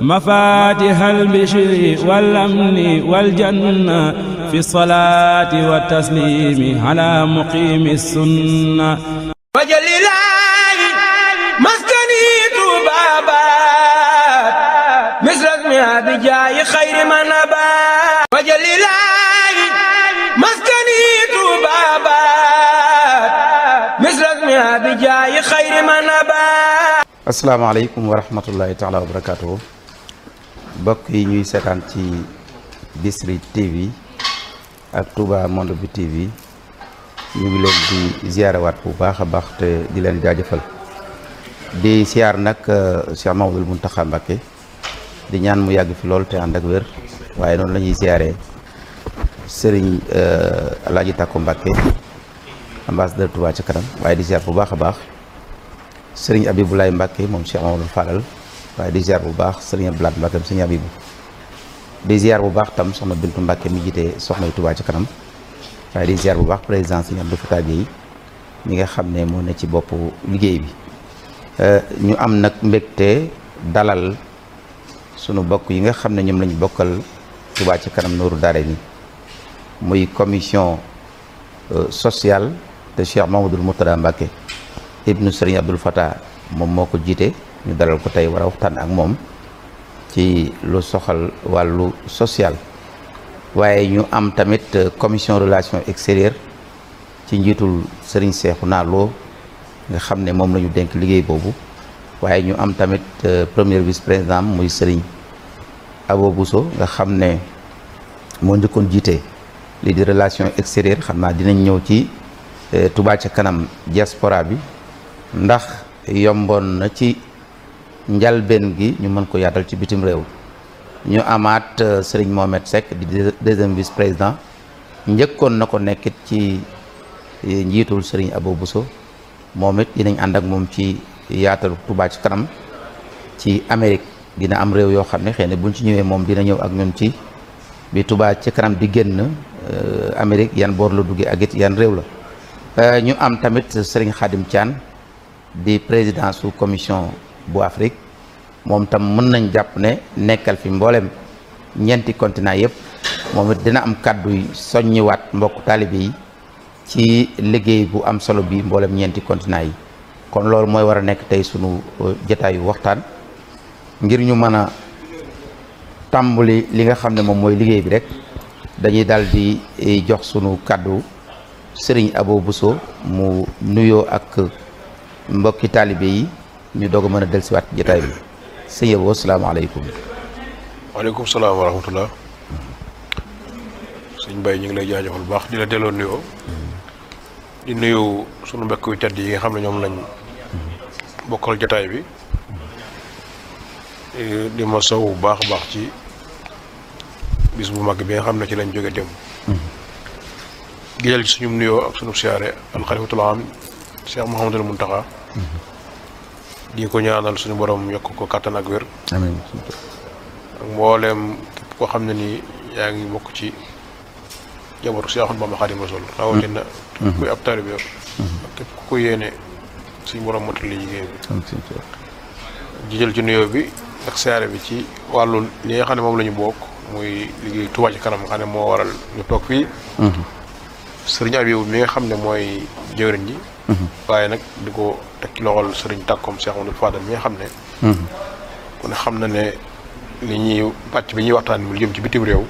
مفاتح البشر والأمن والجنة في الصلاة والتسليم على مقيم السنة وجل الله مسكني بابات مثل اسمها بجاي خير من ابا وجل الله مسكني بابات مثل اسمها بجاي خير من asalaamaaleykum wa rahmatullahi taala wa barakaatu bokk yi ñuy seetaan ci Bichri TV ak Touba Monde bi TV ñu ngi leen di ziarewaat bu baax a baax te di leen jaajëfal di siyaar nag euh, Cheikh Mamadou Mountakha Mbacké di ñaan mu yàgg fi lool te ànd ak wér waaye noonu la ñuy siyaaree sëriñ euh, Alaaji Tàkko Mbacké ambassadeur Touba ca kanam waaye di siyaar bu baax a baax sëriñ Abibu Laay Mbàkke moom Cheikh Mamadou Fadal waaye di ziar bu baax sëriñ Abdou Lahad Mbàkke sëriñ Abibu di ziar bu baax tam soxna Bintu Mbàkke mi jiite soxna yu Tuubaa ci kanam waaye di ziar bu baax président sëriñ Abdou Fatah Gueye mi nga xam ne moo ne ci bopp liggéey bi euh, ñu am nag mbégte dalal sunu bokk yi nga xam ne ñoom lañu bokkal Tuubaa ci kanam nooru daare ni muy commission euh, sociale de Cheikh Mamadou Mourtada Mbàkke ibnu sëriñ Abdul Fattah moom moo ko jiite ñu dalal ko tey war a waxtaan ak moom ci lu soxal wàllu social waaye ñu am tamit euh, commission relation extérieure ci njiitul sëriñ naa loo nga xam ne moom lañu ñu dénk liggéey boobu waaye ñu am tamit euh, premier vice président muy sëriñ Abo Bousso nga xam ne moo njëkkoon jiite lii di relation extérieure xam naa dinañ ñëw ci euh, Touba ca kanam diaspora bi ndax yomboon na ci njalbeen gi ñu mën ko yaatal ci bitim réew ñu amaat euh, Serigne Mohamed Seck di deuxième vice président njëkkoon na ko nekkit ci eh, njiitul Serigne Abou Bousso moom dinañ ànd ak moom ci yaatal Touba ci kanam ci Amérique dina am réew yoo xam ne xëy na buñ ci ñëwee moom dina ñëw ak ñun ci bi Touba ci kanam di génn euh, amerique yan boor la duggee ak it yan réew la euh, ñu am tamit sëriñ xaadim Thian di président sous commission bu Afrique moom tam mën nañ jàpp ne nekkal fi mbooleem ñeenti continent yëpp moom it dina am kàddu soññiwaat mbokk taalibe yi ci liggéey bu am solo bi mbooleem ñeenti continent yi kon loolu mooy war a nekk tey sunu euh, jotaayu waxtaan ngir ñu mën a tàmbali li nga xam ne moom mooy liggéey bi rek dañuy daal di eh, jox sunu kàddu Serigne Abo Bousso mu nuyoo ak mbokki talibé yi ñu dogu mëna del ci wat jotaay bi wa sëñ alaykum wa alaykum salaam wa rahmatullah. sëñ bay ñu ngi lay jaajëfal bu baax di la delloo di nuyo suñu mbokk yu tedd yi nga xamne ñom lañ bokkal jotaay bi. Eh, di ma saw bu baax baax ci bis bu mag bi nga xamne ci lañ joge dem. gisal ci suñu nuyo ak suñu xiyaré al khalifatul am Cheikh mohammed al muntaha di ko ñaanal suñu borom yokk ko kattan ak wér. amiin mbooleem képp koo xam ne ni yaa ngi bokk ci jabaru Seexul Bamba Xaadimu Rasuul rawatina. kuy ab taalibe suñu borom motali liggéey bi. di jël ci nuyoo bi ak bi ci wàllu li nga xam ne moom la ñu bokk muy liggéey Touba Ca Kanam xam ne moo waral ñu toog fii. Mhm. sëriñ Abibu mi nga xam ne mooy jëwriñ yi waaye nag di ko teg ci loxol sëriñ tàkkoom Cheikh Amadou Fadal mi xam ne. ku xam na ne ni ñuy pàcc bi ñuy waxtaan mu jëm ci bitim réew.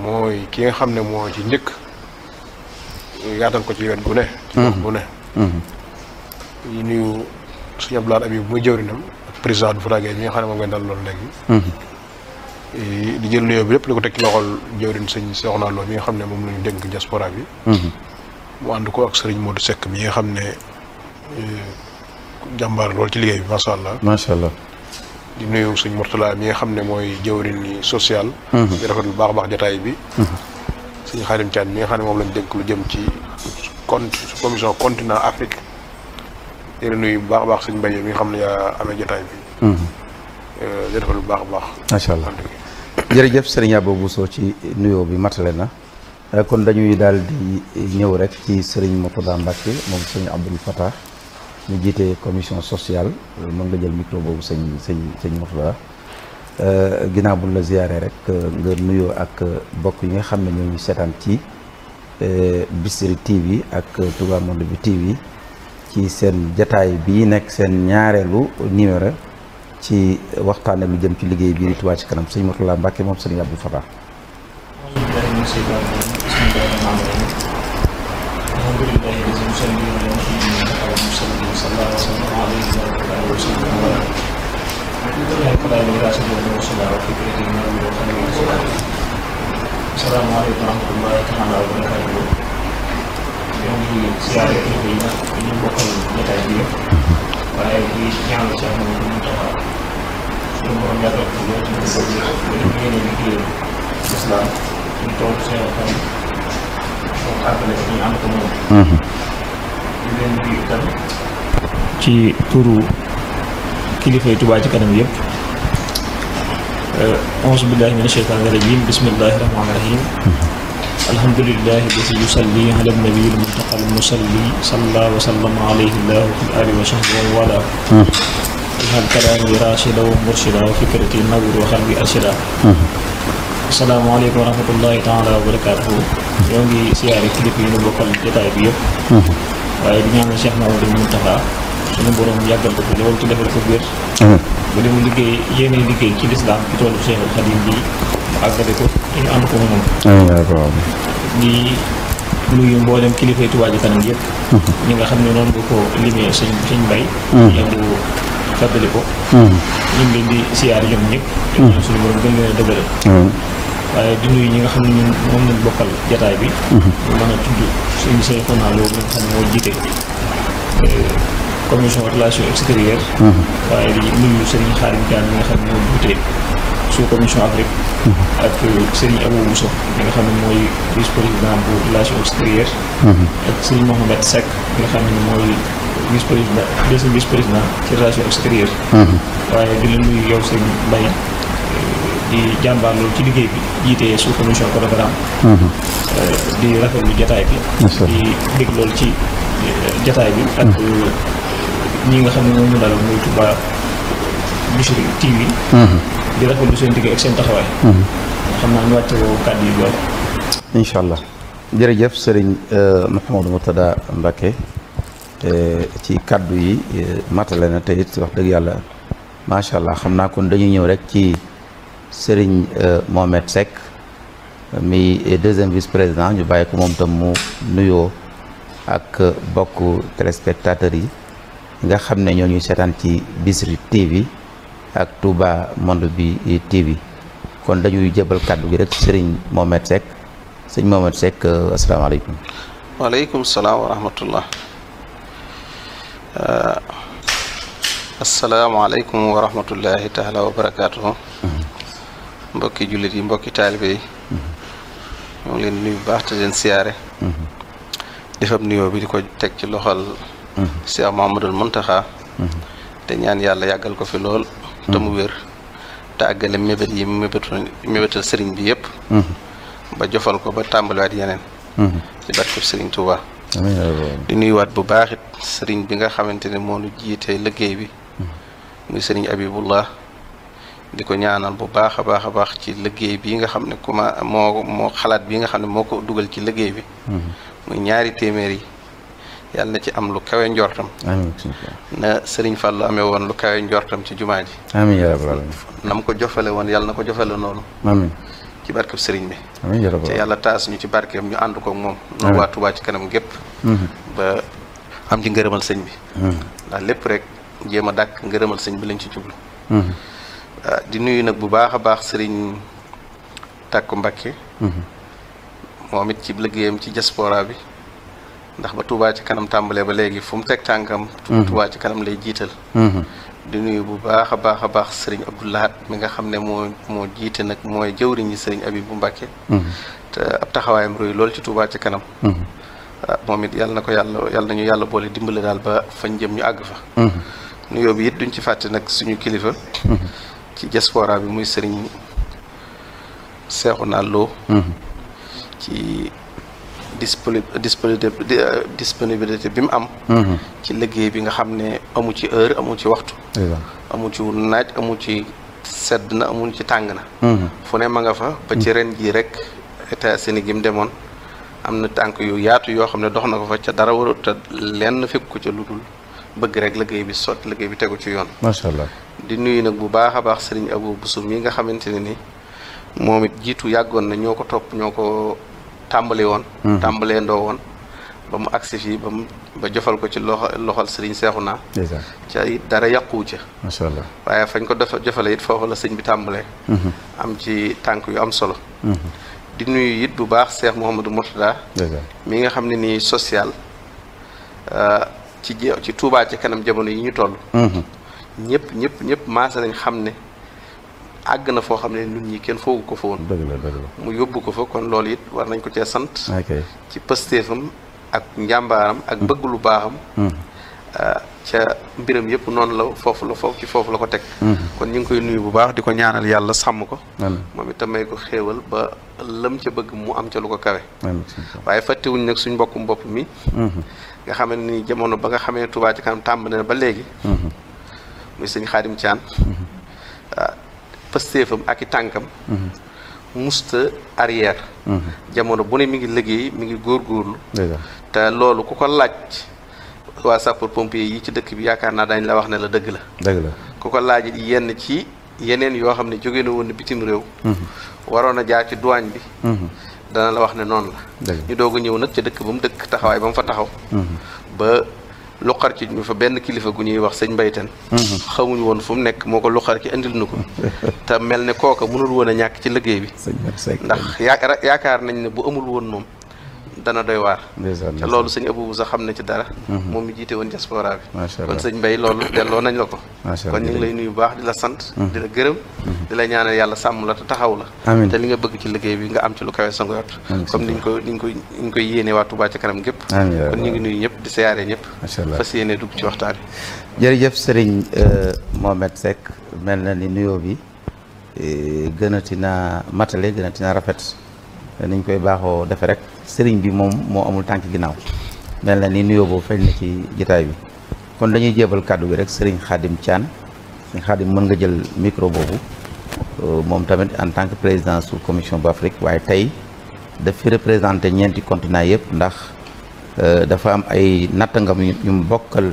mooy ki nga xam ne moo ci njëkk yaatal ko ci wet gu ne. ci gox gu ne. ñu nuyu suñu Abdoulaye Habib bu muy jëwrinam ak président du Fara Gueye mi nga xam ne moom ngeen dal loolu léegi. di jël nuyoo lépp di ko teg ci sëñ Seexuna Lo mi nga xam ne moom la ñu dénk diaspora bi. mu ànd ko ak sëriñ Modou Seck mi nga xam ne eh, jàmbar loolu ci liggéey bi macha allah. macha allah. di nuyu sëñ Mourtala mi nga xam ne mooy jëwriñ ni social. Mhm. di rafet baax a baax jotaay bi. Mhm. suñ Xaadim Thiam mi nga xam ne moom lañ dénk lu jëm ci con commission continent Afrique di nuyu bu baax a baax suñ Mbaye mi ngi xam ne yaa amee jotaay bi. Mhm. Eh, di lu baax baax. macha allah jërëjëf sëriñaa boobu Bousso ci nuyoo bi matale na. Euh, kon dañuy daal di ñëw rek ci sëriñ Mourtada Mbacke moom sëriñ Abdoul Fattah ñu jiite commission sociale euh, mën nga jël micro boobu sëñ sëñ sëñ Mourtada ginnaaw bu la ziyaare rek euh, nga nuyoo ak bokk yi nga xam ne ñoo ñu seetaan ci Bichri TV ak Touba Monde bi TV ci seen jataay bii nekk seen ñaareelu numéro ci waxtaane lu jëm ci liggéey bii di Touba ci kanam sëñ Mourtada Mbacke moom sëriñ Abdoul Fattah. salaamaaleykum wa rahmatullaahi taala wa barakaatu ñoo ngi siyaare kilifa yi nag ñu bokkal jotaay bi yëpp waaye di ñaan ci am ñu ñu taxaw suñu borom yàggal ko lool ci ñu bëgg ba ñu yéene liggéey lislaam ñu toog seen xol xartale ñu ànd ko moom di leen nuyu itam ci turu kilifa yi Touba ci kanam yëpp euh, auzu billahi mina sheytaani rajim bismillahi rahmaani rahim alhamdulilahi lasi yusalli ala nabi lmuntaqa almusalli salla wa sallama alayhi llahu fi ali wa sahbi wa wala alhal kalaami rashida wa murshida wa fikrati nawir wa xalbi arshida asalaamaaleykum wa rahmatullahi taala wa barakaatuhu ñoo ngi siyaare kilifa yi ñu bokkal jotaay bi yëpp mhm. waaye di ñaanal Cheikh Mamadou Moustapha suñu borom yàggal ko loolu ci defal ko biir bu demu liggéey yéene liggéey ci lislaam ci toolu Cheikh Khadim bi àggale ko ñu ànd mhm. xam ne noonu nga ko mhm. ko ñu ngi siyaar ñoom ñëpp suñu borom gën leen a dëgëral waaye di nuyu ñi nga xam ne ñun moom lañ bokkal jataay bi. Mhm. mën a tudd suñu Seexuna Lo nga xam ne moo jiite eh, commission relation extérieure. Mhm. waaye di nuyu Serigne Xaarim Diagne nga xam ne moo jiite sous commission Afrique. Mhm. ak Serigne Abou Bousso xam ne mooy vice président bu relation extérieure. ak Serigne Mohamed Seck nga xam ne mooy. vice président deuxième vice président ci relation extérieure. waaye di la yow sëñ Mbaye. di jàmbaar loolu ci liggéey bi jiite sous commission programme. Mhm. Euh, di rafetlu jotaay bi. di dégg loolu ci euh, jotaay bi. ak mhm. ñi nga xam ne moom ñu dalal muy Touba Bichri TV. Mhm. di rafetlu seen liggéey ak seen taxawaay. xam naa kàddu yi boole. incha allah euh, na te dëgg yàlla macha xam naa kon dañuy ñëw rek ci. Serigne euh, Mohamed Seck mi deuxième vice-président ñu bàyyi moom tam mu nuyoo ak bokk téléspectateurs yi nga xam ne ñoo ñuy seetaan ci Bichri TV ak Touba Monde bi TV kon dañuy jëbal kàddu gi rek Serigne Mohamed Seck sëñ Mohamed Seck euh, asalaamaaleykum. waaleykum salaam wa rahmatullah. Euh, asalaamaaleykum wa rahmatullahi taala mbokki jullit yi mbokki taalibe yi moo mm-hmm. ngi leen nuyu bu baax te leen siyaare mm-hmm. defam nuyoo bi di ko teg ci loxol mm-hmm. Cheikh Mouhamadoul mëntaxa te ñaan yàlla yàggal ko fi lool te mu wér te àggale mébét yi mébétu sëriñ bi yëpp ba jofal ko ba tàmbaliwaat yeneen ci barkeb sëriñ Touba di nuyuwaat bu baaxit sëriñ bi nga xamante ne moo nu jiite liggéey bi muy sëriñ Abibullah di ko ñaanal bu baax a baax a baax ci liggéey bii nga xam ne kuma moo moo xalaat bii nga xam ne moo ko dugal ci liggéey bi mhm. muy ñaari téeméer yi yàlla na ci am lu kawe njortam na sëriñ lu amee woon lu kawe njoortam ci jumaa ji amiin na ko jofale woon yàlla na ko jofale noonu ci barkeb sëriñ bi amiin te yàlla taas ñu ci barkeem ñu ànd koog moom noonu waa Touba ci kanam gépp mhm. ba am ci ngërëmal sëñ bi mhm. ndax lépp rek jéem a dàkk ngërëmal sëñ bi lañ ci jublu Euh, di nuyu nag bu baax a baax sëriñ Tàkku Mbakke mhm. moom it ci liggéeyam ci diaspora bi ndax ba Touba ci kanam tàmbale ba léegi fu mu teg tànkam mhm. Touba ci kanam lay jiital mhm. di nuyu bu baax a baax a baax sëriñ laat mi nga xam ne moo moo jiite nag mooy jëwriñi sëriñ Abibu Mbakke te ab taxawaayam roy lool ci Touba ci kanam ah, moom it yàlla na ko yàlla yàlla nañu yàlla boole dimbale daal ba fañ jëm ñu àgg fa nuyoo bi it duñ ci fàtte nag suñu kilifa ci diaspora bi muy sëriñ Seexuna Lo mhm. ci disponi disponibilité bi mu am mhm. ci liggéey bi nga xam ne amu ci heure amu ci waxtu amu ci naaj amu ci sedd na amu ci tàng na mhm. fu ne ma nga fa ba ci ren jii rek États-Unis gi demoon am na tànk yu yaatu yoo xam ne dox na ko fa ca dara warut lenn fépp ko ca lu dul bëgg rek liggéey bi sot liggéey bi tegu ci yoon. macha allah di nuyu nag bu baax a baax sëriñ Abou Bousso mi nga xamante ne ni moom it jiitu yàggoon na ñoo ko topp ñoo ko tàmbali woon. Hmm. tàmbalee ndoo woon ba mu agsi fii ba mu ba jofal ko ci loxo loxol sëriñ seexu naa. ca it dara yàquwu ci macha waaye fañ ko defa jofale it foofu la sëñ bi tàmbalee. Hmm. am ci tànk yu am solo. Hmm. di nuyu yit bu baax Cheikh Mouhamadou Mourtada mii nga xam ne nii social. Euh, ci ci Touba ci kanam jamono yi ñu toll. Mm-hmm. ñëpp ñëpp ñëpp maase nañ xam ne àgg na foo xam ne ñun ñi kenn foogu ko fa woon. mu yóbbu ko fa kon loolu it war nañ ko cee sant. ci pëstéefam ak njàmbaaram ak bëgg lu baaxam. Mm-hmm. Euh, ca mbiram yëpp noonu la foofu la foofu ci foofu la ko teg mhm. kon ñu ngi koy nuyu bu baax di ko ñaanal yàlla sàmm ko moom itam may ko xéewal ba lam ca bëgg mu am ca lu ko kawe waaye fàttewuñ nag suñ mbokkum bopp mi mhm. nga xam ne ni jamono ba nga xamee Touba ci kanam tàmbali ba léegi mhm. muy sëñ Xaadim Caan ah, pëstéefam ak i tànkam musta arrière jamono bu ne mi ngi liggéey mi ngi góorgóorlu te loolu ku ko laaj waa sapeur pompier yi ci dëkk bi yaakaar naa dañ la wax ne la dëgg la. dëgg la ku ko laaj yenn ci yeneen yoo xam ne jóge na woon bitim réew. Mhm. waroon a jaar ci douane bi. Mhm. dana la wax ne noonu la. ñu doog a ñëw nag ca dëkk ba mu dëkk taxawaay ba mu fa taxaw. Mhm. ba luqar ci ñu fa benn kilifa gu ñuy wax sëñ mbayten xamuñu woon fu mu nekk moo ko luqar ci andil na ko. te mel ne kooka mënul woon a ñàkk ci liggéey bi. ndax yaakaar nañ ne bu amul woon moom. dana doy waar te loolu sëñ Abou Bousso xam ne ci dara mhm. moom mi jiite woon diaspora bi kon sëñ bay loolu delloo nañ la ko kon ñu ngi lay nuyu baax di la sant mhm. di la gërëm mhm. di la ñaanal yàlla sàmm la te taxaw la te li nga bëgg ci liggéey bi nga am ci lu kawe sa ngor comme niñ ko niñ koy koy yéene waa Touba ca kanam gépp kon ñu ngi nuyu ñëpp di siyaare ñëpp fas yéene dugg ci waxtaan bi jërëjëf sëriñ euh, Mohamed Seck mel na ni nuyoo bi eh, gënati naa matale gënati naa rafet niñ koy baaxoo defe rek sëriñ bi moom moo amul tànk ginnaaw mel na ni nuyoo boobu feeñ na ci jotaay bi kon dañuy jébal kàddu bi rek sëriñ Khadim Thian sëriñ Khadim mën nga jël micro boobu euh, moom tamit en tant que président sous commission bu Afrique waaye tey daf fi ñeenti continent yëpp ndax euh, dafa am ay nattangam ñu mu bokkal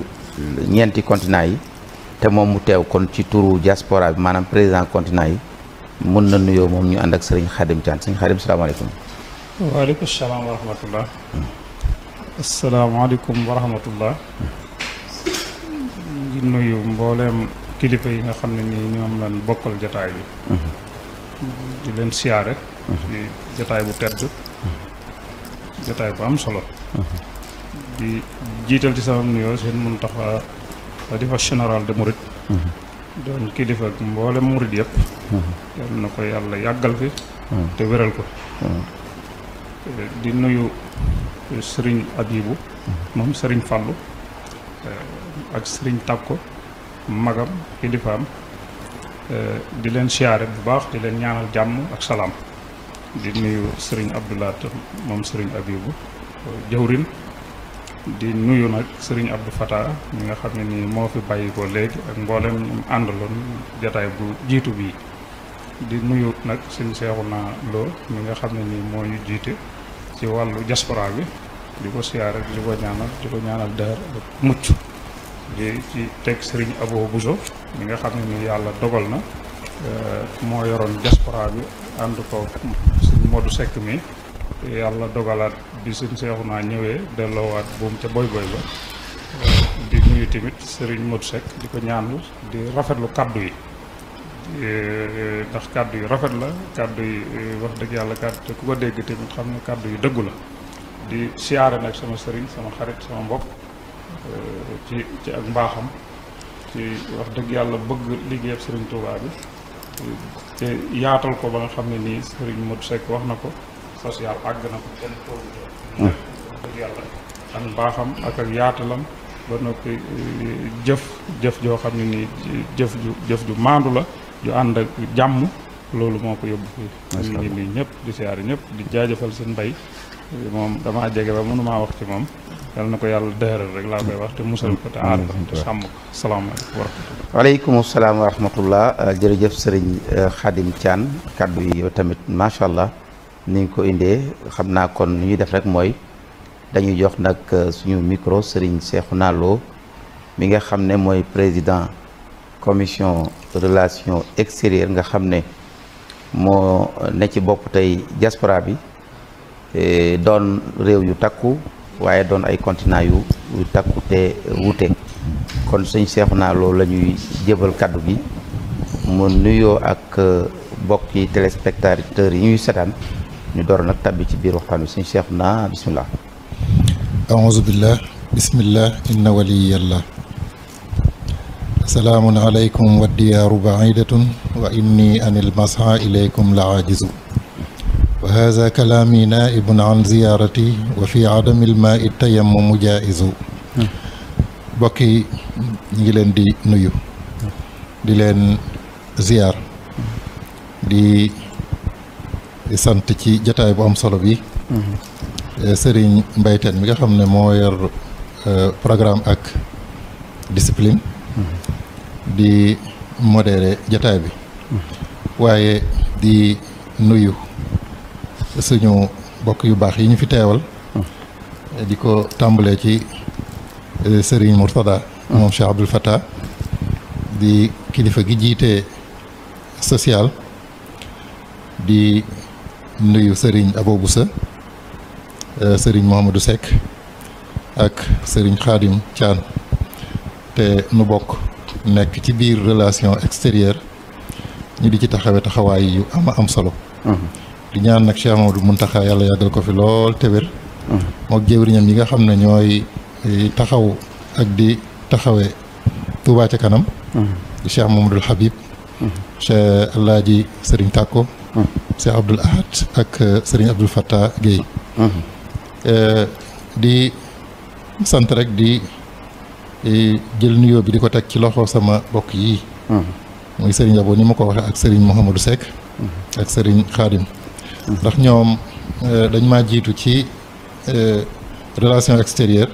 ñeenti continent yi te moom mu teew kon ci turu diaspora bi maanaam président continent yi mun na nuyoo moom ñu ànd ak sëriñ Khadim Thian sëriñ Khadim salaamaaleykum waaleykum salaam wa rahmatullah asalaamaaleykum wa rahmatullah nuyu mbooleem kilifa yi nga xam ne nii ñoom lan bokkal jataay bi mhm. di leen siyaare mhm. jataay bu tedd mhm. jataay bu am solo di jiital ci sama nuyoo seen mun taxa xalifa général de Mouride doon kilifa ak mboolem Mouride yëpp yal na ko yàlla yàggal fi te wéral ko di nuyu eh, sëriñ Abibu mm-hmm. moom sëriñ Fàllu eh, ak sëriñ Tàkko magam kilifaam eh, di leen siyaare bu baax di leen ñaanal jàmm ak salaam di nuyu sëriñ Abdoulaat moom sëriñ Abibu jëwrin di nuyu nag sëriñ Abdou Fata mi nga xam ne nii moo fi bàyyi ko léegi ak mboolem ñu àndaloon jataay bu jiitu bii di nuyu nag sëñ na Lo mi nga xam ni mo ñu jité ci walu diaspora bi di ko ak di ko ñaanal di ko ñaanal deur ak mucc di ci tek serigne Abo Bousso mi nga xam ni yalla dogal na euh mo yoron diaspora bi and ko sëñ Modou sek mi yalla dogalat bi sëñ Seexuna ñëwee delloowaat buum ca boy boy ba euh, di nuyu timit serigne Modou sek di ko ñaanal di rafetlu kaddu yi ndax eh, eh, kaddu yu rafet la kaddu yi eh, wax deug yalla kàddu ku ko dégg tamit xam ne kàddu yu deug la di siara nak sama serigne sama xarit sama mbokk ci ci ak mbaxam ci wax deug yalla bëgg liggéey serigne Touba bi te yaatal ko ba nga xamni ni serigne Modou sek wax nako social ag nako na ko deug yalla wax mbaxam ak ak yaatalam ba nopi jëf jëf jo xamni ni jëf ju jëf ju mandu la ju ànd ak jàmm loolu moo ko yóbbu fii ñu ngi nuyu ñëpp di siyaar ñëpp di jaajëfal seen mbay moom damaa jege ba mënumaa wax ci moom yal na ko yàlla dëgëral rek laa koy wax te musal ko te aar ko te sàmm ko salaamaaleykum wa rahmatullah waaleykum jërëjëf sëriñ euh, Khadim Thian kàddu yi yow tamit macha allah ni nga ko indee xam naa kon ni ñuy def rek mooy dañuy jox nag euh, suñu micro sëriñ Cheikhouna Lo mi nga xam ne mooy président commission relation extérieure nga xam ne moo ne ci bopp tey diaspora bi e doon réew yu takku waaye doon ay continent yu yu takku te wuute kon sëñ naa loolu la ñuy jébal kàddu bi mu nuyoo ak e, bokki téléspectateurs yi ñuy setaan ñu door nag tabbi ci biir waxtaan wi sëñ Seexuna bisimilah. aouzu billah bismillah inna waliyallah سلام عليكم والديار بعيدة وإني أن المسعى إليكم لعاجز وهذا كلامي نائب عن زيارتي وفي عدم الماء التيمم جائز بكي نيلن دي نيو دي لين زيار دي سانت جتائب جتاي ام سولو بي سيرين مبايتن ميغا خامني مو يور بروغرام اك di modéré jataay bi waaye di nuyu suñu bokk yu baax yi ñu fi teewal di ko tàmbalee ci euh, Serigne Mourtada moom Cheikh Abdoul Fattah di kilifa gi jiite social di nuyu sëriñ Abou Boussa euh, Serigne Mohamadou Seck ak sëriñ Khadim Thian te nu bok nek ci biir relation extérieure ñu di ci taxawé taxaway yu ama am solo mhm. di ñaan nak Cheikh Amadou muntaha yalla yagal ko fi lool te mo mhm. mook ñam yi nga xamné ñoy eh, taxaw ak di taxawé Touba ci kanam mhm. di Cheikh Mamadou Habib Cheikh alhadji serigne Tàkko Cheikh abdul Ahad ak eh, Sëriñ fatta gey euh di sant rek di jël nuyo bi diko tek ci loxo sama bokk yi hmm. muy Serigne Abo ni mako ko ak Serigne mohamed Seck hmm. ak Serigne Khadim hmm. ndax ñoom euh, dañ ma jitu ci euh, relation extérieure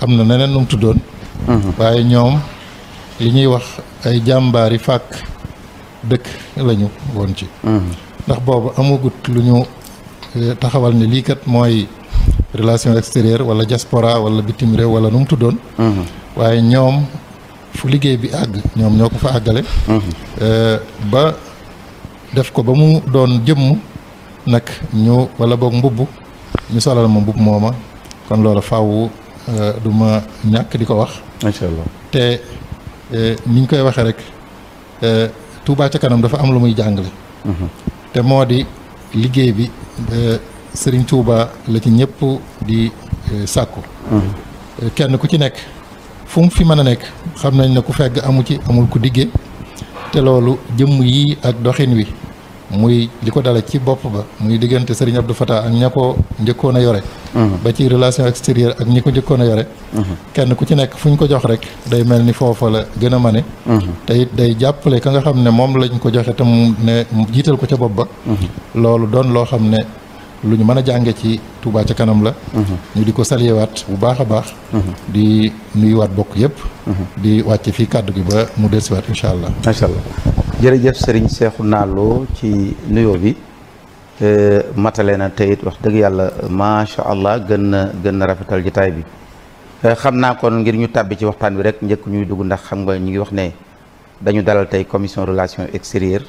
am na neneen nu mu tuddoon waaye ñoom li ñuy wax ay jambaari fak dekk lañu won ci ndax bobu amugut luñu euh, taxawal ni li kat moy. relation extérieure wala diaspora wala bitim réew wala nu mu tuddoon waaye ñoom fu liggéey bi àgg ñoom ñoo ko fa àggale mhm. ba def ko ba mu doon jëmm nag ñu wala boog mbubb ñu solal ma mbubb mooma kon loolu faaw euh, du ma ñàkk di ko wax macha allah te euh, niñ koy waxee rek euh, Touba ca kanam dafa am lu muy jàngale mhm. te moo di liggéey bi sëriñ Touba la ci ñëpp di eh, sàkku mhm. eh, kenn ku ci nekk fu fi mën a nekk xam nañ ne ku fegg amu ci amul ku diggee te loolu jëmm yii ak doxin wi muy li ko dala ci bopp ba muy diggante Serigne du Fatah ak ña ko njëkkoon a yore. Mhm. ba ci relation extérieure ak ñi ko njëkkoon a yore. Mhm. kenn ku ci nekk fuñ ko jox rek day mel ni foofa la gën a mane. te it day jàppale ka nga xam ne moom lañ ko joxe te mu jiital ko ca bopp ba. loolu doon loo xam ne luñu mëna jàngé ci Touba ci kanam la mhm. ñu di ko wat bu baaxa baax mhm. di wat bokk yépp mhm. di wacc fi kaddu gi ba mu delsiwaat wat inshallah inshallah allah jërëjëf sëriñ cheikh Naaloo ci nuyo bi matale na teyit wax dëgg ma sha allah gën gën na rafetal jotaay bi eh, xamna kon ngir ñu tabbi ci waxtaan bi rek njëkk ñuy dugg ndax xam nga ñi ngi wax ne dañu dalal tay commission relations extérieures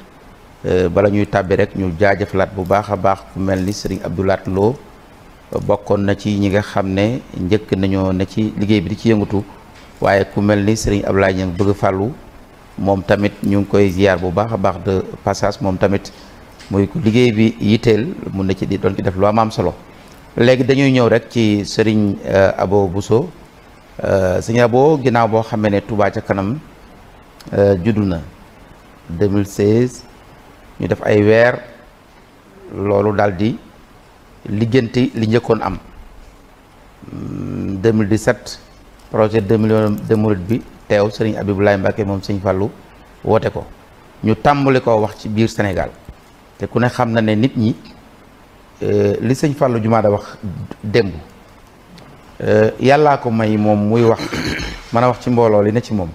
Euh, bala ñuy tàbbi rek ñu jaajëfalaat bu baax a baax ku mel ni Serigne Abdou Lahat bokkoon na ci ñi nga xam ne njëkk nañoo na ci liggéey bi di ci yëngatu waaye ku mel ni Serigne Abdoulaye Niang bëgg fàllu moom tamit ñu ngi koy ziar bu baax a baax de passage moom tamit muy ku liggéey bi yitteel mun na ci di doon ci def lu am am solo léegi dañuy ñëw rek ci Serigne euh, Abo buso euh, Serigne Abo ginnaaw boo xamee ne Touba ca kanam juddu na 2016. ñu def ay weer loolu daal di liggéenti li njëkkoon am 2017 hmm, projet 2 millions de mourides bi teew sëriñ Abibulaay Mbàkke moom sëñ Fàllu woote ko ñu tàmbali koo wax ci biir senegal te ku ne xam na ne nit ñi euh, li sëñ Fàllu jumaa a wax démb euh, yàllaa ko may moom muy wax mën a wax ci mbooloo li ne ci moom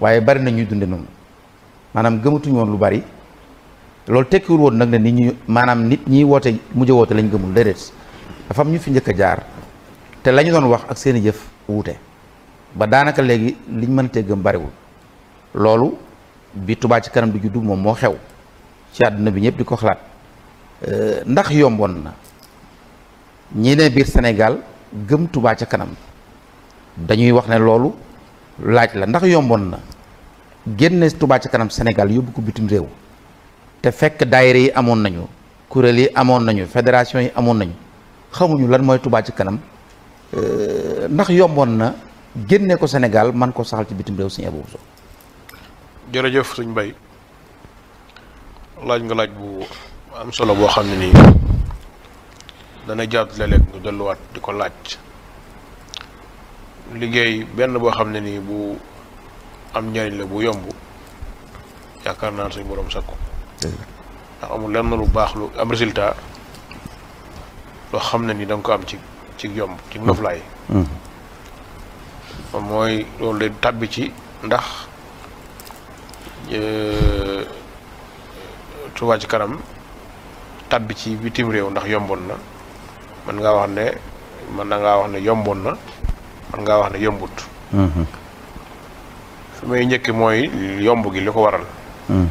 waaye bari na ñuy dunde noonu maanaam gëmatuñu woon lu bari loolu tekkiwul woon nag ne nit ñi maanaam nit ñi woote mujj woote lañ gëmul déedéet dafa am ñu fi njëkk a jaar te lañu doon wax ak seen i jëf wuute ba daanaka léegi liñ mën a gëm bariwul loolu bi tubaa ci kanam di juddu moom moo xew ci àdduna bi ñëpp di ko xalaat euh, ndax yomboon na ñi biir senegal gëm tubaa ci kanam dañuy wax ne loolu laaj la ndax yomboon na génne tubaa ci kanam Sénégal yóbbu ko bitim réew te fekk daayira yi amon nañu kuréel yi amon nañu federation yi amon nañu xamuñu lan moy tuba ci kanam ndax yombon na genné ko senegal man ko saxal ci bitim rew seigne Abou Bousso jërëjëf seigne Bay laaj nga laaj bu am solo bo xamni ni dana jaat léeg nga delu di diko laaj liggey benn bo xamni ni bu am njariñ la bu yomb yakarna suñu borom sakku ndax amul lenn lu baax lu am résultat loo xam ne ni danga ko am ci ci yomb ci noflaay hmm. mooy loolu day tàbbi ci ndax euh, Touba ci kanam tàbbi ci bitim réew ndax yomboon na mën ngaa wax ne man na ngaa wax ne yomboon na mën ngaa wax ne yombut hmm. fi may njëkk mooy yomb gi li ko waral hmm.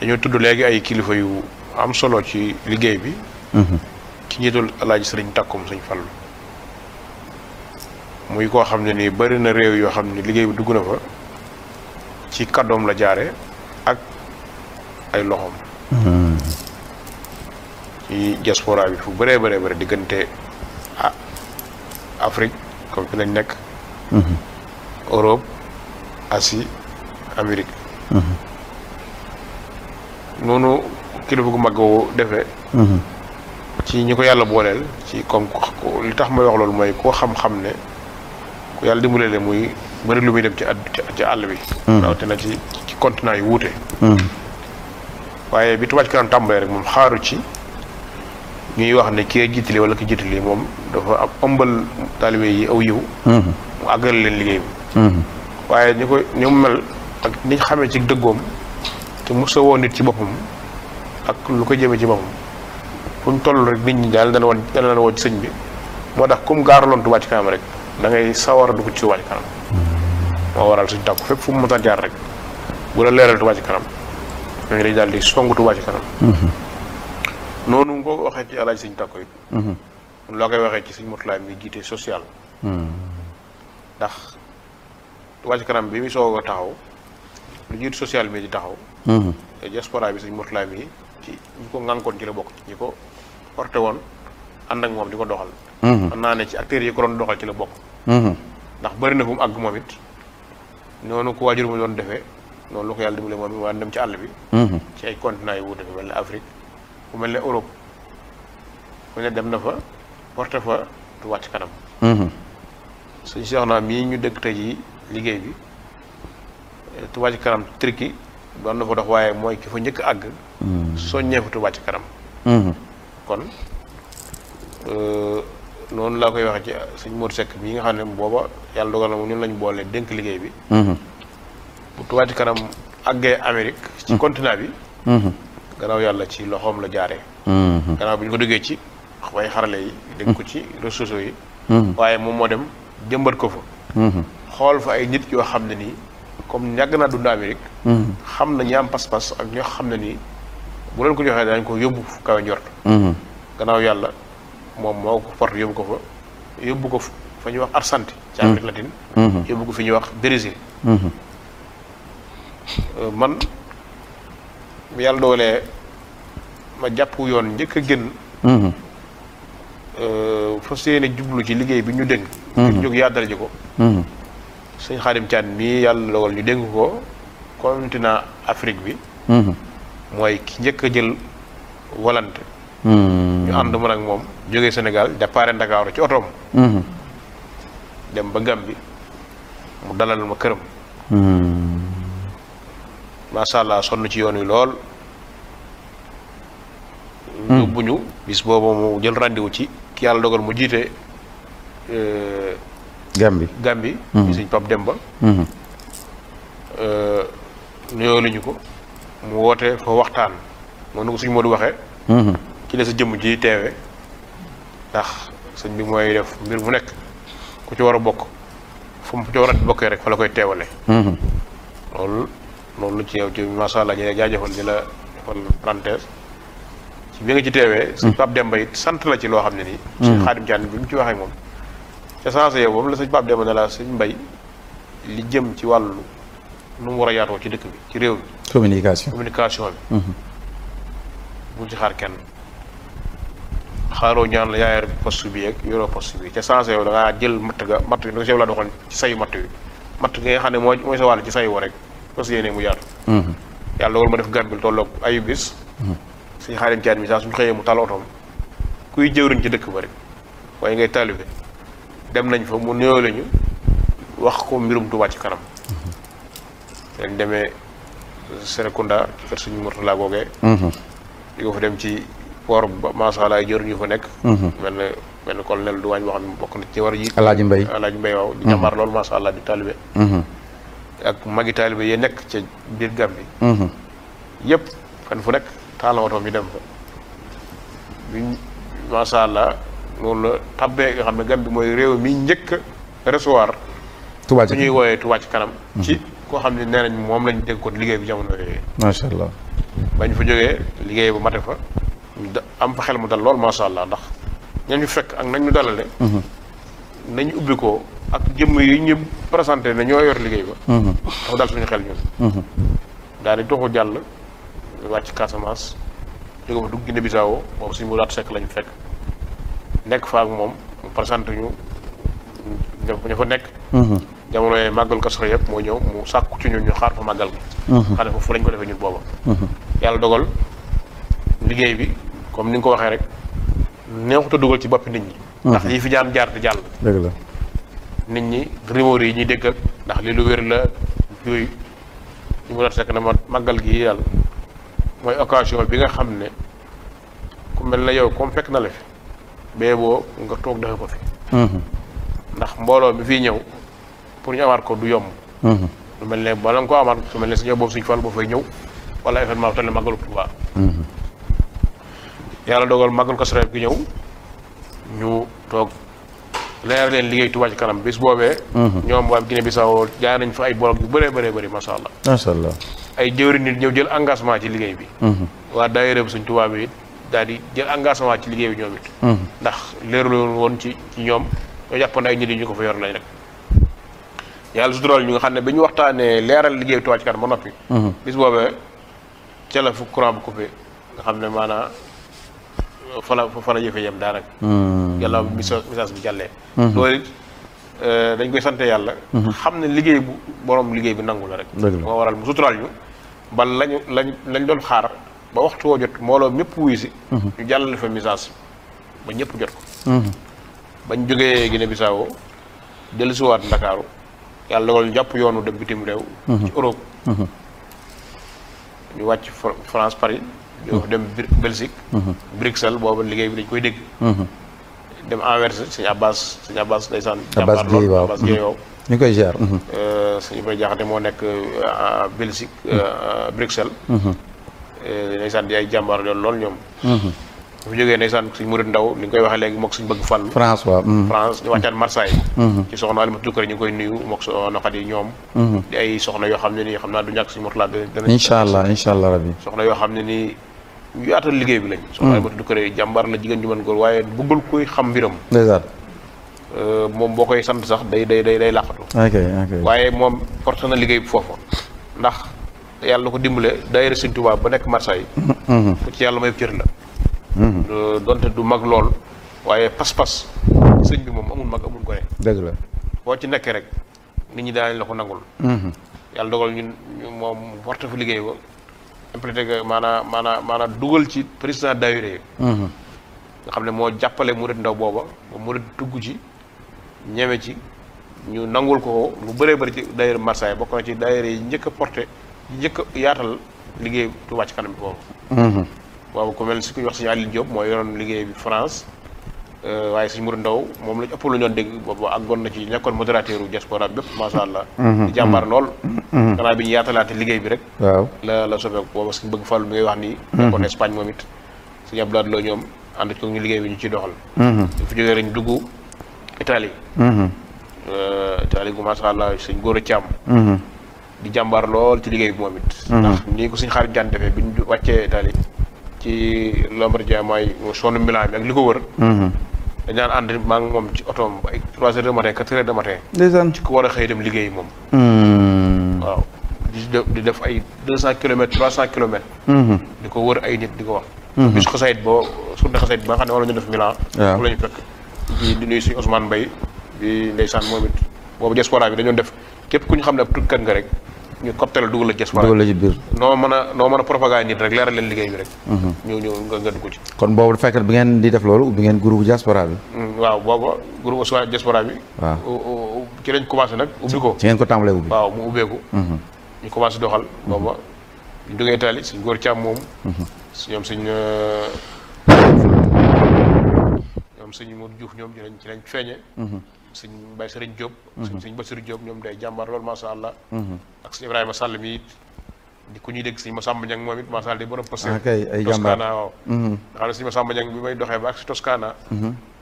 dañoo tudd léegi ay kilifa yu am solo ci liggéey bi. ci mhm. njiitul alaaji sëriñ takkum sëñ Fallu muy koo xam ne ni bari na réew yoo xam ne liggéey bi dugg na fa ci kàddoom la jaare ak ay loxoom. Mhm. ci diaspora bi fu bëree bëree bëri diggante ah Afrique comme fi lañ nekk. Mhm. Europe Asie Amérique. noonu kilifa gu mag woo defee. Mhm. ci ñi ko yàlla booleel ci comme li tax may wax loolu mooy koo xam-xam ne ku yàlla dimbalee la muy bëri lu muy dem ci at ci àll bi. Mhm. ci ci continent yu wuute. Mhm. waaye bi Touba Ca Kanam tàmbalee moom ci ñuy wax ne kii jiitali wala ki jiitali moom dafa am ëmbal taalibe yi aw yiw. mu àggal leen liggéey bi. waaye ñi ko ñu mel ak ni xamee ci dëggoom. te mosoo woo nit ci boppam ak lu ko jëmee ci boppam fu ñu toll rek nit ñi daal dana woon ci sëñ bi moo tax comme gaaraloon Touba ci kanam rek da ngay sawar a dugg ci Touba ci kanam moo waral suñu tàkku fépp fu mu mën jaar rek bu la leeral Touba ci kanam ñooñu dañu daal di song Touba ci kanam. noonu nga ko waxee ci alaaj sëñ tàkku it. loo koy waxee ci sëñ Moutalaay mi jiitee social. ndax Touba ci kanam bi muy soog a taxaw lu jiitu social mi di taxaw. diaspora bi sëñ Mourtala bi ci ñi ko ngànkoon ci la bokk ci ñi ko porté woon ànd ak moom di ko doxal mhm. xam naa ne ci acteurs yi ko doxal ci la bokk mhm. ndax bëri na fu mu àgg moom it noonu ko waajur mu doon defee noonu lu ko yàlla dimbale moom it waa dem ci àll bi mhm. ci ay continent yi wuute fu mel ne Afrique fu mel ne Europe fu ne dem na fa porté fa du wàcc kanam suñ soxna mii ñu dëkk tey liggéey bi Touba Ca Kanam Turquie doon na fa dox waaye mooy ki fa njëkk àgg hmm. soññee fa Touba ci kanam hmm. kon euh, noonu laa koy waxee ci sëñ Modou Seck yi nga xam ne booba yàlla dogal na moom ñun lañ boolee dénk liggéey bi hmm. bu Touba ci kanam àggee Amérique ci continent bi gannaaw yàlla ci loxoom la jaaree gannaaw bi ñu ko duggee ci way xarale yi dégg ko ci ressources yi waaye moom moo dem jëmbat ko fa xool fa ay nit yoo xam ne nii comme yàgg naa dund Amérique. Mm-hmm. xam na ñi am pas-pas ak ñoo xam ne nii bu leen ko joxee dañ ko yóbbu fu kawe njort. Mm-hmm. gannaaw yàlla moom moo ko porte yóbbu ko fa yóbbu ko fa ñuy wax Arsanti. ci mm-hmm. Amérique latine. yóbbu ko fi ñuy wax Brésil. Euh, man bu yàlla doolee ma jàpp yoon njëkk a génn. Euh, fas yéene jublu ci liggéey bi ñu dénk. ngir jóg yaadal ji ko. sëñ Xaadim Caan mii yàlla dogal ñu dégg ko continent Afrique bi. Mhm. mooy ki njëkk a jël volante. Mhm. ñu ànd man ak moom jógee Sénégal départ Ndakaaru ci otoom. Mhm. dem ba Gàmbi mu dalal ma këram. macha sonn ci yoon wi lool. yóbbu ñu bis boobu mu jël rendez ci ki yàlla dogal mu jiite. Euh, Gambi Gambi. bi mm-hmm. suñ Pape Demba. Mm-hmm. Euh, nuyoo lañu ko mu woote fa waxtaan moo nu ko suñu Modou waxee. Mm-hmm. ci la si jëmm ji teewe ndax sëñ bi mooy def mbir mu nekk ku ci war a bokk fu mu ci war a bokkee rek fa la koy teewale loolu loolu ci yow ci macha allah ñu ne di la defal parenthèse ci bi nga ci teewee. suñ Pape Demba it sant la ci loo xam ne nii. suñ Xaadim Jaan bi mu ci waxee moom. ca saasa yow moom la sëñ Pape Demba ne laa Mbay li jëm ci wàllu nu mu war a yaatoo ci dëkk bi ci réew mi. communication bi. Mhm. bul ci xaar kenn xaaroo ñaan la yaayar poste bi ak yoroo poste bi ca saasa yow da jël matt ga matt bi nga sew laa doxoon ci sayu matt wi matt gi nga xam ne mooy mooy sa wàll ci sayu wa rek fas yéene mu yaatu. Mhm. yàlla loolu ma def garab bi tolloog ayu bis. Mhm. suñu xaarim ci mi saa suñu xëyee mu tal otoom kuy jëwriñ ci dëkk ngay taalibe dem nañ fa mu nuyoo lañu wax ko mbirum Touba ci kanam dañ demee Serekunda ci kër suñu Murtala googee mhm. di ko dem ci port ba allah jor ñu fa nekk mhm. mel na mel du waañ boo xam ne bokk ci war a ji Alaaji Mbay Alaaji Mbay waaw di mhm. jàmbaar loolu macha ak magi taalibe yi nekk ca biir Gàmbi yëpp fan fu nekk taal na oto bi dem fa macha allah loolu tabbe tabbee nga xam ne Gambie mooy réew mi njëkk a recevoir. Touba ci ñuy woowee Touba ci kanam. Mhm. ci koo xam ne nee nañ moom lañ dénkoon liggéey bi jamono yooyu. macha allah. bañ fa jógee liggéey bu mate fa am fa xel mu dal lool allah ndax ñañ fekk ak nañ ñu dalale. Mhm. nañ ubbi ko ak jëmm yi ñu présenté ne ñoo yor liggéey ba. Mhm. dafa dal suñu xel ñun. daal di doxu jàll wàcc Casamance jóge fa dugg boobu mu daat sekk fekk nek fa ak moom présenté ñu ñu ñu fa hmm jamono yee magal Kazu yeb mo ñew mu sakku ci ñun ñu xaar fa magal hmm xam ne foofu lañ ko defé ñun hmm yalla dogal liggey bi comme ni nga ko waxe rek neexut ta dogal ci bop nit ñi mhm. ndax yi fi jaam jaar di jall deug la nit ñi rumeur yi ñuy dégg ak ndax li lu wër la yoy ñu mën rek na magal gi yalla moy occasion bi nga xamne ku mel na yow comme fek na la fi bebo nga tok def ko fi. hmm ndax mbolo bi fi ñew pour ñu amaat ko du yomb. Mhm. lu melne ne bala ko amaat su melne ne suñu suñu fal bo fay ñew wala ma événement magal ko ba hmm yalla dogal magal ko Rajab gi ñew ñu tok leer leen liggéey Tuubaa ci kanam bis boobee. Mhm. ñoom waa Guinée Bissau jaar nañ fa ay bolok yu bëree bëree bëri macha allah. macha allah ay jëwri nit ñew jël engagement ci liggéey bi. Mhm. waa daayira bi suñ Tuubaa bi daal di jël engagement ci liggéey bi ñoom it. Hmm. ndax leerul woon ci ñoom ñoo jàppoon ay nit yi ñu ko fa yor lañ rek. yàlla su ñu nga xam ne bi ñu waxtaanee liggéey bi ba noppi. Hmm. bis boobee ca la fu courant ne maanaam fa la fa la jëfe yem daanaka. Hmm. yàlla message bi jàllee. loolu euh, dañ koy sante yàlla. xam ne liggéey bu borom liggéey bi nangu la rek. dëgg la waral mu suturaal ñu. bal lañu lañ lañ doon xaar. ba waxtu wo jot mbolo mepp wuyu si ñu jallal fa message ba ñepp jot ko bañ jógee Guinée Bissau ci wat dakaru yalla gol japp yoonu dem bitim rew mhm. ci Europe mhm. ñu wacc France Paris ñu mhm. dem Belgique Bruxelles bobu liggéey bi dañ koy dégg dem Anvers ci Abbas ci Abbas ndeysaan Abbas Gueye waaw Abbas ñu koy jaar euh, sëñ Ibrahima jaxate mo nek euh, Belgique euh, Bruxelles Eh, ndeysaan di ay jàmbaar doon lool ñoom mhm. bu jógee ndeysaan suñ murit ndaw li nga koy waxee léegi mook suñ bëgg fàllu France waaw mhm. France ñu wàccaan Marseille mhm. ci soxna Alimatu Tukkari ñu koy nuyu mook soxna Xadi ñoom di ay soxna yoo xam ne nii xam naa du ñàkk suñ Murtala dana incha allah la jigéen euh, moom boo koy sant sax day day day day ok ok waaye moom porte na liggéey bi foofu ndax yàlla na ko dimbale daayira Sëñ Tuubaa ba nekk Marseille mhm. ku ci yàlla may cër la mhm. euh, donte du mag lool waaye pas-pas sëñ bi moom amul mag amul gone dëgg la boo ci nekkee rek nit ñi daañu la ko nangul mhm. yàlla dogal ñun moom warta fa ko implété que maanaam maanaam maanaam dugal ci président daayira yi nga xam ne moo jàppale murit ndaw booba ba murit dugg ci ñeme ci ñu nangul ko lu bëree bëri ci daayira Marseille bokk na ci daayira yi njëkk a porté njëkk yaatal liggéey Touba Ca Kanam bi boobu boobu mhm. ku mel ni su ku wax suñu Aliou Diop mooy yoroon liggéey bi France euh, waaye suñu a ndaw moom lañ ëpp lu ñoon dégg boobu àggoon na ci nekkoon modérateur u bi bépp macha allah mhm. di jàmbaar lool mhm. gannaaw bi ñu yaatalaate liggéey bi rek waaw la la bi ngay wax nii nekkoon Espagne moom it suñu Abdoulaye Lo ñoom ànd ko ñu liggéey bi ñu ci doxal fi jógee rek dugg Italie euh, Italie gu macha allah suñ góor a Thiam di jàmbaar lool ci liggéey bi moom it. Mm-hmm. ndax nii ko suñu xarit jaan defee bi ñu wàccee Italie ci Lombardia mooy sonu Milan bi li ko wër. Mm-hmm. dañ daan ànd maa ngi moom ci otoom ay trois heures de matin quatre heures de matin. ndeysaan ci ku war a xëy dem liggéey moom. Mm-hmm. waaw di def ay deux cent kilomètres trois cent kilomètres. di ko wër ay nit di ko wax. bis xasayit boo surne xasayit ba nga xam ne wala ñu def Milan. waaw la ñu fekk di nuyu suñu Ousmane Mbaye di ndeysaan moom bi dañoon def. kep kuñ xam la tut kan nga rek ñu copté duggal la jess dugal la ci biir noo mën propagande nit rek leral leen liggéey bi rek mhm. ñu ñu nga nga dugg ci kon boobu fekkat bi ngeen di def lolu ubbi ngeen groupe diaspora bi mm, waaw boobu groupe aussi diaspora bi waaw ci lañ commencé nak ubbi ko ci ngeen ko tambalé ubbi waaw mu ko mhm. ñu commencé doxal mhm. booba ñu duggé tali ci ngor cham mom ñom señ ñom señ euh, suñ Modou ñom ci lañ ci lañ feñé sëñ Baye Serigne job sëñ mhm. sëñ job Diop ñoom day jàmbaar loolu macha allah. ak sëñ Ibrahima Sall mi it. di ku ñuy dégg Massamba Niang moom it macha allah di borom posté. ok ay jàmbaar Toscana waaw. nga Massamba Niang bi may doxee ba ak si Toscana.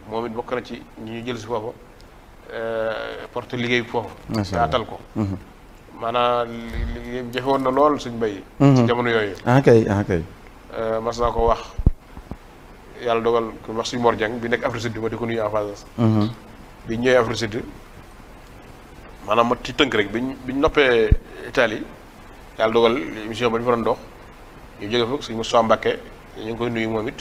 moom it bokk na ci ñi ñu jël si foofu. porte liggéey foofu. macha allah ko. maanaam li jafe woon na lool suñ bay ci jamono mhm. yooyu. ah kay ah kay. Eh, mas naa ko wax yàlla dogal ku wax suñ Mor Dieng bi nekk Afrique du ma di ko nuyu mhm. en bi ñëwee Afrique Sud maanaam ma ci tënk rek biñ biñ noppee Italie yalla dogal émission ba ñu fa doon dox ñu jëgë fuk suñu so Mbacké ñu ngi nuyu momit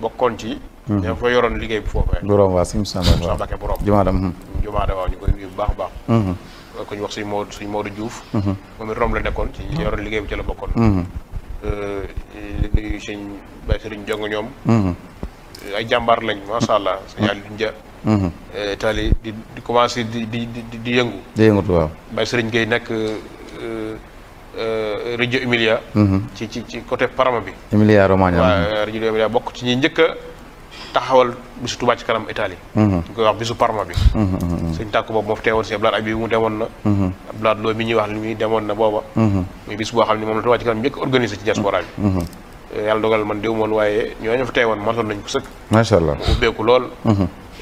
bokkon ci. ñu mhm. fa yoron liggéey bu foofee. borom wa suñu so Mbacké Moussa borom. Jumaada hmm. Jumaada waaw ñu koy nuyu bu baax baax. hmm ko ñu wax suñu mod suñu modou Diouf. hmm it rom la nekkon ci hmm. yoron liggéey ci la bokkoon. li hmm. euh, nuyu suñu Baye Serigne Jongo hmm ay jambar lañ sha allah. suñu Aliou Euh, taali di di commencé di di di di yëngu. di yëngatu waaw. Baye Serigne Gueye nekk euh, euh, rajo Emilia. Mhm. ci ci ci côté Parma bi. Emilia Romagna. waaw rajo Emilia bokk ci ñi njëkk a taxawal bisu Touba ci kanam Italie. Mhm. ñu koy wax bisu Parma bi. Mhm, sëñ tàkk boobu moo fi teewoon si Abdoulaye Habib mu demoon na. Abdoulaye Lo mi ñuy wax li muy demoon na booba. muy bis boo xam ne moom la Touba ci kanam njëkk a organisé ci diaspora bi. yàlla dogal man déwumoon waaye ñooñu fa teewoon matoon nañ ko sëkk. macha allah ubbeeku lool.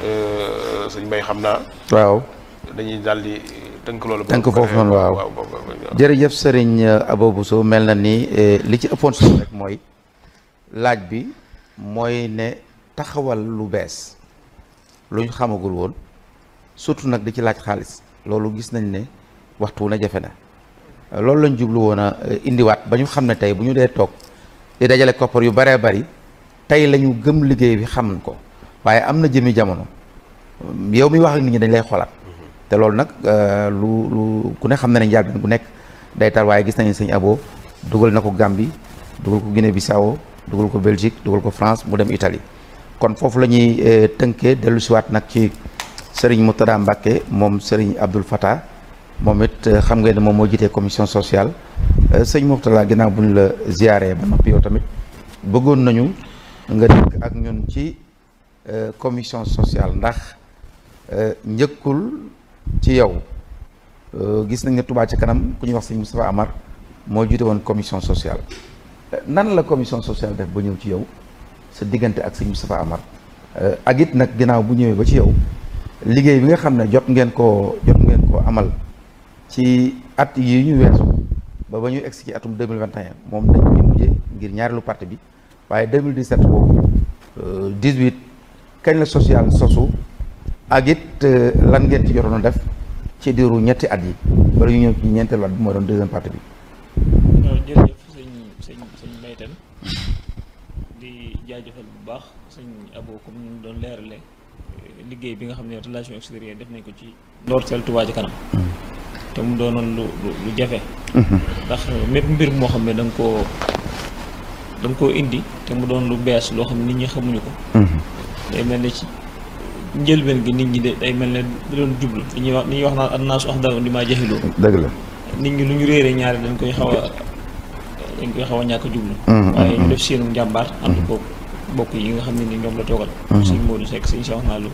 Euh, sëñ bay xam naa. waaw dañuy daal di tënk loolu. tënk foofu noonu waaw jërëjëf sëriñ euh, Abo Bousso mel na ni euh, li ci ëppoon solo rek mooy laaj bi mooy ne taxawal lu bees luñ xamagul woon surtout nag di ci laaj xaalis loolu gis nañ ne waxtu na jafe na. loolu lañ jublu woon a indiwaat ba ñu xam ne tey bu ñu dee toog di dajale koppar yu baree bari tey la ñu gëm liggéey bi xam ko. waaye am na jëmmi jamono yow mi wax ak nit ñi dañ lay xoolaat te loolu nag euh, lu lu ku ne xam na ne njàlbeen bu nekk day tar waaye gis nañu sëñ Abo dugal na ko Gambie dugal ko Guinée Bissau dugal ko Belgique dugal ko France mu dem itali kon foofu la ñuy euh, tënkee dellu siwaat nag ci Serigne Moutada Mbacke moom Serigne Abdoul Fattah moom it euh, xam ngeen ne moom moo jiitee commission sociale sëñ Moutada ginnaaw bu ñu la ziaree ba noppi yow tamit bëggoon nañu ci Euh, commission sociale ndax euh, njëkkul ci yow euh, gis nañ ne Touba ci kanam ku ñuy wax sëñ Moustapha Amar moo jiite woon commission sociale nan la commission sociale def ba ñëw ci yow sa diggante ak sëñ Moustapha Amar ak it nag ginnaaw bu ñëwee ba ci yow liggéey bi nga xam ne jot ngeen koo jot ngeen koo amal ci at yi ñu weesu ba ba ñu egsi ci atum 2021 moom dañ koy mujjee ngir ñaareelu parti bi waaye 2017 boobu 18 kañ la social sosu ak euh, lan ngeen ci jotoon def ci diiru ñetti at yi bala ñu ñëw ci ñeenteelu at bi mooy doon deuxième partie bi. sëñ sëñ sëñ Maytan di jaajëfal bu baax sëñ Abo comme doon leerale euh, liggéey bi nga xam ne relation extérieure def nañ ko ci ndorteel Touba Ca Kanam. Mm-hmm. te mu doonoon lu lu jafe. Mm-hmm. ndax mépp mbir moo xam ne da nga koo da nga indi te mu doon lu bees loo xam ne nit ñi xamuñu ko. Mm-hmm. day mel ne ci njëlbeen gi nit ñi de day mel ne da doon jublu li ñuy wax naa ñuy wax naan annaasu axdaa'un limaa jahiluu. dëgg la nit ñi lu ñu réeree ñaar dañ koy xaw a dañ koy xaw a ñàkk jublu. Mm-hmm, mm-hmm. waaye ñu def seenu njàmbaar. ànd mm-hmm. ko bokk yi nga xam ne ni ñoom la toogal. sëñ Modou Seck sëñ Cheikh Nalou.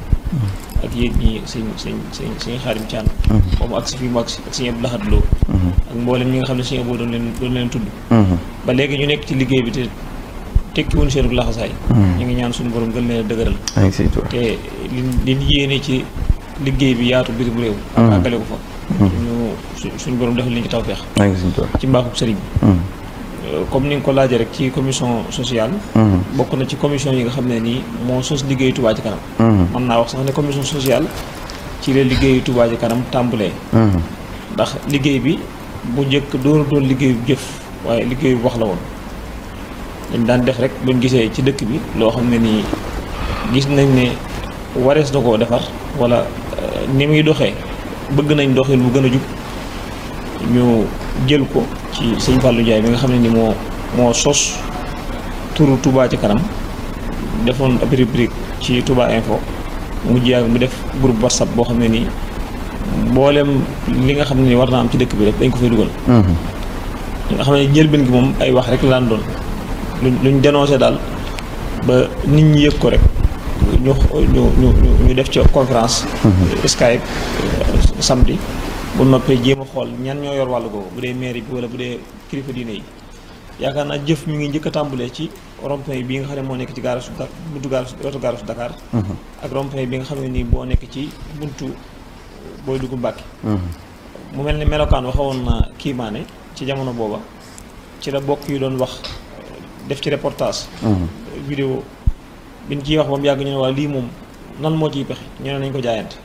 ak yéen ñi sëñ sëñ sëñ sëñ Xaadim Thiam. ba mu agsi fii mu agsi ak sëñ Abdou Lahad Lo. ak mboolem ñi nga xam ne sëñ Abdou doon leen doon leen tudd. ba léegi ñu nekk ci liggéey bi te. tekki woon seen laxasaay hmm. ñu ngi ñaan suñu borom gën leen a dëgëral te li li yéene ci liggéey bi yaatu bitim réew hmm. ak àggale ko fa hmm. ñu suñu borom defal li ñu ci tawfeex ci mbaaxub sëriñ bi euh, comme ni nga ko laajee rek ci commission sociale bokk na ci commission yi nga xam ne nii moo sos liggéeyu Touba ci kanam mën naa wax sax ne commission sociale ci leen liggéeyu Touba ci kanam tàmbalee ndax liggéey bi bu njëkk doonu doon liggéeyu jëf waaye liggéeyu wax la woon dañ daan def rek buñ gisee ci dëkk bi loo xam ne nii gis nañ ne warees na koo defar wala euh, ni muy doxee bëgg nañ doxin bu gën a jub ñu jël ko ci sëñ Fallou Ndiaye mi nga xam ne ni moo moo sos turu tubaa ci kanam defoon ab rubrique ci Touba info mu jiyaag mu def groupe whatsapp boo xam ne nii mboolem li nga xam ne ni war naa am ci dëkk bi rek dañ ko fay dugal. nga xam ne njëlbeen gi moom ay wax rek la daan doon. luñ dénoncé dal ba nit ñi yëg ko rek ñu ñu ñu ñu def ci conférence mhm. skype euh, samedi bu noppé jéem xol ñan ñoo yor walu goor bu dé maire bi wala bu dé kilifa diiné yi yaakaar naa jëf mi ngi njëkk tambulé ci rompay bi nga xamné mo nekk ci garage buntu garage wetu garage Dakar mhm. ak rompay bi nga xamné ni bo nekk ci buntu euh, booy dugg Mbàkke mhm. mu melni melokan waxawon na ki mané ci jamono boba ci la bokk yu doon wax def ci reportage. vidéo bi ñu ciy wax ba mu yàgg ñu ne waa lii moom nan moo ciy pexe ñu ne nañ ko jaayante.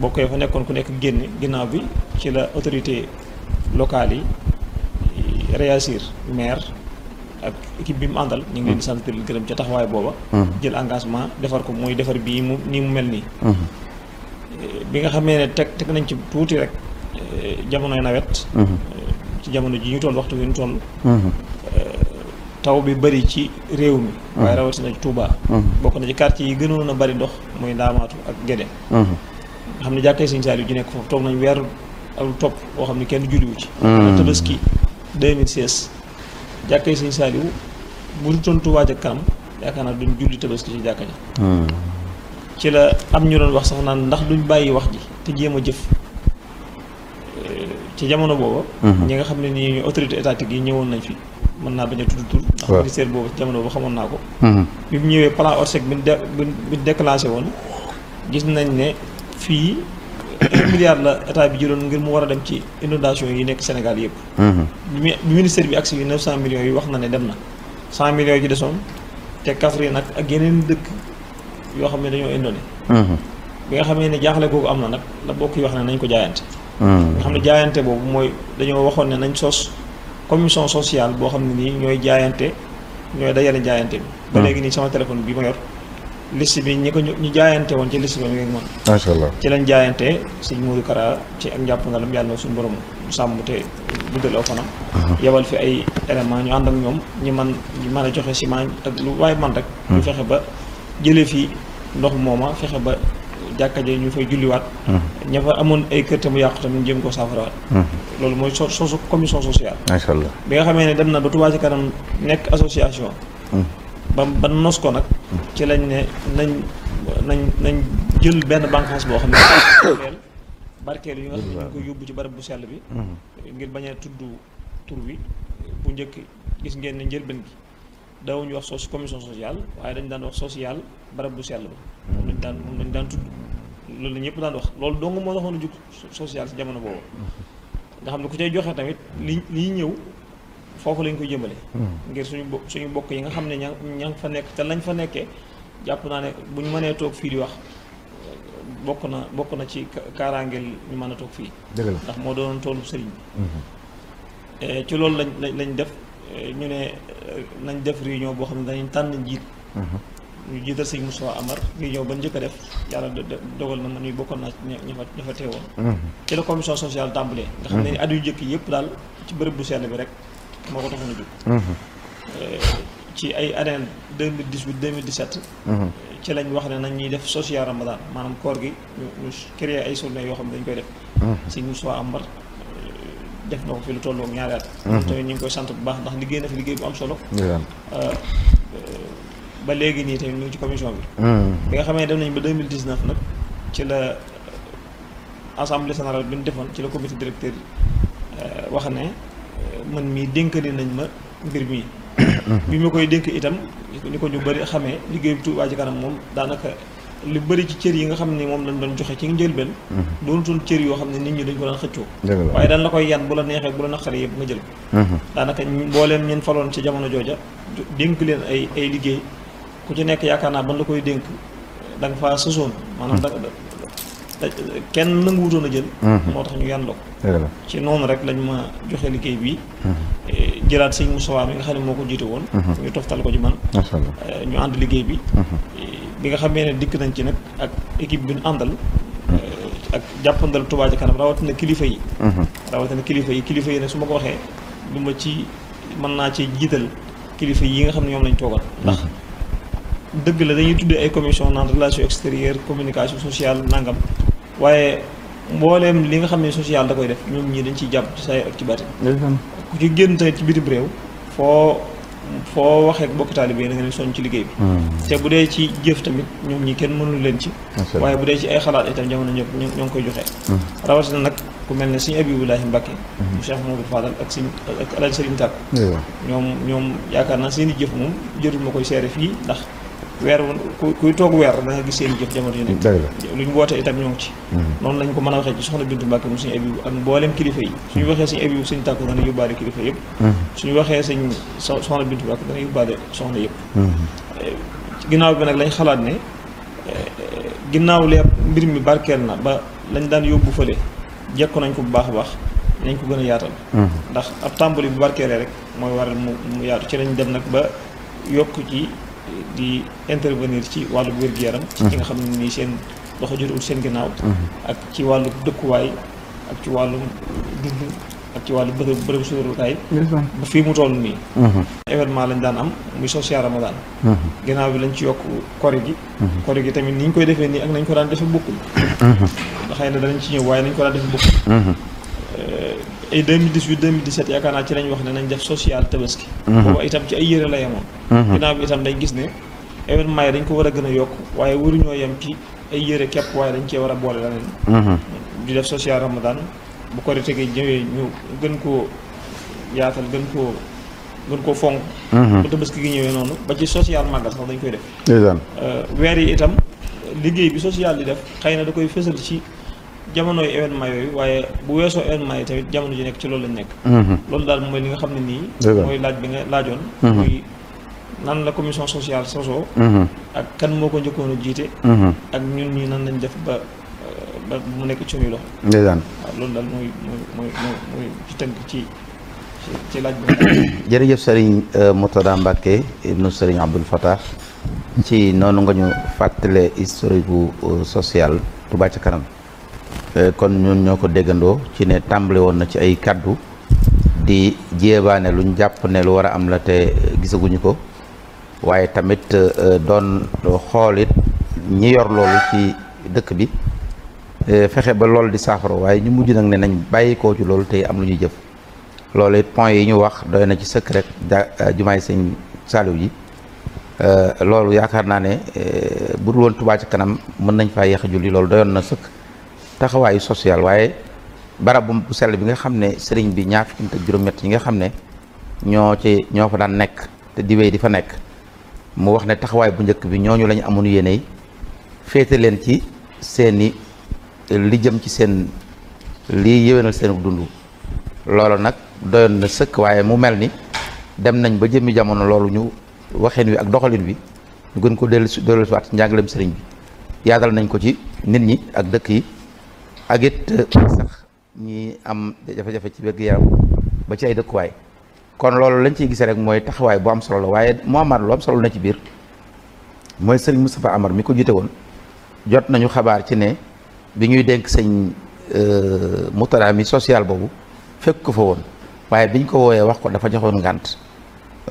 bokk fa nekkoon ku nekk génn ginnaaw bi ci la autorité locale yi réagir maire ak équipe bi mu àndal. ñu ngi leen di sant di gërëm ca taxawaay booba. jël engagement defar ko mooy defar bii mu nii mu mel nii. bi nga xamee ne teg teg nañ ci tuuti rek eh, jamonoy nawet. Eh, ci jamono ji ñu toll waxtu wi ñu toll. taw bi bëri ci réew mi waaye rawatina ci bokk na ci quartier yi gënoon a bëri ndox muy ndaamaatu ak Gédé nga xam ne jàkkee Sëñ Saaliw ji nekk foofu toog nañu weer ak lu topp boo xam ne kenn julliwu ci tabaski 2016 jàkkee Sëñ Saaliw bu dutoon Touba ca kanam yaakaar naa duñ julli tabaski ci jàkka ja ci la am ñu doon wax sax naan ndax duñ bàyyi wax ji te jéem a jëf euh, ci jamono booba ñi nga xam ne nii autorité étatique yi ñëwoon nañ fii mën naa bañ a tudd tur ndax ministère boobu jamono boobu xamoon naa ko hmm. bi mu ñëwee plan ORSEC bi ñu déclenché woon gis nañ ne fii un milliard la état bi jëloon ngir mu war a dem ci inondation yi nekk Sénégal yëpp hmm. bi ministère bi agsi yi neuf cent millions yi wax na ne dem na cent millions yi ci desoon te Kaffrine nag ak yeneen dëkk yoo xam ne dañoo inondé hmm. bi nga xam ne jaaxle googu am na nag la bokk yi wax ne nañ ko jaayante nga xam ne boobu mooy dañoo waxoon ne nañ sos commission sociale boo xam ne nii ñooy jaayante ñooy dajale jaayante bi. ba hmm. léegi nii sama téléphone bi ma yor liste bi ñi ko ñi jaayante woon ci liste bi mi ngi mën. macha allah ci lañ jaayante sëñ Mourou Kara ci ak njàpp ngalam yàlla suñu borom sàmm te guddal aw fanam. Hmm. yebal fi ay éléments ñu ànd ak ñoom ñi man ñi man a joxe ciment ak lu waaye man rek. lu hmm. fexe ba jëlee fi ndox mooma fexe ba. jakkaje ñu fay julliwaat hmm. ña fa amone ay kër te mu yàqu tamit jéem koo saafarawaat hmm. loolu mooy so soosu commission sociale macha allah bi nga xamé ne dem na ba tuba ci Kanam nek association hmm. ba ba nos ko nak ci lañ ne nañ nañ nañ jël ben bankas bo xamné barkel barkeel yi nga xam ko yobbu ci barab bu sel bi ngir baña tuddu tour tur wi bu ñëk gis ngeen ne njëlbeen gi daawuñu wax sos commission sociale waaye dañ daan wax sociale barab bu sell ba moom lañ daan moom lañ daan tudd loolu la ñëpp daan wax loolu dong moo taxoon a jug sociale si jamono boobu nga xam joxe tamit li liy ñëw foofu lañ ko jëmbale ngir suñu suñu bokk yi nga xam ne ña ña fa nekk te lañ fa nekkee jàpp naa ne bu ñu mënee toog fii di wax bokk na bokk na ci kaaraangeel ñu mën a toog fii ndax moo doon toolu sëriñ bi mm-hmm. eh, ci loolu lañ lañ def ñu ne euh, nañ def réunion boo xam ne danañ tànn njiit. Mhm. ñu jiital sëñ Moussa Amar réunion ba njëkk a def yàlla dogal na ma ñuy bokkoon naa ña fa ña fa teewoon. Mhm. ci la commission sociale tàmbalee. nga xam ne ni mhm. at yu njëkk yëpp daal ci bërëb bu sell bi rek moo ko taxoon na jóg. Euh, ci ay année 2018 2017. ci lañ wax ne nañ ñuy def social ramadan maanaam koor gi ñu ñu créé ay journée yoo xam ne dañ koy def. sëñ Moussa Amar. def na ko fi lu tollook ñaari at mhm. tamit ñu ngi koy sant bu baax ndax liggéey na fi liggéey bu am solo euh, ba léegi nii tamit mu ci commission bi mhm. bi nga xamee dem nañ ba 2019 nag ci la euh, assemblée générale bi ñu defoon ci la comité directeur yi euh, wax ne man mii dénkali nañ ma mbir mii mhm. bi ma koy dénk itam ni ko ñu bëri xamee liggéey bu Touba ci kanam moom daanaka li bëri ci cër yi nga xam ni moom lañ doon joxe ci njëlbeen mhm. doonutoon cër yoo xam ne nit ñi dañ ko daan xëccoo waaye daan la koy yan bu la neexee bu la naqaree yëpp nga jël ko mhm. daanaka mbooleem ñeen faloon ci jamono jooja dénk leen ay ay liggéey ku ci nekk yaakaar naa ban la koy dénk da nga faa sosoon maanaam mhm. kenn nangu wutoon a jël mhm. moo tax ñu yàndoo ko ci noonu rek lañu ma joxe liggéey bi mhm. eh, jëlaat sëñ Moussa mi nga xam ne moo ko jiite woon mhm. ñu toftal ko ci man eh, ñu ànd liggéey bi eh, bi nga xamee ne dikk nañ ci nag ak équipe bi ñu àndal ak jàppandal Touba Ca Kanam rawatina kilifa yi rawatina kilifa yi kilifa yi nag su ma ko waxee du ma ci mën naa ci jiital kilifa yi nga xam ne ñoom lañ toogal ndax dëgg la dañuy tuddee ay commission naan relation extérieure communication sociale nangam waaye mbooleem li nga xam ne social da koy def ñoom ñii dañ ciy jàpp ci saa ak ci bàtt. ku ci génn tamit ci bitim réew foo foo waxee ak bokk taalibe yi da nga ci liggéey bi. Hmm. te bu dee ci jëf tamit ñoom ñi kenn mënul leen ci. waaye bu dee ci ay xalaat itam jamono ñëpp ñoo ngi koy joxe. Hmm. rawatina nag ku mel ne suñu Abibulahi Mbacke. mu hmm. Cheikh Mamadou Fadal ak suñu ak El Hadj Serigne Tall. ñoom ñoom yaakaar naa seen i jëf moom jërul ma koy seere fii ndax. weer ku kuy toog weer da gis seen jëf jamono yu nekk lu ñu woote itam ñoo ngi ci mhm. noonu lañ ko mën a waxee ci soxna Bintu Mbàkke mu suñu abibu ak mboolem kilifa yi suñu waxee suñu abibu suñu tàkku dana yóbbaale kilifa yëpp mhm. suñu waxee suñ soxna Bintu Mbàkke dana yóbbaale soxna yëpp mhm. eh, ginnaaw bi nag lañ xalaat ni eh, ginnaaw leer mbir mi barkeel na ba lañ daan yóbbu fële jekku nañ ko bu baax a baax nañ ko gën a yaatal ndax ab tàmbali bu barkeelee rek mooy waral mu yaatu ci lañ dem nag ba yokk ci di intervenir ci wàllu wér-gu-yaram ci ñi nga xam ne nii seen loxo jotul seen ginnaaw ak ci wàllu dëkkuwaay ak ci wàllu dund ak ci wàllu bërëb bërëb suurukaay ba fii mu toll nii mhm. événement lañ daan am muy social ramadan mhm. ginnaaw bi lañ ci yokk kori gi mhm. kori gi tamit ni ñu koy defee nii ak nañ ko daan defee bokkul xëy na danañ ci ñëw waaye nañ ko daan defee bokkul ay 2018 2017 yaakaar naa ci lañ wax ne nañ def social tabaski. Mhm. boobu itam ci ay yére la yemoon. Mhm. ginnaaw bi itam dañ ko war a gën a yokk waaye waruñoo yem ci ay yére képp waaye dañ cee war a boole leneen. Mhm. di def social ramadan bu korite gi ñëwee ñu gën koo yaatal gën koo gën koo fonk. bu tabaski gi ñëwee noonu ba ci social màggal sax dañ koy def. Euh, weer yi itam liggéey bi social di def xëy na da koy fësal ci. jamonoy événement yooyu waaye bu weesoo événement yi tamit jamono ji nekk ci loolu lañ nekk mhm. loolu daal mooy li nga xam ne nii mooy laaj bi nga laajoon mhm. muy nan la commission sociale sosoo mhm. ak kan moo ko njëkkoon a jiite ak ñun ñi nan lañu def ba ba mu nekk ci suñuy loxo ndeysaan waaw loolu daal mooy mooy ci ci ci laaj bi jërëjëf sëriñ euh, Murtada Mbàkke ibnu sëriñ Abdul Fatah ci noonu nga ñu fàttale historique bu euh, social Touba ca kanam Euh, kon ñun ñoo ko déggandoo ci ne tàmbale woon na ci ay kàddu di jéebaane luñ jàpp ne lu war am la te gisaguñu ko waaye tamit euh, doon xoolit ñi yor loolu ci dëkk bi euh, fexe ba loolu di saafara waaye ñu mujj nag ne nañ bàyyi koo ci loolu tey am lu ñuy jëf loolu it point yi ñu wax doy na ci sëkk rek jumaay sëñ Saaliw ji loolu yaakaar naa ne bu dul woon Tuubaa ci kanam mën nañ faa yéex a julli loolu doyoon na sëkk taxawaayu social waaye barab bu sell bi nga xam ne sëriñ bi ñaar fukki ak juróom-ñett yi nga xam ne ñoo ci ñoo fa daan nekk te di wéy di fa nekk mu wax ne taxawaay bu njëkk bi ñooñu lañu amoon yéene féete leen ci seeni li jëm ci seen lii yéwénal seen dund loolu nag doyoon na sëkk waaye mu mel ni dem nañ ba jëmmi jamono loolu ñu waxeen wi ak doxalin wi ñu gën ko dellusi dellusiwaat ci njàngaleem sëriñ bi yaatal nañ ko ci nit ñi ak dëkk yi ak it euh, sax ñi am jafe-jafe ci wérgu yaram ba ci ay dëkkuwaay kon loolu lañ ciy gisee rek mooy taxawaay bu am solo la waaye mu amaat lu am na ci biir mooy sëriñ Moustapha Amar mi ko jiite woon jot nañu xabaar ci ne bi ñuy dénk sëñ euh, Moutara mi social boobu fekk ko fa woon waaye biñ ko wooyee wax ko dafa joxoon ngànt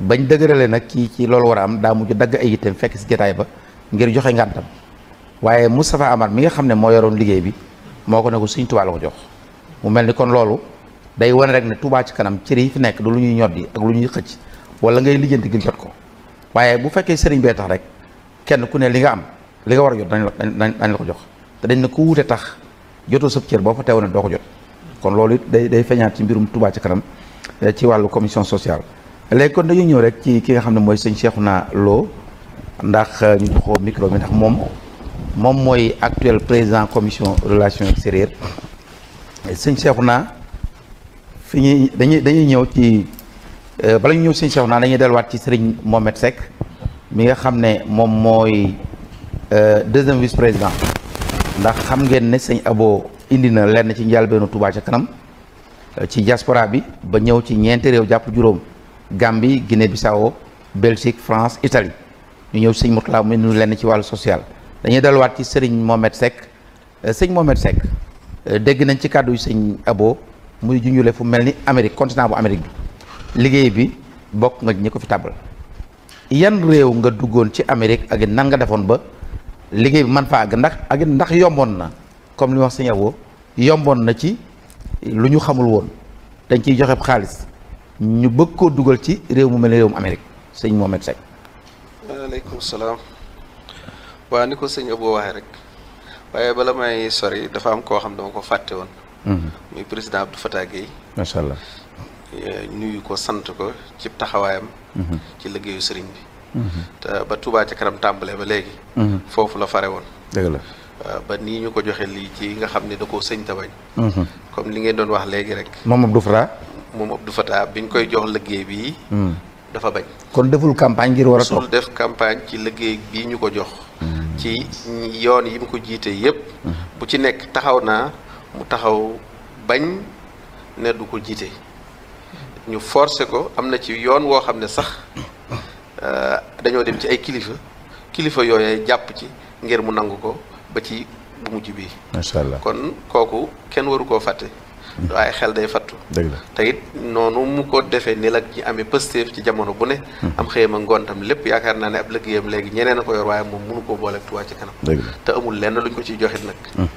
bañ dëgërale nag kii ci loolu war a am daa mujj dagg ay itam fekk si jotaay ba ngir joxe ngàntam waaye Moustapha Amar mi nga xam ne moo yoroon liggéey bi moo ko ne ko sëñ Tuubaa la ko jox mu mel ni kon loolu day wane rek ne tubaa ci kanam cër yi fi nekk du lu ñuy ñoddi ak lu ñuy xëcc wala ngay lijjanti ngir jot ko waaye bu fekkee sëriñ bee tax rek kenn ku ne li nga am li nga war a jot dañ la dañ la ko jox te dañ ne ku wuute tax jotoo sëb cër boo fa teew ne doo ko jot kon loolu it day day feeñaat ci mbirum Tuubaa ci kanam eh, ci wàllu commission sociale léegi kon dañuy ñëw rek ci ki nga xam ne mooy sëñ Cheikhouna Lo ndax eh, ñu micro bi ndax moom moom mooy actuel président commission relations extérieures sëñ Cheikhouna fi ñuy dañuy dañuy ñëw ci euh bala ñu ñëw sëñ Cheikhouna dañuy delluwaat ci sëriñ Mohamed Seck mi nga xamné mom moy euh deuxième vice président ndax xam ngeen né sëñ Abo indi na lenn ci njëlbéenu Touba ci kanam euh, ci diaspora bi ba ñëw ci ñeenti réew japp juroom Gambie Guinée Bissau Belgique France Italie ñu ñëw sëñ Mourtala mu nu lenn ci wàllu social dañuy delluwaat ci sëriñ Mohamed Seck euh, sëñ Mohamed Seck euh, dégg nañ ci kàddu yu sëñ Abo muy junjule fu mel ni Amérique continent bu Amérique bi liggéey bi bokk nga ñi ko fi tàbbal yan réew nga duggoon ci Amérique ak nan nga defoon ba liggéey bi man faa àgg ndax ak ndax yomboon na comme li wax sëñ Abo yomboon na ci lu ñu xamul woon dañ ciy joxe xaalis ñu bëgg koo dugal ci réew mu mel ni réewum Amérique sëñ Mohamed Seck. waaleykum waa ni ko sëñ Abo waxee rek waaye bala may sori dafa am koo xam dama ko fàtte woon. Mhm. muy président Abdou Fatah Guèye. macha allah. Eh, nuyu ko sant ko ci taxawaayam. Mhm. ci liggéeyu sëriñ bi. Mhm. te ba Touba ca karam tàmbalee ba léegi. foofu la fare woon. dëgg la. Eh, ba nii ñu ko joxe lii ci nga xam ne da koo sëñ tabañ. comme li ngeen doon wax léegi rek. moom Abdou Fatah. moom Abdou Fatah biñ koy jox liggéey bii. dafa bañ. kon deful campagne ngir war a toog def campagne ci liggéey bii ñu ko jox. ci yoon yi mu ko jiitee yépp bu ci nekk taxaw naa mu taxaw bañ ne du ko jiite. ñu forcé ko am na ci yoon woo xam ne sax euh, dañoo dem ci ay kilifa kilifa yooyee jàpp ci ngir mu nangu ko ba ci bu mujj bi macha allah kon kooku kenn waru koo fàtte. waaye xel day fattu te it noonu mu ko defee ni lag ci amee pësteef ci jamono bu ne hmm. am xëyam a ngontam lépp yaakaar naa ne ab liggéeyam léegi ñeneen a ko yor waaye moom mënu koo booleeg Touba ci kanam te amul lenn luñ ko ciy joxit nag hmm.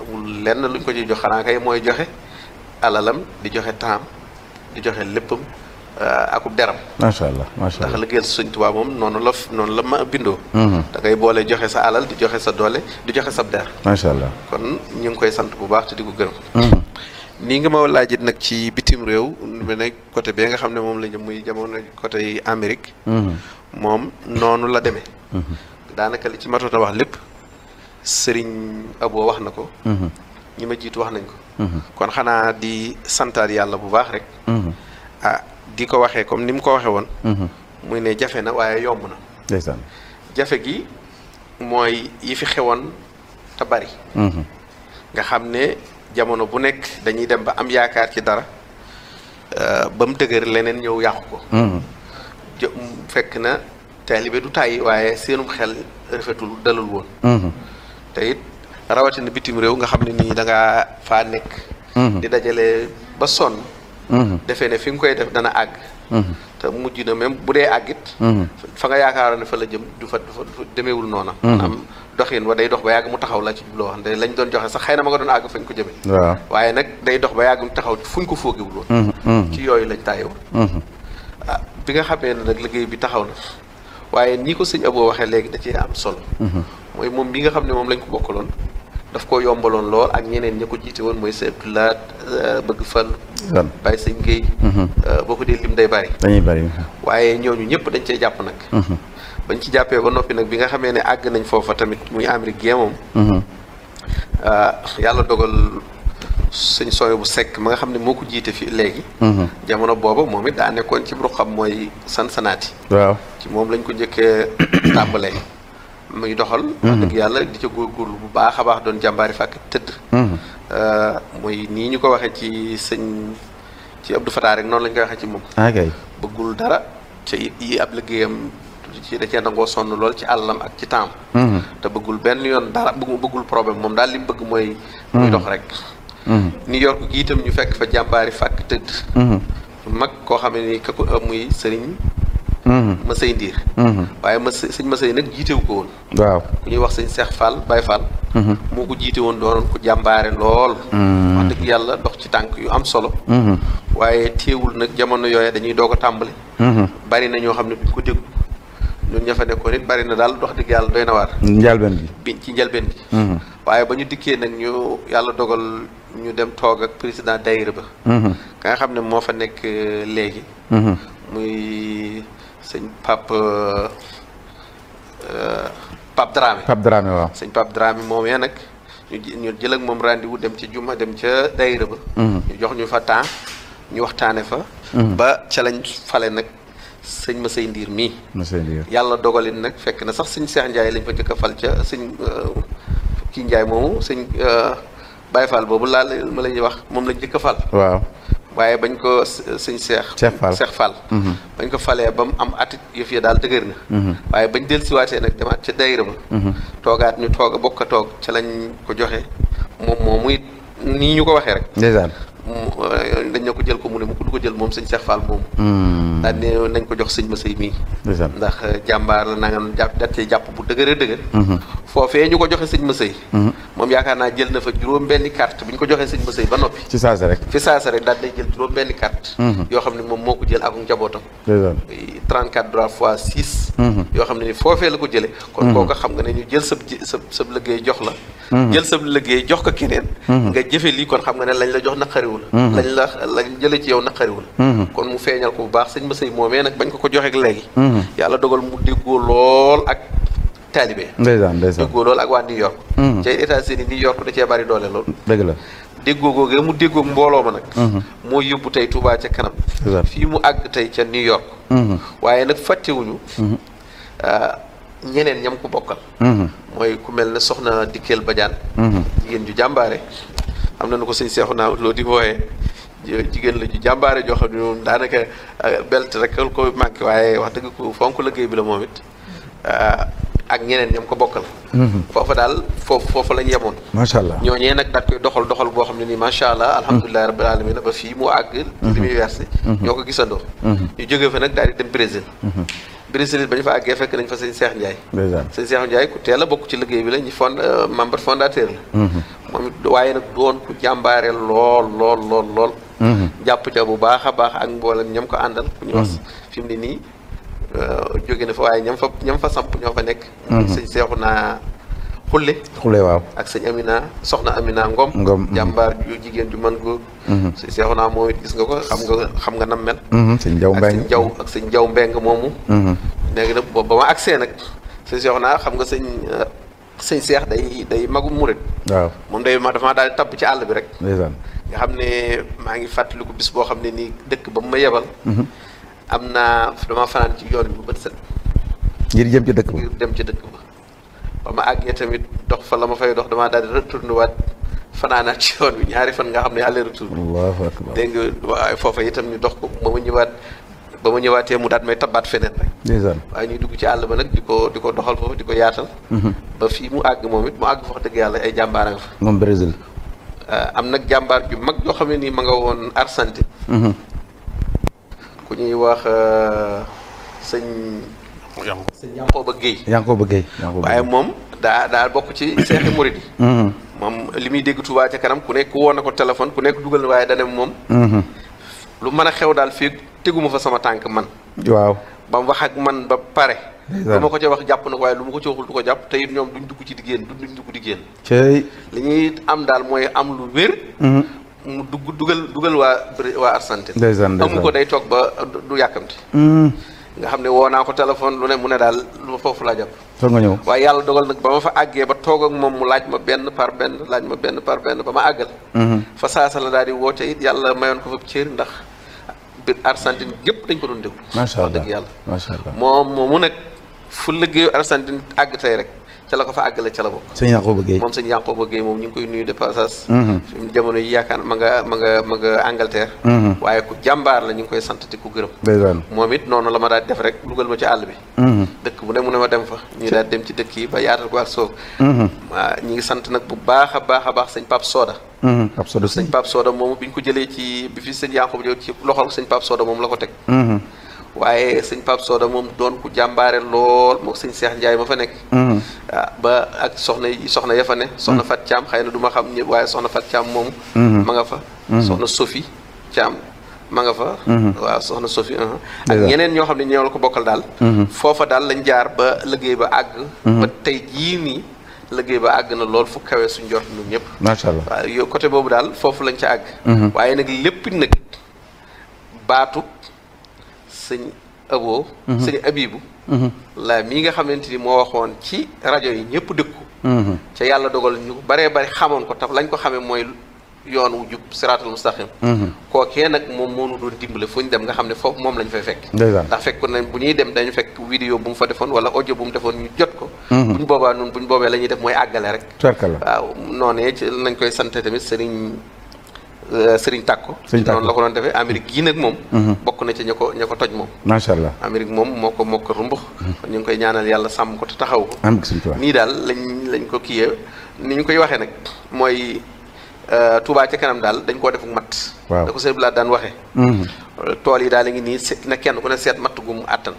amul lenn lu luñ ko ciy jox xanaa kay mooy joxe alalam di joxe temps di joxe léppam euh, akub deram macha allah macha allah ndax liggéeyal suñ Touba moom noonu la noonu la ma bindoo hmm. da ngay boole joxe sa alal joxe sa doole di joxe sa der macha allah kon ñu ngi koy sant bu baax te di ko gërëm nii nga ma laajit nag ci bitim réew mu ne côté bee nga xam ne moom la ñu muy jamono côté Amérique. Mm-hmm. moom noonu la deme mm-hmm. daanaka li ci matoon a wax lépp Serigne Abo wax na ko. Mm-hmm. ñi ma jiitu wax nañ ko. kon xanaa di santaat yàlla bu baax rek. ah di ko waxee comme ni mu ko waxee woon. muy ne jafe na waaye yomb na. ndeysaan jafe gi mooy yi fi xewoon te bari. nga xam ne. jamono bu nekk dañuy dem ba am yaakaar ci dara euh, ba mu dëgër leneen ñëw yàqu ko mm-hmm. fekk na taalibe du tàyyi waaye seenum xel rafetul dalul woon mm-hmm. te it rawatina bitim réew nga xam ne nii da ngaa faa nekk mm-hmm. di dajale ba sonn defee ne fi nga koy def dana àgg te mujj na même bu dee àggit fa nga yaakaaroon ne fa la jëm du fa du fa demeewul noona am doxin wa day dox ba yàgg mu taxaw la ci jubloo xam ne lañ doon joxe sax xëy na ma nga doon àgg fañ ko jëme waaw waaye nag day dox ba yàgg mu taxaw fuñ ko foogewul woon mm-hmm, mm-hmm. ci yooyu lañ tàyyiwoon mm-hmm. ah bi nga xamee ne nag liggéey bi taxaw na waaye nii ko sëñ Abo waxee léegi da am solo mooy moom bi nga xam ne moom lañ ko bokkaloon daf ko yombaloon lool ak ñeneen ñi ko jiite woon mooy euh, sëñ Abdoulaat bëgg fal bàyyi sëñ Guèye boo ko dee lim day bari dañuy bari waaye ñooñu ñëpp dañ cee jàpp nag bañ ci jàppee ba noppi nag bi nga xamee ne àgg nañ foofa tamit muy Amérique gee moom. Mhm. Ah, yàlla dogal sëñ sooy bu sekk ma nga xam ne moo ko jiite fii léegi. Mhm. jamono booba moom it daa nekkoon ci xam mooy sansanaati. waaw ci moom lañ ko njëkkee tàmbalee. muy doxal. Mhm. wax dëgg yàlla di ca góorgóorlu bu baax a baax doon jàmbaari fàkk tëdd. Ah, muy nii ñu ko waxee ci sëñ ci Abdou Fatah rek noonu lañ koy waxee ci moom. Ah, bëggul dara ci yi ab liggéeyam. ci da cee nangoo sonn lool ci àllam ak ci taam mhm. te bëggul benn yoon dara bëggul problème moom daal li mu bëgg mooy muy mhm. dox rek mhm. New York gi itam ñu fekk fa jàmbaari fàkk tëdd mag koo xam ne ni ka ko am muy sëriñ Masey Ndiir waaye ma sëñ Masey nag jiitewu ko woon waaw ku ñuy wax sëñ Seex Fall Baye Fall moo ko jiite woon doonoon ko jàmbaare lool wax dëgg yàlla dox ci tànk yu am solo waaye téewul nag jamono yooye dañuy doog a tàmbali bari na ñoo xam ko ñun ña fa nekkoon it bari na daal dox dëgg yàlla doy na waar. njalbeen bi ci njalbeen bi. Mhm. waaye ba ñu dikkee nag ñu yàlla dogal ñu dem toog ak président daayira ba. Mhm. ka nga xam ne moo fa nekk euh, léegi. Mhm. muy sëñ Pape euh, euh, Pape Dramé. Pape Dramé waaw. sëñ Pape Dramé moom yaa nag ñu ñu moom rendez dem ca juma dem ca daayira ba. ñu jox ñu fa temps ñu waxtaane fa. ba ca fale nag. sëñ ma Masay Ndiir mii. Masay yàlla dogalin nag fekk na sax sëñ seex Ndiaye lañ fa jëkk fal ca sëñ euh, kii njaay moomu sëñ euh, Baye fal boobu laal ma la ñuy wax moom lañ jëkk a fal. waaw waaye bañ ko euh, sëñ Cheikh. Cheikh Fall Cheikh Fall. Mhm. bañ ko falee ba mu am atit yëf ya daal dëgër na. Mhm. waaye bañ dellusiwaatee nag demaat ca daayira ba. Mhm. toogaat ñu toog a bokk a toog ca lañ ko joxe moom moomu it nii ñu ko waxee rek. Euh, dañ ne ko jël ko mu ne mu du ko jël moom sëñ Cheikh Fall moom hmm. daal ne nañ ko jox sëñ Masey mii ndax euh, jàmbaar la nangam jàpp dattee jàpp bu dëgëra dëgër hmm. foofee hmm. naa jël na fa juróom benni carte bu ko joxee sëñ ba noppi ci saasa rek fi saasa rek yoo xam ne moom moo ko jël ak njabootam 34 yoo xam ne ni foofee la ko jële kon kooku xam nga ne ñu jël sab sab sab liggéey jox la jël sab liggéey jox ko keneen nga jëfe lii kon xam nga ne lañ la jox naqariwu naqariwu la mhm. lañ la lañ jële ci yow naqariwu mhm. kon mu feeñal ko bu baax sëñ Masey moomee nag bañ ko ko joxeek léegi mhm. yàlla dogal mu déggoo lool ak taalibe ndeysaan ndeysaan déggoo lool ak waa New York ca États-Unis New York da cee bari doole lool dëgg la déggoo googee mu déggoo mbooloo ma nag moo yóbbu tey Touba ca kanam fii mu àgg tey ca New York waaye nag fàttewuñu ah, ñeneen ñam ko bokkal mooy ku mel ne soxna Dikkel Badiane jigéen ju jàmbaare am na nu ko sëñ seexu naa loo di wooyee jigéen la ju jàmbaare joo xam ne moom daanaka ah, belt rek ko manqué waaye wax dëgg ko fonk liggéey bi la moom it ah, ak ñeneen ñoom ko bokk bokkal mm-hmm. foofa daal foofu foofu lañ yemoon macha allah ñooñee nag daat koy doxal doxal boo xam ne nii macha allah mm-hmm. alhamdulilahi rabbil alamin ba fii mu àgg li mm-hmm. ñoo ko gisandoo ñu jóge fa nag daal di dem Brésil Brésil ba ñu fa àggee fekk nañ fa sëñ Cheikh Ndiaye. sëñ Cheikh Ndiaye ku teel a bokk ci liggéey bi la ñu fond euh, membre la. Mm-hmm. moom it waaye nag doon ku jàmbaare lool lool lool mm-hmm. jàpp ca bu baax a baax ak mboolem ñam ko àndal. ku ñu wax mm-hmm. fi ni ne nii euh, jóge na fa waaye ñam fa ñam fa samp ñoo fa nekk. sëñ Seexu naa. xulle xulle waaw ak sëñ Amina soxna Amina Ngom Ngom mhm. jàmbaar ju jigéen ju mën góor mhm. sëñ Seexuna moom it gis nga ko xam nga xam nga nam mel mhm, sëñ Jaw Mbeng ak ak sëñ Jaw Mbeng moomu léegi nag boobu ba ma agsee nag sëñ Seexuna xam nga sëñ ah, sëñ Seex day day magum murit waaw moom day daal di ci àll bi rek nga xam ne maa ngi fàttaliku bis boo xam ne nii dëkk ba mu ma yebal am naa dama fanaan ci yoon bi ba bët set ngir jëm dëkk dem ci dëkk ba ba ma àggee tamit dox fa la ma fay dox damaa daal di retourné waat fanaanaat ci yoon bi ñaari fan nga xam ne aller retour dégg nga foofa itam ñu dox ko ba ma ñëwaat ba ma ñëwaatee mu daat may tabaat feneen rek waaye ñuy dugg ci àll ba nag di ko di ko doxal foofu di ko yaatal mhm. ba fii mu àgg moom it mu àgg wax dëgg yàlla ay jàmbaar nga fa moom Brésil uh, am nag jàmbaar ju mag yoo xam ne nii ma nga woon Arsanti mhm. ku ñuy wax uh, sëñ ba Yankoba Guèye Yankoba Guèye waaye moom daa daa bokk ci seexi murid mm-hmm. moom li muy dégg Touba ca kanam ku nekk woo na ko téléphone ku nekk dugal na waaye da dem moom mm-hmm. lu man a xew daal fii teguma fa sama tànk man waaw ba mu wax ak man ba pare lu ma ko ca wax jàpp na ko waaye lu ma ko ci waxul du ko jàpp tey it ñoom duñ dugg ci diggéen du duñ dugg diggéen cey li ñuy am daal mooy am lu wér mm-hmm. mu dugg dugal dugal waa waa Argentine amu ko day toog ba du yàkkamti nga xam ne woo naa ko téléphone lu ne mu ne daal lu ma foofu laa jàpp foog nga ñëw waaye yàlla dogal nag ba ma fa àggee ba toog ak moom mu laaj ma benn par benn laaj ma benn par benn ba ma àggal mhm. fa saasa la daal di woote it yàlla mayoon ko fa cër ndax biir Argentine gépp dañ ko doon déglu macha allah dëgg yàlla macha allah moom mu nag fu liggéeyu Argentine àgg tey rek ca la ko fa àggale ca la bokk sëñ Yankhoba Gueye moom sëñ Yankhoba Gueye moom ñu ngi koy nuyu de passage mhm. ma nga ma nga ma nga Angleterre mhm. waaye ku jàmbaar la ñu ngi koy sant te ku gërëm moom it noonu la ma daal def rek dugal ma ci àll bi mhm. dëkk bu ne mu ne ma dem fa ñu daal dem ci dëkk yi ba yaatal ko ak soof ñu sant nag bu baax a baax a baax sëñ Pape Soda Pape Soda sëñ Pape Soda moomu bi ñu ko jëlee ci bi fi sëñ Yankhoba Gueye ci loxol sëñ Pape Soda moom la ko teg waaye sëñ Pape Soda moom doon ku jàmbaare lool moom sëñ Cheikh Ndiaye ma fa nekk. Mm-hmm. Ah, ba ak soxna yi soxna ya fa ne. soxna mm-hmm. Fat Thiam xëy na du ma xam ñëpp waaye soxna Fat Thiam moom. Mm-hmm. ma nga fa. soxna Sophie Thiam ma nga fa. waaw soxna Sophie. Uh-huh. ak ñeneen ñoo xam ne ñoo la ko bokkal daal. foofa daal lañ jaar ba liggéey ba àgg. tey jii nii. liggéey ba àgg na lool fu kawe suñ jot ñëpp. macha yow côté boobu daal foofu lañ ca àgg. waaye nag lépp nag baatu. sëñ Abo. sëñ Abibu. la mii nga xamante ni moo waxoon ci rajo yi ñëpp dëkku. Mm-hmm. ca yàlla dogal ñu baree bari xamoon ko taf lañ ko xamee mooy yoon wu jub siraatul mustaqim. Mm-hmm. kookee nag moom moo nu doon dimbale dem nga xam ne foofu moom lañ fay fekk. ndax fekk nañ bu ñuy dem dañu fekk vidéo bu mu fa defoon wala audio bu mu defoon ñu jot ko. Mm-hmm. bu ñu boobaa noonu bu boobee la ñuy def mooy àggale rek. waaw noonee ci nañ koy sant tamit sëriñ. Sëriñ Tàkko ko Tàkko noonu la ko doon defee Amérique gii nag moom mhm. bokk na ci ña ko ña ko toj moom macha allah Amérique moom moo ko mokk ko rumbux mhm. ñu koy ñaanal yàlla sàmm ko te taxaw ko nii daal lañ lañ ko kiyee ni ñu koy waxee nag mooy euh, Touba ca kanam daal dañ koo defuk matt da ko sëñ laa daan waxee mhm. tool yi daal la ngi nii na kenn ku ne seet matt gu mu àttan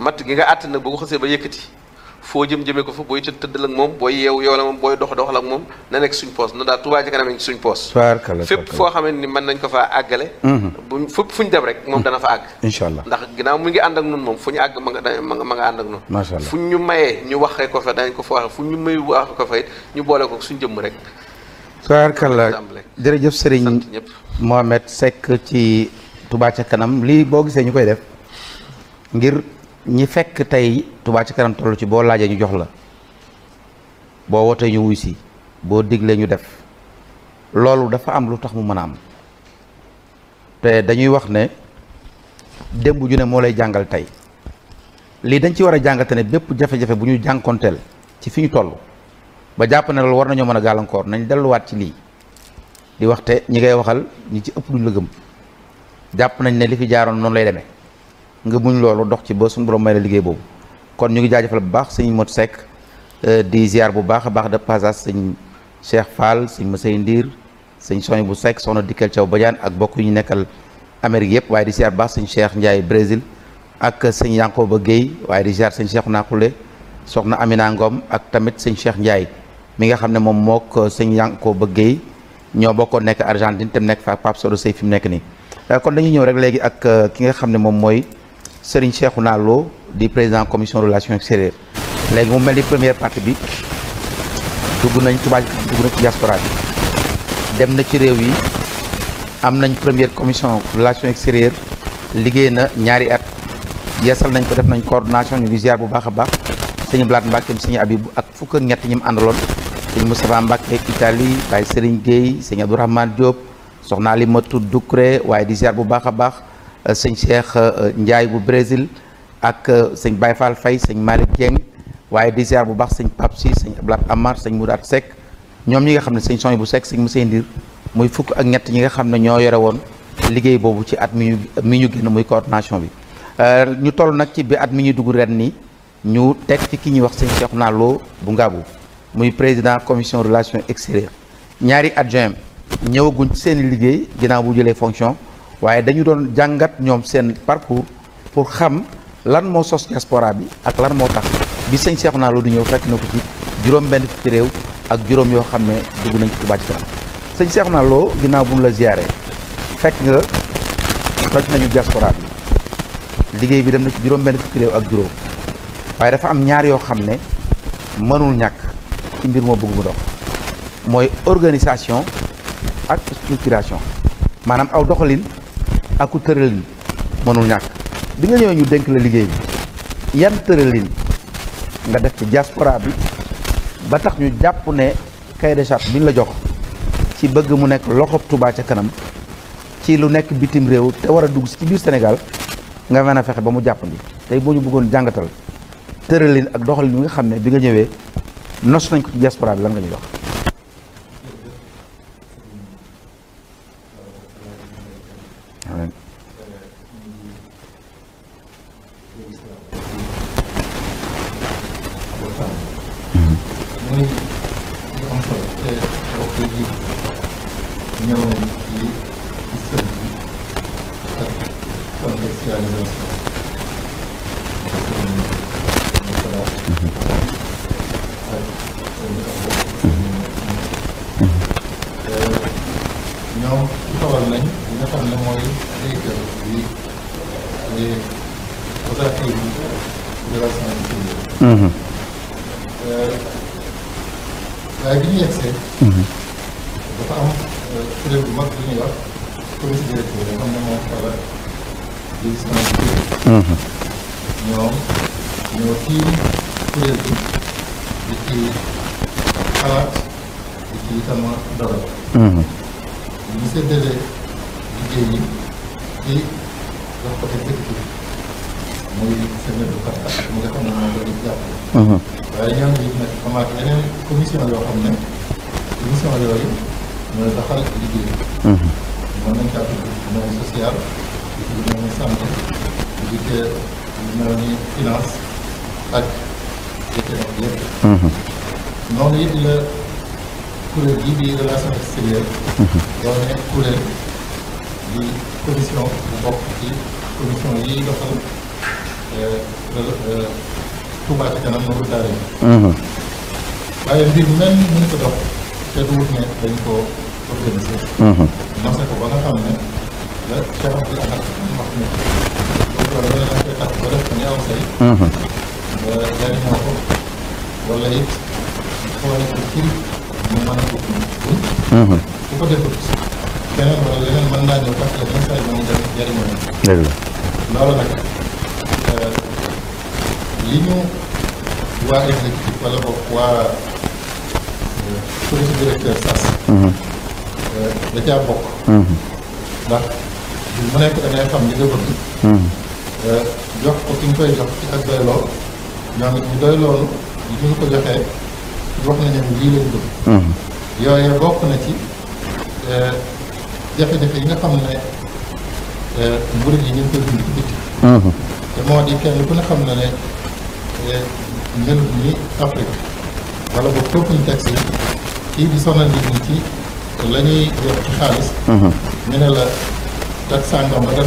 matt gi nga àttan nag boo ko xasee ba yëkkati foo jëm jëmee ko fa booy tëdd tëddal ak moom booy yeewu yow la moom booy dox doxal ak moom na nekk suñ poos na daal Touba ci kanam ci suñ poos xamante ni mën nañ ko faa àggale mhm. bu fépp fu ñu dem rek moom dana fa àgg incha allah ndax ginnaaw mu ngi ànd ak nun moom fu ñu àgg ma ma nga ànd ak nun macha ñu mayee ñu waxee ko fa dañ ko fa waxe fu ñu may wax ko fa it ñu boole ko suñ jëmm rek tubaarkalla jërëjëf sëriñ Mohamed Seck ci Touba ca kanam lii boo gisee ñu koy def ngir ñi fekk tey Touba ci Kanam toll ci boo laajee ñu jox la boo wootee ñu wuy si boo diglee ñu def loolu dafa am lu tax mu mën a am te dañuy wax ne démb ju ne moo lay jàngal tey lii dañ ci war a jàngate ne bépp jafe-jafe bu ñu jànkonteel ci fi ñu toll ba jàpp na loolu war nañoo mën a gàllankoor nañ delluwaat ci lii di waxte ñi ngay waxal ñi ci ëpp duñ la gëm jàpp nañ ne li fi jaaroon noonu lay demee nga muñ loolu dox ci ba suñu borom may la liggéey boobu kon ñu ngi jaajëfal bu baax sëñ Modou Seck euh, di ziar bu baax a baax de passage sëñ Cheikh Fall sëñ Masey Ndiir sëñ Soñ bu Seck soxna Dikel Thiaw Badiane ak bokk yu ñu nekkal Amérique yëpp waaye di ziar bu baax Cheikh Ndiaye Brésil ak sëñ Yankoba Guèye waaye di ziar sëñ Cheikh Nakoulé soxna Amina Ngom ak tamit sëñ Cheikh Ndiaye mi nga xam ne moom mook sëñ Yankoba Guèye ñoo bokkoon nekk Argentine te mu nekk Sey fi mu nekk nii euh, ak euh, ki nga xam ne moom mooy Serigne naa loo di président commission relation extérieures léegi mu mel ni première partie bi dugg nañ Touba dugg nañ ci diaspora bi dem na ci réew yi am nañ première commission relations extérieures liggéey na ñaari at yeesal nañ ko def nañ coordination ñu ngi ziar bu baax a baax sëñ Blaat Mbacke sëñ Abib ak fukk ak ñett ñi mu àndaloon sëñ Moustapha Mbacke Italie Baye sëriñ Gueye sëñ Abdourahmane Diop soxna Alimatou Doucouré waaye di ziar bu baax a baax. Euh, sëñ Cheikh euh, euh, Ndiaye bu Brésil ak sëñ baay Fall fay sëñ Malick Dieng waaye di bu baax sañ Pape Si sëñ Ablat Amar sëñ Moudaat Seck ñoom ñi nga xam ne sëñ Soñ bu Seck sëñ Moussa Ndir muy fukk ak ñett ñi nga xam ne ñoo yore woon liggéey boobu ci at mi ñu mi ñu génn muy coordination bi ñu toll nag ci bi at mi ñuy dugg ren ni ñu teg ci ki ñuy wax sëñ Cheikh naa Lo bu Ngaabu muy président commission relations extérieures ñaari adjoint ñëwaguñ ci seen liggéey ginnaaw bu jëlee fonction waaye dañu doon jàngat ñoom seen parcours pour xam lan moo sos diaspora bi ak lan moo tax bi sëñ naa Lo du ñëw fekk na ko ci juróom benn fukki réew ak juróom yoo xam ne dugg nañ ci Touba Ca Kanam sëñ Cheikhouna Lo ginnaaw bu la ziyaare fekk nga toj nañu diaspora bi liggéey bi dem na ci juróom benn fukki réew ak juróom waaye dafa am ñaar yoo xam ne mënul ñàkk ci mbir moo bëgg mu dox mooy organisation ak structuration maanaam aw doxalin aku tëralin mënul ñàkk bi nga ñëwee ñu dénk la liggéey bi yan tëralin nga def ci diaspora bi ba tax ñu jàpp ne cahier de charge bi ñu la jox ci bëgg mu nekk loxob tubaa ca kanam ci lu nekk bitim réew te war a dugg ci biir Sénégal nga mën a fexe ba mu jàpp jàppandi tey boo ñu bëggoon jàngatal tëralin ak doxalin bi nga xam ne bi nga ñëwee nos nañ ko ci diaspora bi lan nga ñu yox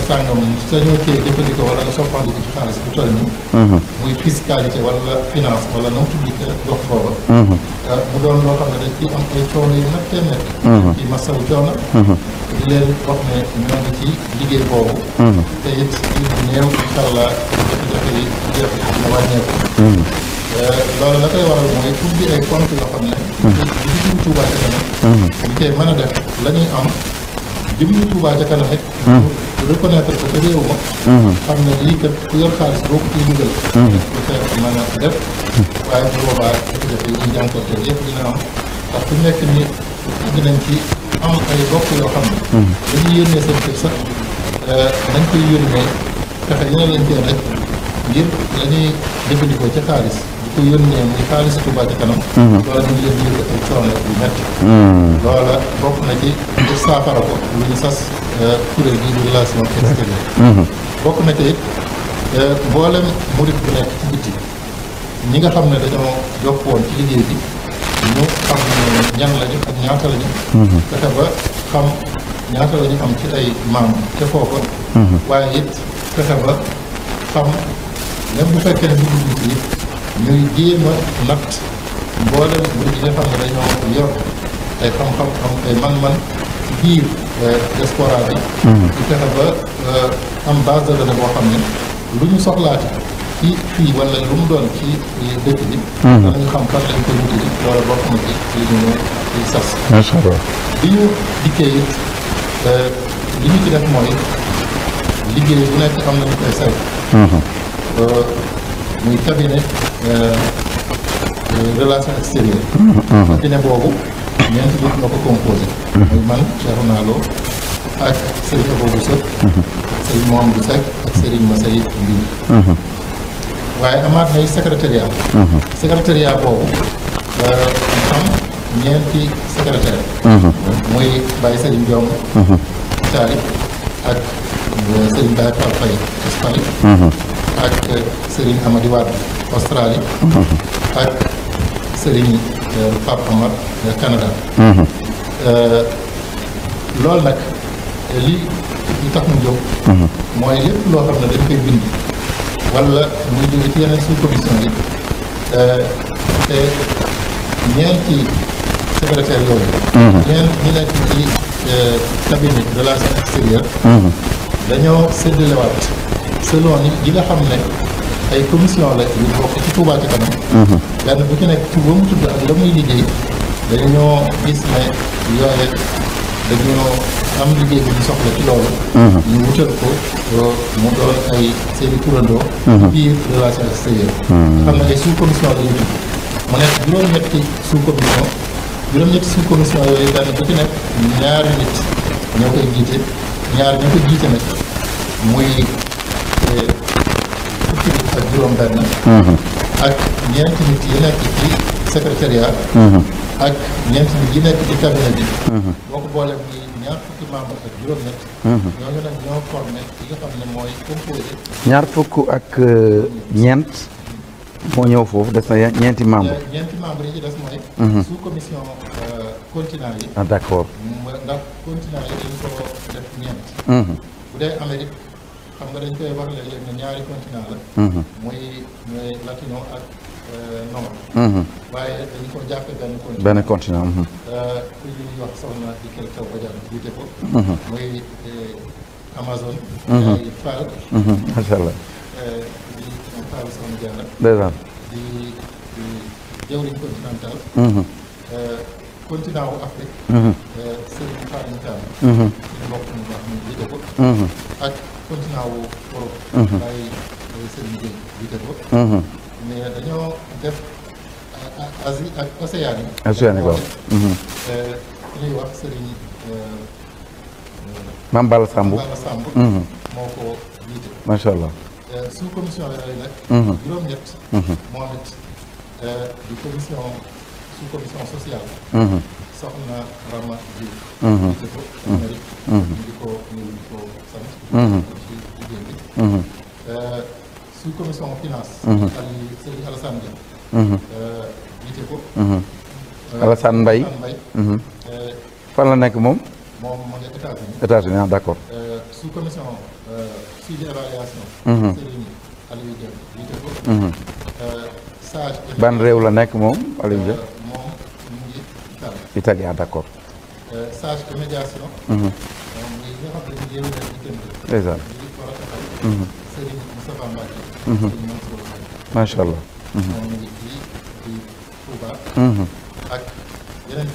sàngam sañoo cee jëfandikoo wala nga soppandiku ci xaalis bu toll nii. Mhm. muy fiscalité wala finance wala na mu tudd gox booba. mu doon loo xam ne dañ ciy am ay coono mhm. ci masawu mhm. eh, la koy waral mooy ubbi ay compte xam ne. li ci Touba ca kanam. li cay mën a def la am jëm ñu ca kanam rek. reconnaître ko te réew ma xam ne lii kat ku yor xaalis boo ko ciy dugal mhm. bu fekk mën a def waaye bu boobaa bu def yi jànkoonte yëpp dina nekk ni dinañ ci am ay bokk yoo xam ne mhm. dañuy yónnee seen kër sax dañ euh, koy yónnee fexe dina leen teel rek ngir la ñuy jëfandikoo ci xaalis ko yónnee muy xaalisu Touba ca kanam. Mhm. loola ñu leen yëg ay coono yu métti. Mhm. loola bokk na ci pour saafara ko lu ñu sas euh, kuréel gii di relation extérieure. Mhm. bokk na ci it euh, mboolem murit bu nekk ci biti ñi nga xam ne dañoo jokk ci liggéey bi ñu xam ñan lañu ak ñaata lañu. fexe ba xam ñaata lañu am ci ay maam ca foofa. waaye it fexe ba xam même bu fekkee ne ñu ngi ngir jéem a natt mboolem mbir yi nga xam ne dañoo yor ay xam-xam am ay man-man ci biir euh, diaspora bi. Hmm. di fexe ba euh, am base de boo xam ne lu ñu soxlaati ci fii wala lu mu doon ci dëkk bi. Hmm. danañu xam fan lañ koy wuti loolu bokk na ci li ñu bi ñu dikkee it euh, li ñu ci def mooy liggéey bu nekk am nañu koy saytu. Hmm. muy cabinet euh, relation extérieure mhm, mhm. cabinet boobu ñeenti nit ñoo ko composé mhm. muy man Cheikhouna Lo ak Serigne Abou Sëp Serigne Mohamed Seck ak Serigne Massay Mbiir waaye amaat nay secrétariat secrétariat boobu euh, am ñeenti secrétaire muy Baye Serigne Diom Taalib ak euh, Serigne Baye Fall Faye ak eh, Serigne Amady Wade Australie mhm. ak Serigne eh, Pape Amar eh, Canada mhm. loolu nag li ñu tax mu jóg mhm. mooy lépp loo xam ne dañ koy bind wala muy jóge ci yeneen sous commission yi te ñeenti secrétaire yooyu ñeen ñi nekk cabinet relation extérieure dañoo séddalewaat selon nit nga xam ne ay commission la yu bokk ci Touba ci kanam. benn mhm. bu ci nekk ci ba mu tudd ak la liggéey dañoo gis ne yooye dañoo am liggéey bi ñu soxla ci loolu. Mhm. ñu wutal ko mu doon ay seen i turandoo. Mhm. biir relation extérieure. xam ne ay sous commission la ñu tudd mu nekk juróom-ñetti sous commission juróom-ñetti sous commission yooyu benn bu ci nekk ñaari nit ñoo koy jiite ñaar ñoo koy jiite nag muy. fukki ñaar fukk ak euh, ñeent. moo ñëw foofu des na ñeenti membres. Euh, ñeenti membres yi ci des mooy. Mhm. sous commission euh, continent yi. ah xam nga dañ koy wax léeg-léeg ne ñaari continent la. Mhm. muy muy latino ak euh, nord. Mhm. waaye dañu ko jàppee benn continent. benn continent. Mhm. Euh, ku ñuy wax soxna di kel kaw ba jàpp jiite ko. muy euh, Amazon. ay Fall. macha allah. di Fall soxna Diarra. dèjà. di di jëwriñ continental. continent wu Afrique. Serigne Fall Moussa. suñu mbokk mi wax ñu jiite ko. ak. continué wu Europe. Mhm. waaye mooy seen liggéey bi mhm. dañoo def Asie ak Océanie. Océanie waaw. ki mhm. euh, ñuy wax Serigne. Euh, Mame Balla euh, commission rurale nag. juróom-ñett. moo di commission sous commission sociale. soxna Rama Diouf. Mm-hmm. di ko fan la nekk moom. moom ma nga d' accord. ban réew la nekk moom Aliou italien d'accord sage que médiation ñoom ñi nga xam ne yéen a ngi tënk ndeysaan ñi war a taxaw Serigne Moustapha Mbacké Serigne Mansour macha allah moom ngi fii ci Touba ak yeneen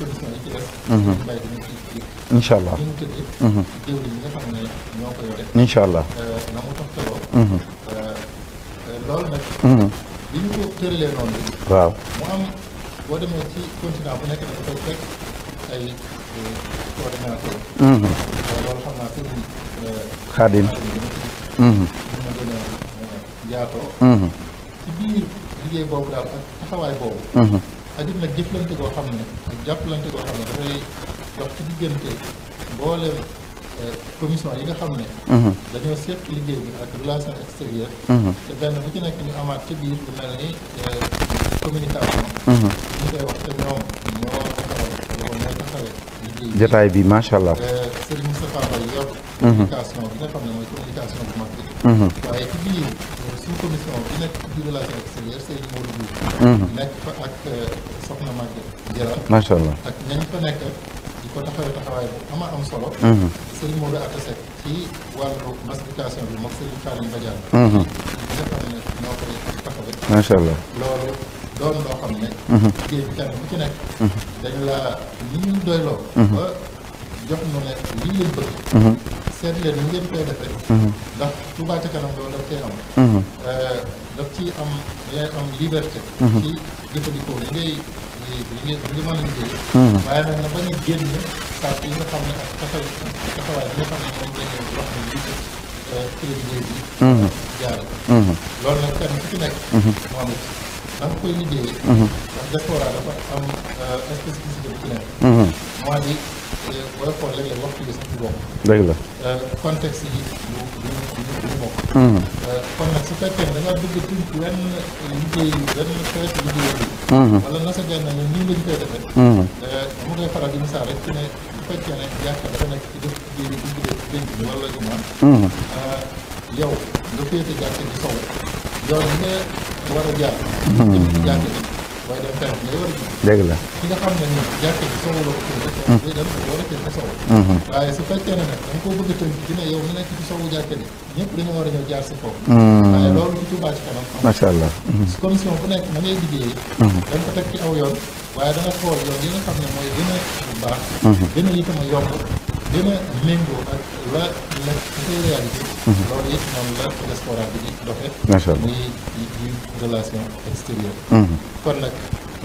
boo demee ci continent bu nekk dafa koy fekk ay eh, coordinateur mhm. loolu xam naa tur eh, xaadim ñu ma mhm. gën a eh, yaatoo mhm. ci biir liggéey boobu daal ak taxawaay boobu ak nag jëflante koo xam ne ak jàppalante koo xam ne dafay dox ci diggante mboolem commission yi nga xam ne. Mhm. dañoo seq liggéey bi ak relation extérieure. Mhm. te benn bu ci nekk ñu amaat ci biir lu ni euh, mhm. ñoo taxawal wala ñoo taxawee. liggéey bi jotaay bi macha allah. Euh, Serigne Moustapha communication bi nga xam ne mooy communication bu mag bi. waaye ci biir euh, sous commission bi nekk ci biir relation extérieure Serigne Modou Diouf. nekk fa ak soxna Maguette Diarra. macha allah ak ñañ fa nekk. ko taxawee taxawaay bu ama am solo. Mhm. Serigne Modou Atta Seck ci wàllu mastication bi moom Serigne Fallou Badiane. Mhm. nga xam ne ñoo koy taxawee. macha allah loolu xam ne. Mhm. liggéey bi kenn bu ci nekk. dañu la li ñu doyloo. ba jox ñu ne lii leen bëgg. seet leen ngeen koy defee. ndax Touba ca kanam loolu daf cee am. Euh, daf ci am day am liberté. ci jëfandikoo li ngay. liggéey bi liggéey bi li ma leen liggéey. waaye nag na bañ a génn saa yi nga xam ne ak taxaw taxawaay bi nga xam ne dañ génn wax ne lii ci la liggéey bi. jaarale ko. loolu nag kenn ku ci nekk. moom it da nga koy liggéeyee. Hmm. Hmm. ndax Diaspora dafa am euh, spécificité bu ci nekk. Hmm. moo di euh, booy xool léeg-léeg waxtu bi sax du bokk. dëgg la euh, contexte yi. duñu bokk kon nag su fekkee ne da nga bëgg tuñ wenn liggéey wenn xeetu liggéey bi wala na sa genn ne nii di fekkee ne jàkka dafa nekk ci def liggéey bi duñ def pénc bi wala jumaa yow nga féete jàkka ji sow yow nga war a jaar jëm ci dégg la ki nga xam ne ni jàkk ji sowul la ko tudd ko sow waaye su fekkee ne nag da koo bëgg a tënk dina yow mi nekk ci sowu jàkk ji ñëpp dañoo war a ñëw jaar si kaw mhm. waaye loolu ci Touba ci kanam macha allah mhm. commission bu nekk na ngay liggéeyee mhm. da aw yoon waaye da nga yoon yi xam ne mooy gën a baax gën a itam a yomb gën a méngoo ak la la réalité. Mhm. loolu it la diaspora bi di doxe macha allah muy relation extérieure. Mhm. kon nag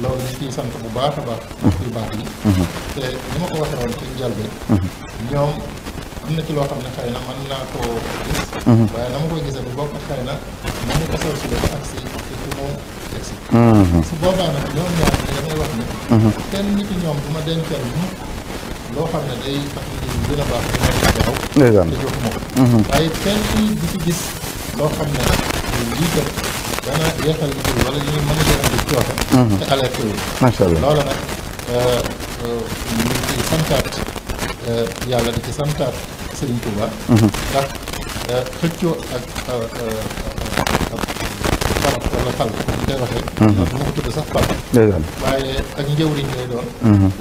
loolu ñu ciy sant bu baax a baax. Mhm. yu baax yi. te ni ma ko waxee woon ci ñoom am na ci loo xam ne xëy na mën naa koo gis. waaye na ma koy gisee bu bokk xëy na mën na ko sol si dafa mu teg si. su boobaa nag ñoom ñaar ñi damay wax ne. kenn nit ñoom bu dencal mukk loo xam ne day tax. gën a baax mhm. a yeexal di mhm. loola nag euh, euh, santaat euh, yàlla di ci santaat Serigne Touba. Mhm. ndax xëccoo ak xarab wala xal ñu koy waxee. ndax bu ma sax xal. waaye ak njëwriñ lay doon.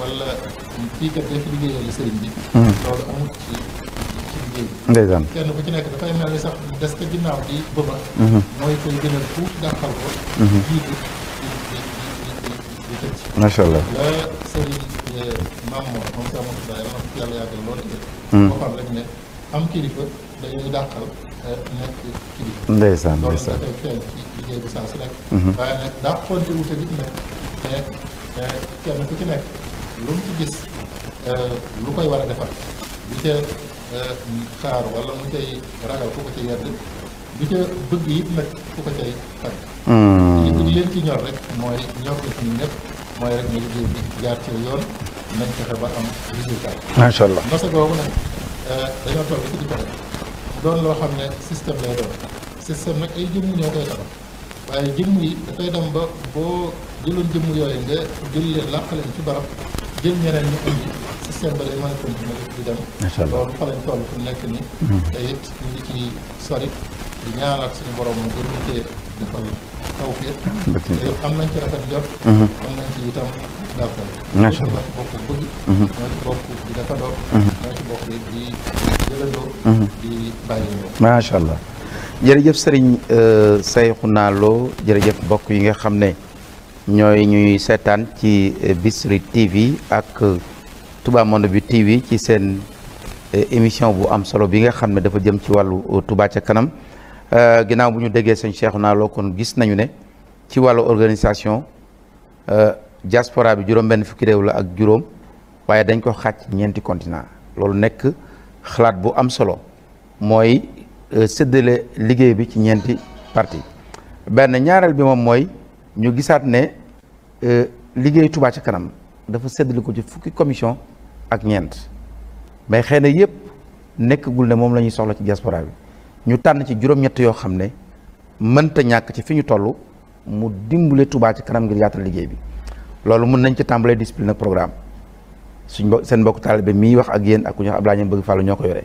wala. fii kat dañ fi liggéeyal sëriñ bi. Hmm. loolu amul ci ci liggéey bi. ndeysaan kenn ku ci nekk dafay mel ni sax des ca ginnaaw di bëba. Hmm. mooy koy gënal tuuti dàqal ko. Hmm. jiitu di di di di tëj. macha allah la sëriñ Mamour moom si rek ne am kilifa dañuy dàqal eh, nekk kilifa. ndeysaan ndeysaan loolu dafay eh, eh, kenn ku ci nekk. lu mu ci gis euh, lu koy war a defar du ca euh, xaar wala mu cay ragal ku ko ci yedd du ca bëgg it nag ku ko cay tagg hmm. li bëgg leen ci ñor rek mooy ñor ko ci ñëpp mooy rek ñu liggéey bi jaar ci yoon nañ fexe ba am résultat macha allah ndosa googu nag euh, dañoo toll ci di ko def doon loo xam ne système lay doon système nag ay jëmm ñoo koy tabax waaye jëmm yi dafay dem ba boo jëloon jëmm yooyu nga jël leen làq ci barab jël ñeneen ñu indi système ba day mën a continuer di dem. macha allah loolu fa lañ toll fu nekk hmm. hmm. bokk hmm. euh, yi nga xam ne. ñooy ñuy seetaan ci eh, Bichri TV ak eh, Touba Monde bi TV ci seen eh, émission bu am solo bi nga xam ne dafa jëm ci wàllu tubaa ca kanam ginnaaw bu ñu déggee sëñ naa loo kon gis nañu ne ci wàllu organisation diaspora bi juróom-benn fukki réew la ak juróom waaye dañ ko xaaj ñeenti continent loolu nekk xalaat bu am solo mooy séddale liggéey bi ci ñeenti parti benn ñaareel bi moom mooy. ñu gisaat ne euh, liggéey Touba ci kanam dafa séddale ko ci fukki commission ak ñeent mais xëy na yëpp nekkagul ne moom la ñuy soxla ci diaspora bi ñu tànn ci juróom-ñett yoo xam ne mënta ñàkk ci fi ñu toll mu dimbale Touba ci kanam ngir yaatal liggéey bi loolu mun nañ ci tàmbalee discipline ak programme suñ bo seen mbokk taalibe mii wax ak yéen ak ku ñu wax bëgg fàllu ñoo ko yore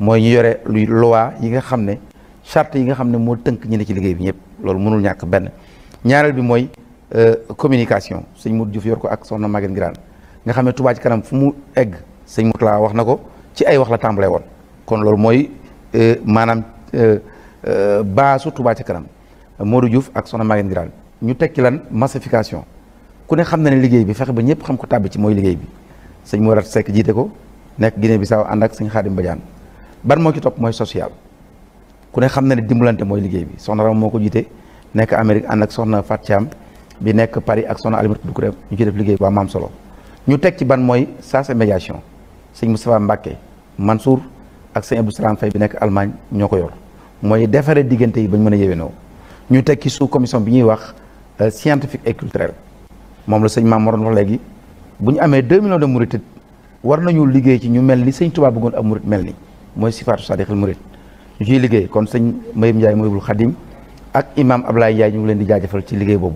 mooy ñu yore luy loi yi nga xam ne charte yi nga xam ne moo tënk ñi ne ci liggéey bi ñëpp loolu mënul ñàkk benn ñaareel bi mooy euh, communication sëñ Modou Diouf yor ko ak soxna Maguette Ngiraan nga xam ne Touba ci kanam fu mu egg sëñ laa wax na ko ci ay wax la tàmbalee woon kon loolu mooy euh, maanaam euh, baasu Touba ci kanam Modou juuf ak soxna Maguette Ngiraan ñu teg lan massification ku ne xam na ne liggéey bi fexe ba ñëpp xam ko tàbbi ci mooy liggéey bi sëñ Morat jiite ko nekk Guinée Bissau ànd ak sëñ Xaadim Badiane ban moo ci topp mooy social ku ne xam na ne dimbalante mooy liggéey bi soxna Ram moo ko jiite nekk Amérique ànd ak soxna Fatou Thiam bi nekk Paris ak soxna Alimatu Doucouré ñu ci def liggéey bu am solo ñu teg ci ban mooy SACE médiation sëñ Moustapha Mbacké Mansour ak sëñ Abdou Salam Faye bi nekk Allemagne ñoo ko yor mooy defaree diggante yi ba ñu mën a yéwénoo ñu teg ci sous commission bi ñuy wax euh, scientifique et culturelle moom la sëñ Maam Moroon wax léegi bu ñu amee 2 millions de murit war nañu liggéey ci ñu mel ni sëñ Tuubaa bëggoon ab murit mel ni mooy sifaatu sadiqil murit ñu liggéey kon sëñ Mayib Ndiaye Mayibul Xadim ak imam Ablaye Ndiaye ñu ngi leen di ci liggéey Nous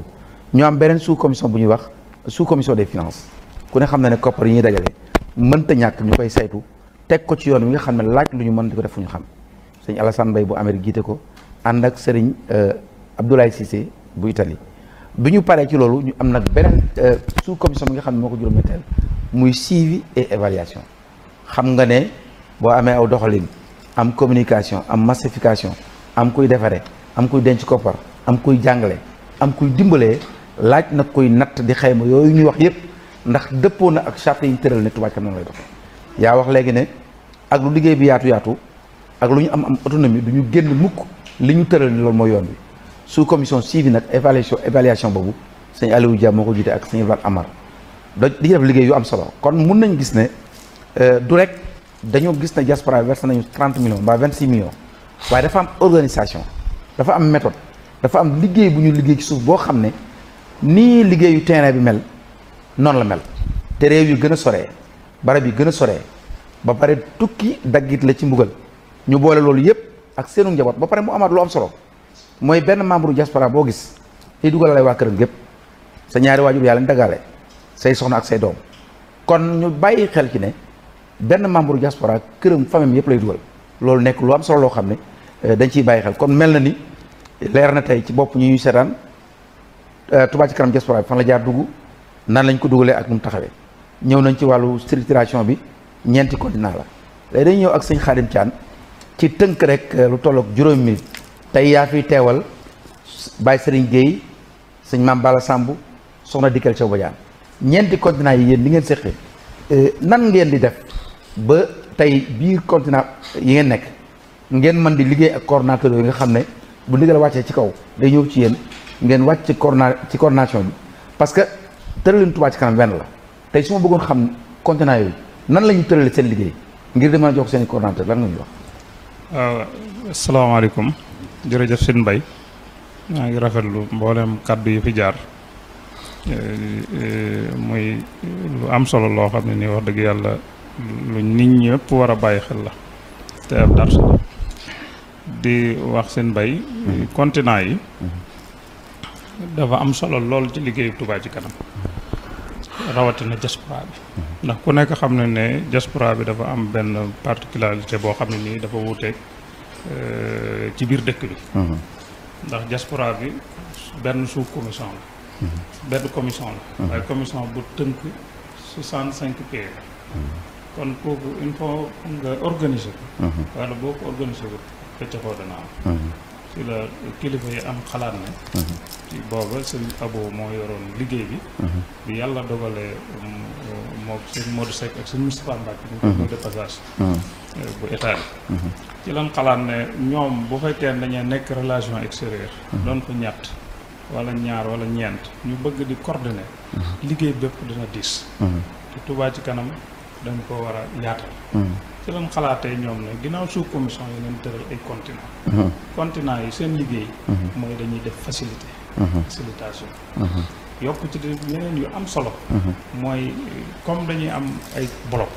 ñu am benen sous commission bu sous commission des finances ku ne xam na ne koppar yi ñuy dajale mënta ñàkk ñu saytu teg ko ci yoon wi nga xam ne laaj lu ñu ko ñu xam Alassane bay bu Amérique jiite ko ànd euh, Abdoulaye bu ñu ci ñu euh, sous commission nga xam et évaluation xam nga ne aw doxalin am communication am massification am kuy am kuy denc koppar am kuy jàngale am kuy dimbalee laaj na koy natt di xayma yooyu ñuy wax yépp ndax dëppoon na ak charte yi tëral ne Touba Ca Kanam lay dox yaa wax léegi ne ak lu liggéey bi yaatu yaatu ak lu ñu am am autonomie du ñu génn mukk li ñu tëral ni loolu mooy yoon bi sous commission suivi nag évaluation évaluation boobu sëñ Aliou Dia moo ko jiite ak sëñ Ibrahima Amar da di def liggéey yu am solo kon mun nañ gis ne euh, du rek dañoo gis ne diaspora versé nañu 30 millions mbaa 26 millions waaye dafa am organisation dafa am méthode dafa am liggéey bu ñu liggéey ci suuf boo xam ne nii liggéeyu terrain bi mel noonu la mel te réew yu gën a sore barab yi gën a sore ba pare tukki daggit la ci mbugal ñu boole loolu yépp ak seenu njaboot ba pare mu amaat lu am solo mooy benn membre diaspora boo gis day dugal waa këram gépp sa ñaari waajur yàlla ñu dagaale say soxna ak say doom kon ñu bàyyi xel ci ne benn membre diaspora këram famille yépp lay dugal loolu nekk lu am solo loo xam ne Euh, dañ ciy bàyyi xel kon mel na ni leer na tey ci bopp ñu ñuy seetaan euh, Touba ci kanam diaspora bi fan la jaar dugg nan lañ ko dugalee ak nu mu taxawee ñëw nañ ci wàllu structuration bi ñeenti continent la léegi dañ ñëw ak sëñ Xaadim Caan ci tënk rek euh, lu tolloog juróomi minute tey yaa fiy teewal Baye sëriñ Gueye sëñ Maam Bala Samb soxna Dikel Thiaw Badiane ñeenti continent yi yéen li ngeen séqee nan ngeen di def ba tey biir continent yi ngeen nekk ngeen man di liggéey ak coordinateur yi nga xamné bu ndigal waccé ci kaw day ñew ci yeen ngeen wàcc ci coordonna ci coordination bi parce que tëralin tuba ci kanam wenn la tay suma bëggoon xam contenant yooyu nan lañu ñu seen liggéey ngir dama jox seen coordinateur coordonnateur lan nga ñu wax. Euh, alaykum jere jeuf seen Mbaye maa ngi rafetlu mbolem kaddu yi fi jaar euh, euh, muy lu am solo lo xam ni wax deug yalla lu nit ñepp wara baye xel la te am dar solo di wax seen bay mm-hmm. continent yi mm-hmm. dafa am solo lool ci liggéeyu Touba ci kanam rawatina diaspora bi mm-hmm. ndax ku nekk xam ne ne diaspora bi dafa am benn particularité boo xam ne nii dafa wuuteeg euh, ci biir dëkk bi ndax diaspora bi benn suuf commission la benn commission la waaye commission bu tënk soixante cinq pays la kon kooku il faut nga organiser ko wala boo ko organiser ko xëccëxoo dana am ci la kilifa yi am xalaat ne mhm. ci booba sëñ abo moo yoroon liggéey bi mhm. bi yàlla dogalee um, moom sëñ Modou mhm. de passage euh, bu état bi ci lan xalaat ne ñoom bu fekkee dañuy nekk relation extérieure doon ko ñett wala ñaar wala ñeent ñu bëgg di coordonner liggéey bépp dina diis te Touba ci kanam dañ ko war a yaatal ci lañ xalaatee ñoom ne ginnaaw sous commission yi nañ tëral ay continent uh-huh. continent yi seen liggéey uh-huh. mooy dañuy def facilité uh-huh. facilitation yokk ci di ñeneen yu am solo mooy comme dañuy am ay bloc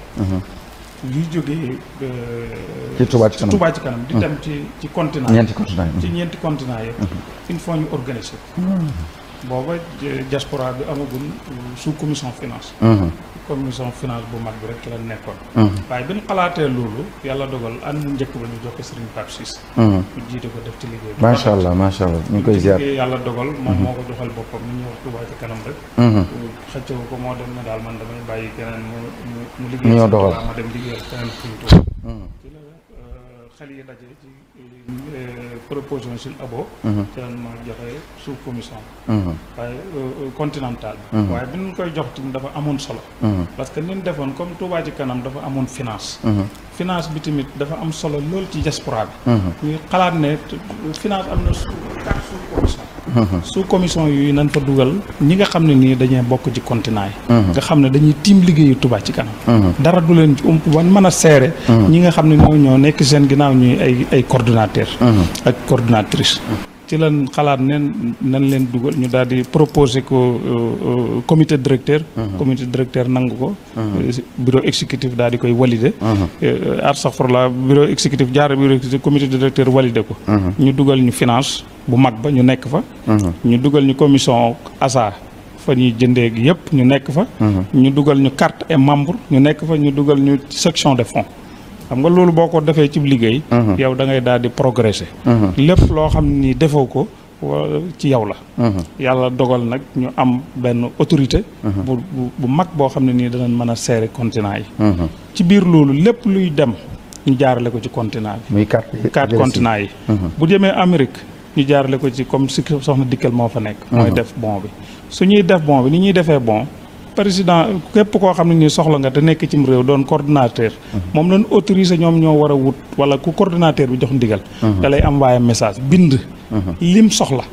yuy jógee euh, ci Touba ci kanam di dem ci ci continent ñeenti continent ci ñeenti continent yëpp il faut ñu organiser booba diaspora bi amagul sous commission finance commission finance bu mag bi rek ci la nekkoon. Hmm. waaye bi ñu xalaatee loolu yàlla dogal an njëkk ba ñu jox ko Serigne Pape Ciss. Hmm. ñu jiite ko def allah macha allah ñu ngi koy ziar yàlla dogal. moom hmm. moo ko joxal boppam ni ñuy wax Touba ci kanam rek. xëccoo ko moo dem ne daal man damay bàyyi keneen mu mu mu liggéey. ñoo dogal ma dem liggéeyal keneen fi mu toll. ci la euh, xel yi daje Euh, proposition sur abo daan mhm. ma joxe sous commission mhm. waaye euh, continental bi mhm. waaye bi ñu koy jox tamit dafa amoon solo parce que ni defoon comme Touba ci kanam dafa amoon finance finance bi tamit dafa am solo lool ci diaspora bi ñuy xalaat ne finance am na sous quatre sous commission yi nan fa dugal ñi nga xam ne nii dañuy bokk ci continent nga xam ne dañuy tiim liggéeyu tubaat ci kanam dara du leen um wañ mën a seere ñi nga xam ne ñoo ñoo nekk seen ginnaaw ñuy ay ay coordonnateur ak coordonnatrice Nous lan proposé euh, euh, comité directeur. Uh-huh. comité directeur uh-huh. euh, bureau exécutif valider. Uh-huh. bureau exécutif comité directeur finance bu mag commission asa fa ñuy carte et membre ñu fa section de fonds. xam nga loolu boo ko defee ci liggéey. Mhm. yow da ngay daal di progresser. Mhm. lépp loo xam ni defoo ko. ci yow la mhm. yàlla dogal nag ñu am benn autorité bu mag boo xam ne nii danañ mën a seere continent yi ci biir loolu lépp luy dem ñu jaarale ko ci continent bi muy quatre continent yi bu demee Amérique ñu jaarale ko ci comme si soxna dikkal moo fa nekk mooy def bon bi su ñuy def bon bi ni ñuy defee bon président képp koo xam ne nii soxla nga te nekk cim réew doon coordonnateur. Mhm. moom lan autorisé ñoom ñoo war a wut wala ku coordonnateur bi jox ndigal. Mhm. dalay am envoyé message bind. Mhm. lim soxla.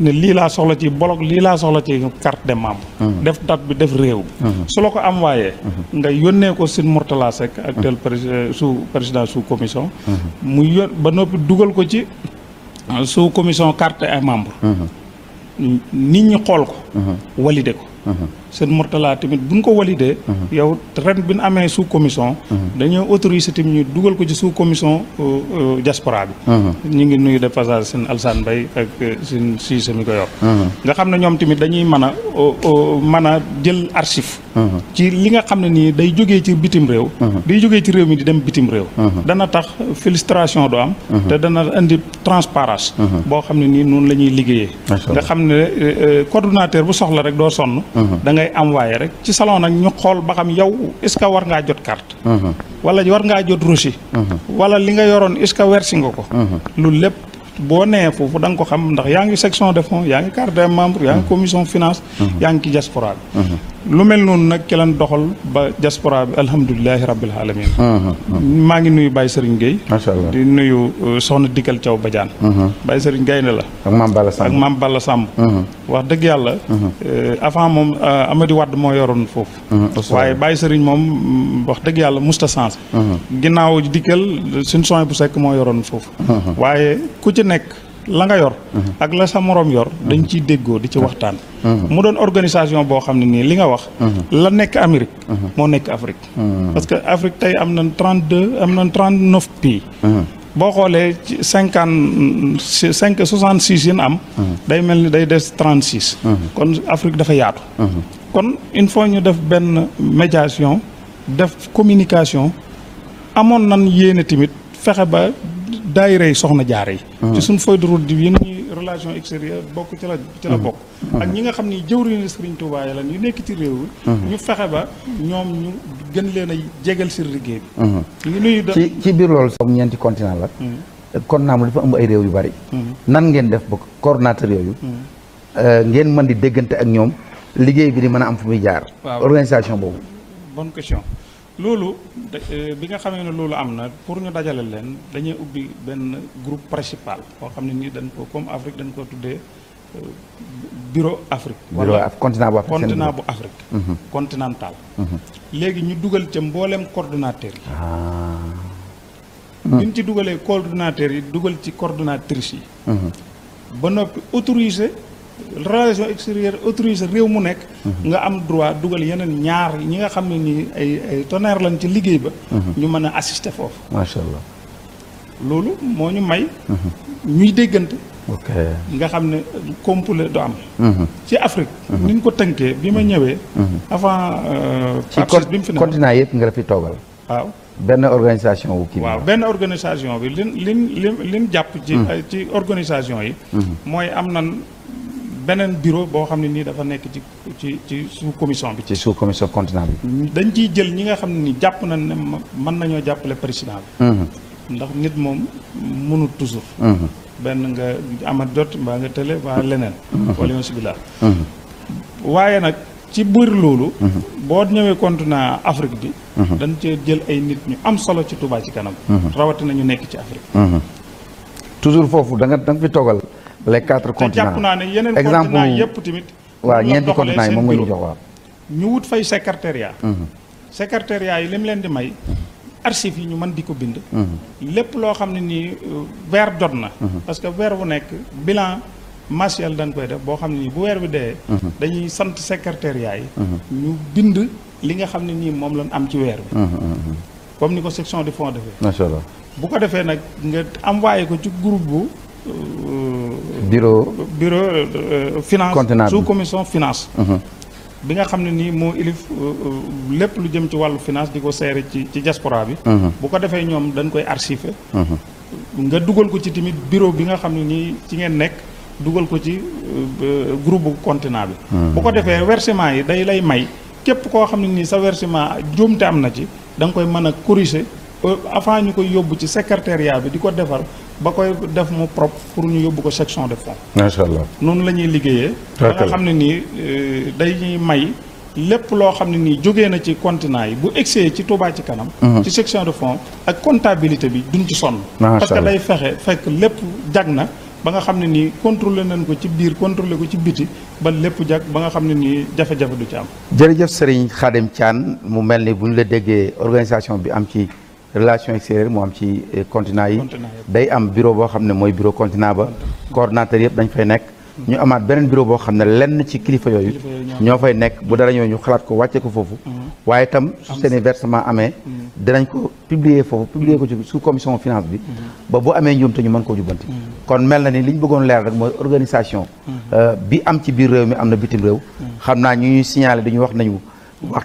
ne lii laa soxla ci bloc lii laa soxla ci carte de membre. def date bi def réew bi. su la ko am waaye nga yónnee ko seen Mourtala Seck actuel président euh, su président sous commission. mu yo ba noppi dugal ko ci euh, su commission carte et membre. nit ñi xool ko. walide ko. seen Mourtala tamit buñ ko walidee mhm. yow ren bi ñu amee sous commission mhm. dañoo autorisé tamit ñu dugal ko ci sous commission euh, euh, diaspora bi mhm. ñu ngi nuyu de passage seen Alsaan Mbay ak euh, seen Siise mi ko yor nga xam ne ñoom tamit dañuy mën a mën a jël archif ci li nga xam ne nii day jógee ci bitim réew day jógee ci réew mi di dem bitim réew dana tax filtration du am te dana indi transparence boo xam ne nii noonu la ñuy liggéeyee nga xam ne coordonnateur bu soxla rek doo sonn ngay envoyé rek ci salon nag ñu xool ba xam yow est ce que war ngaa jot carte. Mhm. wala war ngaa jot reçu. Mhm. wala li nga yoroon est ce que wersi nga ko. Mhm. loolu lépp bonne nee foofu da ko xam ndax yaangi section de fond yaangi carte des membres yaangi commission finance yaangi diaspora lu mel non nak ci lan doxal ba diaspora bi alhamdullilah rabbil alamin ma ngi nuyu Baye Serigne gay allah di nuyu uh, soxna dikel Thiaw badian Baye Serigne gay na la ak mam Balla sam ak mam Balla sam wax deug yalla uh, avant mom uh, amadi wad mo yoron fofu waye Baye Serigne mom mm, wax deug yalla musta sens ginnaaw Dikal suñ bu sek mo yoron fofu waye ku ci nekk la nga yor mhm. ak la sa moroom yor mhm. dañ ciy déggoo di ci mhm. waxtaan mu doon organisation boo xam ne nii li nga wax la nekk Amérique moo nekk Afrique parce que Afrique tey am na trente deux am na trente neuf pays boo xoolee cinquante cinq soixante six yi am day mel ni day des trent six kon Afrique dafa yaatu kon il faut ñu def benn médiation def communication amoon nan yéene tamit fexe ba daayiray soxna jaare yi ah. ci suñ feuille de route bi yéen relation extérieure bokk ci la ci la ah. bokk ah. ak ñi nga xam ni jëwriñu Serigne Touba ya lan yu nekk ci réew mi ñu fexe ba ñoom ñu gën leen a jegal seen liggéey bi ci ci biir loolu sax ñeenti continent la hmm. kon naam dafa ëmb ay réew yu bari hmm. nan ngeen def ba coordonnateur yooyu hmm. euh, ngeen mën di déggante ak ñoom liggéey bi di mën a am fu muy jaar organisation boobu Lulu, eh, bi nga xamé né lolu amna pour ñu dajalé leen dañé ubbi ben groupe principal boo xamné ni dañ ko comme Afrique dañ ko tuddé euh, bureau Afrique. af continent bu Afrique continent bu Afrique. Mhm. continental. Mhm. légui ñu duggal ci mbooleem coordinateur ah bi ci duggalé coordinateur yi duggal ci yi. Mhm. ba nopi autoriser relation extérieure autorise réew mu nekk mhm. nga am droit dugal yeneen ñaar ñi nga xam ne nii ay ay lañ ci liggéey ba mhm. ñu mën a assister foofu macha allah loolu moo ñu may mhm. ñuy déggante nga xam ne complet du am ci Afrique ni ñu ko tënkee bi ma ñëwee avant euh, papsis bi mu fi ne continent yëpp nga la toogal waaw benn organisation wu kii waaw benn organisation bi lin lin lin lin jàpp ci ci organisation yi mooy am nan beneen bureau boo xam ne nii dafa nekk ci ci ci sous commission bi. ci sous commission continent bi. dañ ciy jël ñi nga xam ne nii jàpp na ne mën nañoo jàppale président bi. Mhm. ndax nit moom mënul toujours. Mhm. benn nga amat dot mbaa nga télé mbaa mhm. leneen. wala waaye nag ci biir loolu. boo ñëwee continent Afrique bi. dañ cee jël ay nit ñu am solo ci tubaa ci kanam. rawatina ñu nekk ci Afrique. toujours foofu danga nga da fi toogal. les quatre continents exemple naa ne yeneen continent continent yi moom ñu jox waaw ñu wut fay secrétariat mhm. secrétariat yi leen di may archives yi ñu mën di bind mhm. lepp lo xamni ni nii dotna euh, mhm. parce que weer wu nek bilan martial dañ koy def bo xamni bu weer bi dee dañuy sante secrétariat yi ñu bind li nga xamni ni mom lañ am ci weer bi comme ni ko section du fonds defee macha allah bu ko defee nak nga envoyé ko ci groupe bu bureau bureau euh, euh, finance sous commission finance uh-huh. bi nga xam ne nii moo ilif euh, lépp lu jëm ci wàllu finance di ko seere ci ci diaspora bi uh-huh. bu ko defee ñoom dañ koy archiver uh-huh. nga dugal ko ci tamit bureau bi nga xam ne nii ci ngeen nekk dugal ko ci groupe bu continent bi bu ko defee versement yi day lay may képp koo xam ne nii sa versement juumte am na ci danga koy mën a corriger avant ñu koy yóbbu ci secrétariat bi di ko defar ba koy def mu propre pour ñu yóbbu ko section de fonds. macha allah noonu la ñuy liggéeyee. ba nga xam ne nii euh, dañuy may lépp loo xam ne nii jóge na ci continent yi bu egsee ci Touba ci kanam. Mhm. ci section de fonds ak contabilité bi duñ ci sonn. parce que day fexe fekk lépp jag na. ba nga xam ne nii contrôlé nañ ko ci biir contrôlé ko ci biti ba lépp jag ba nga xam ne nii jafe-jafe du ci am. jërëjëf Serigne Khadim Thian mu mel ni bu ñu la déggee organisation bi am ci. Relations extérieure ci eh, continent yi day am bureau bureau continent ba coordonnateur yépp dañ fay ñu amaat bureau ci kilifa yoyu fay bu dara ñu ko ko mm-hmm. sous commission finance bi mm-hmm. ba bu ñu mm-hmm. organisation euh, bi am ci biir réew mi amna bitim réew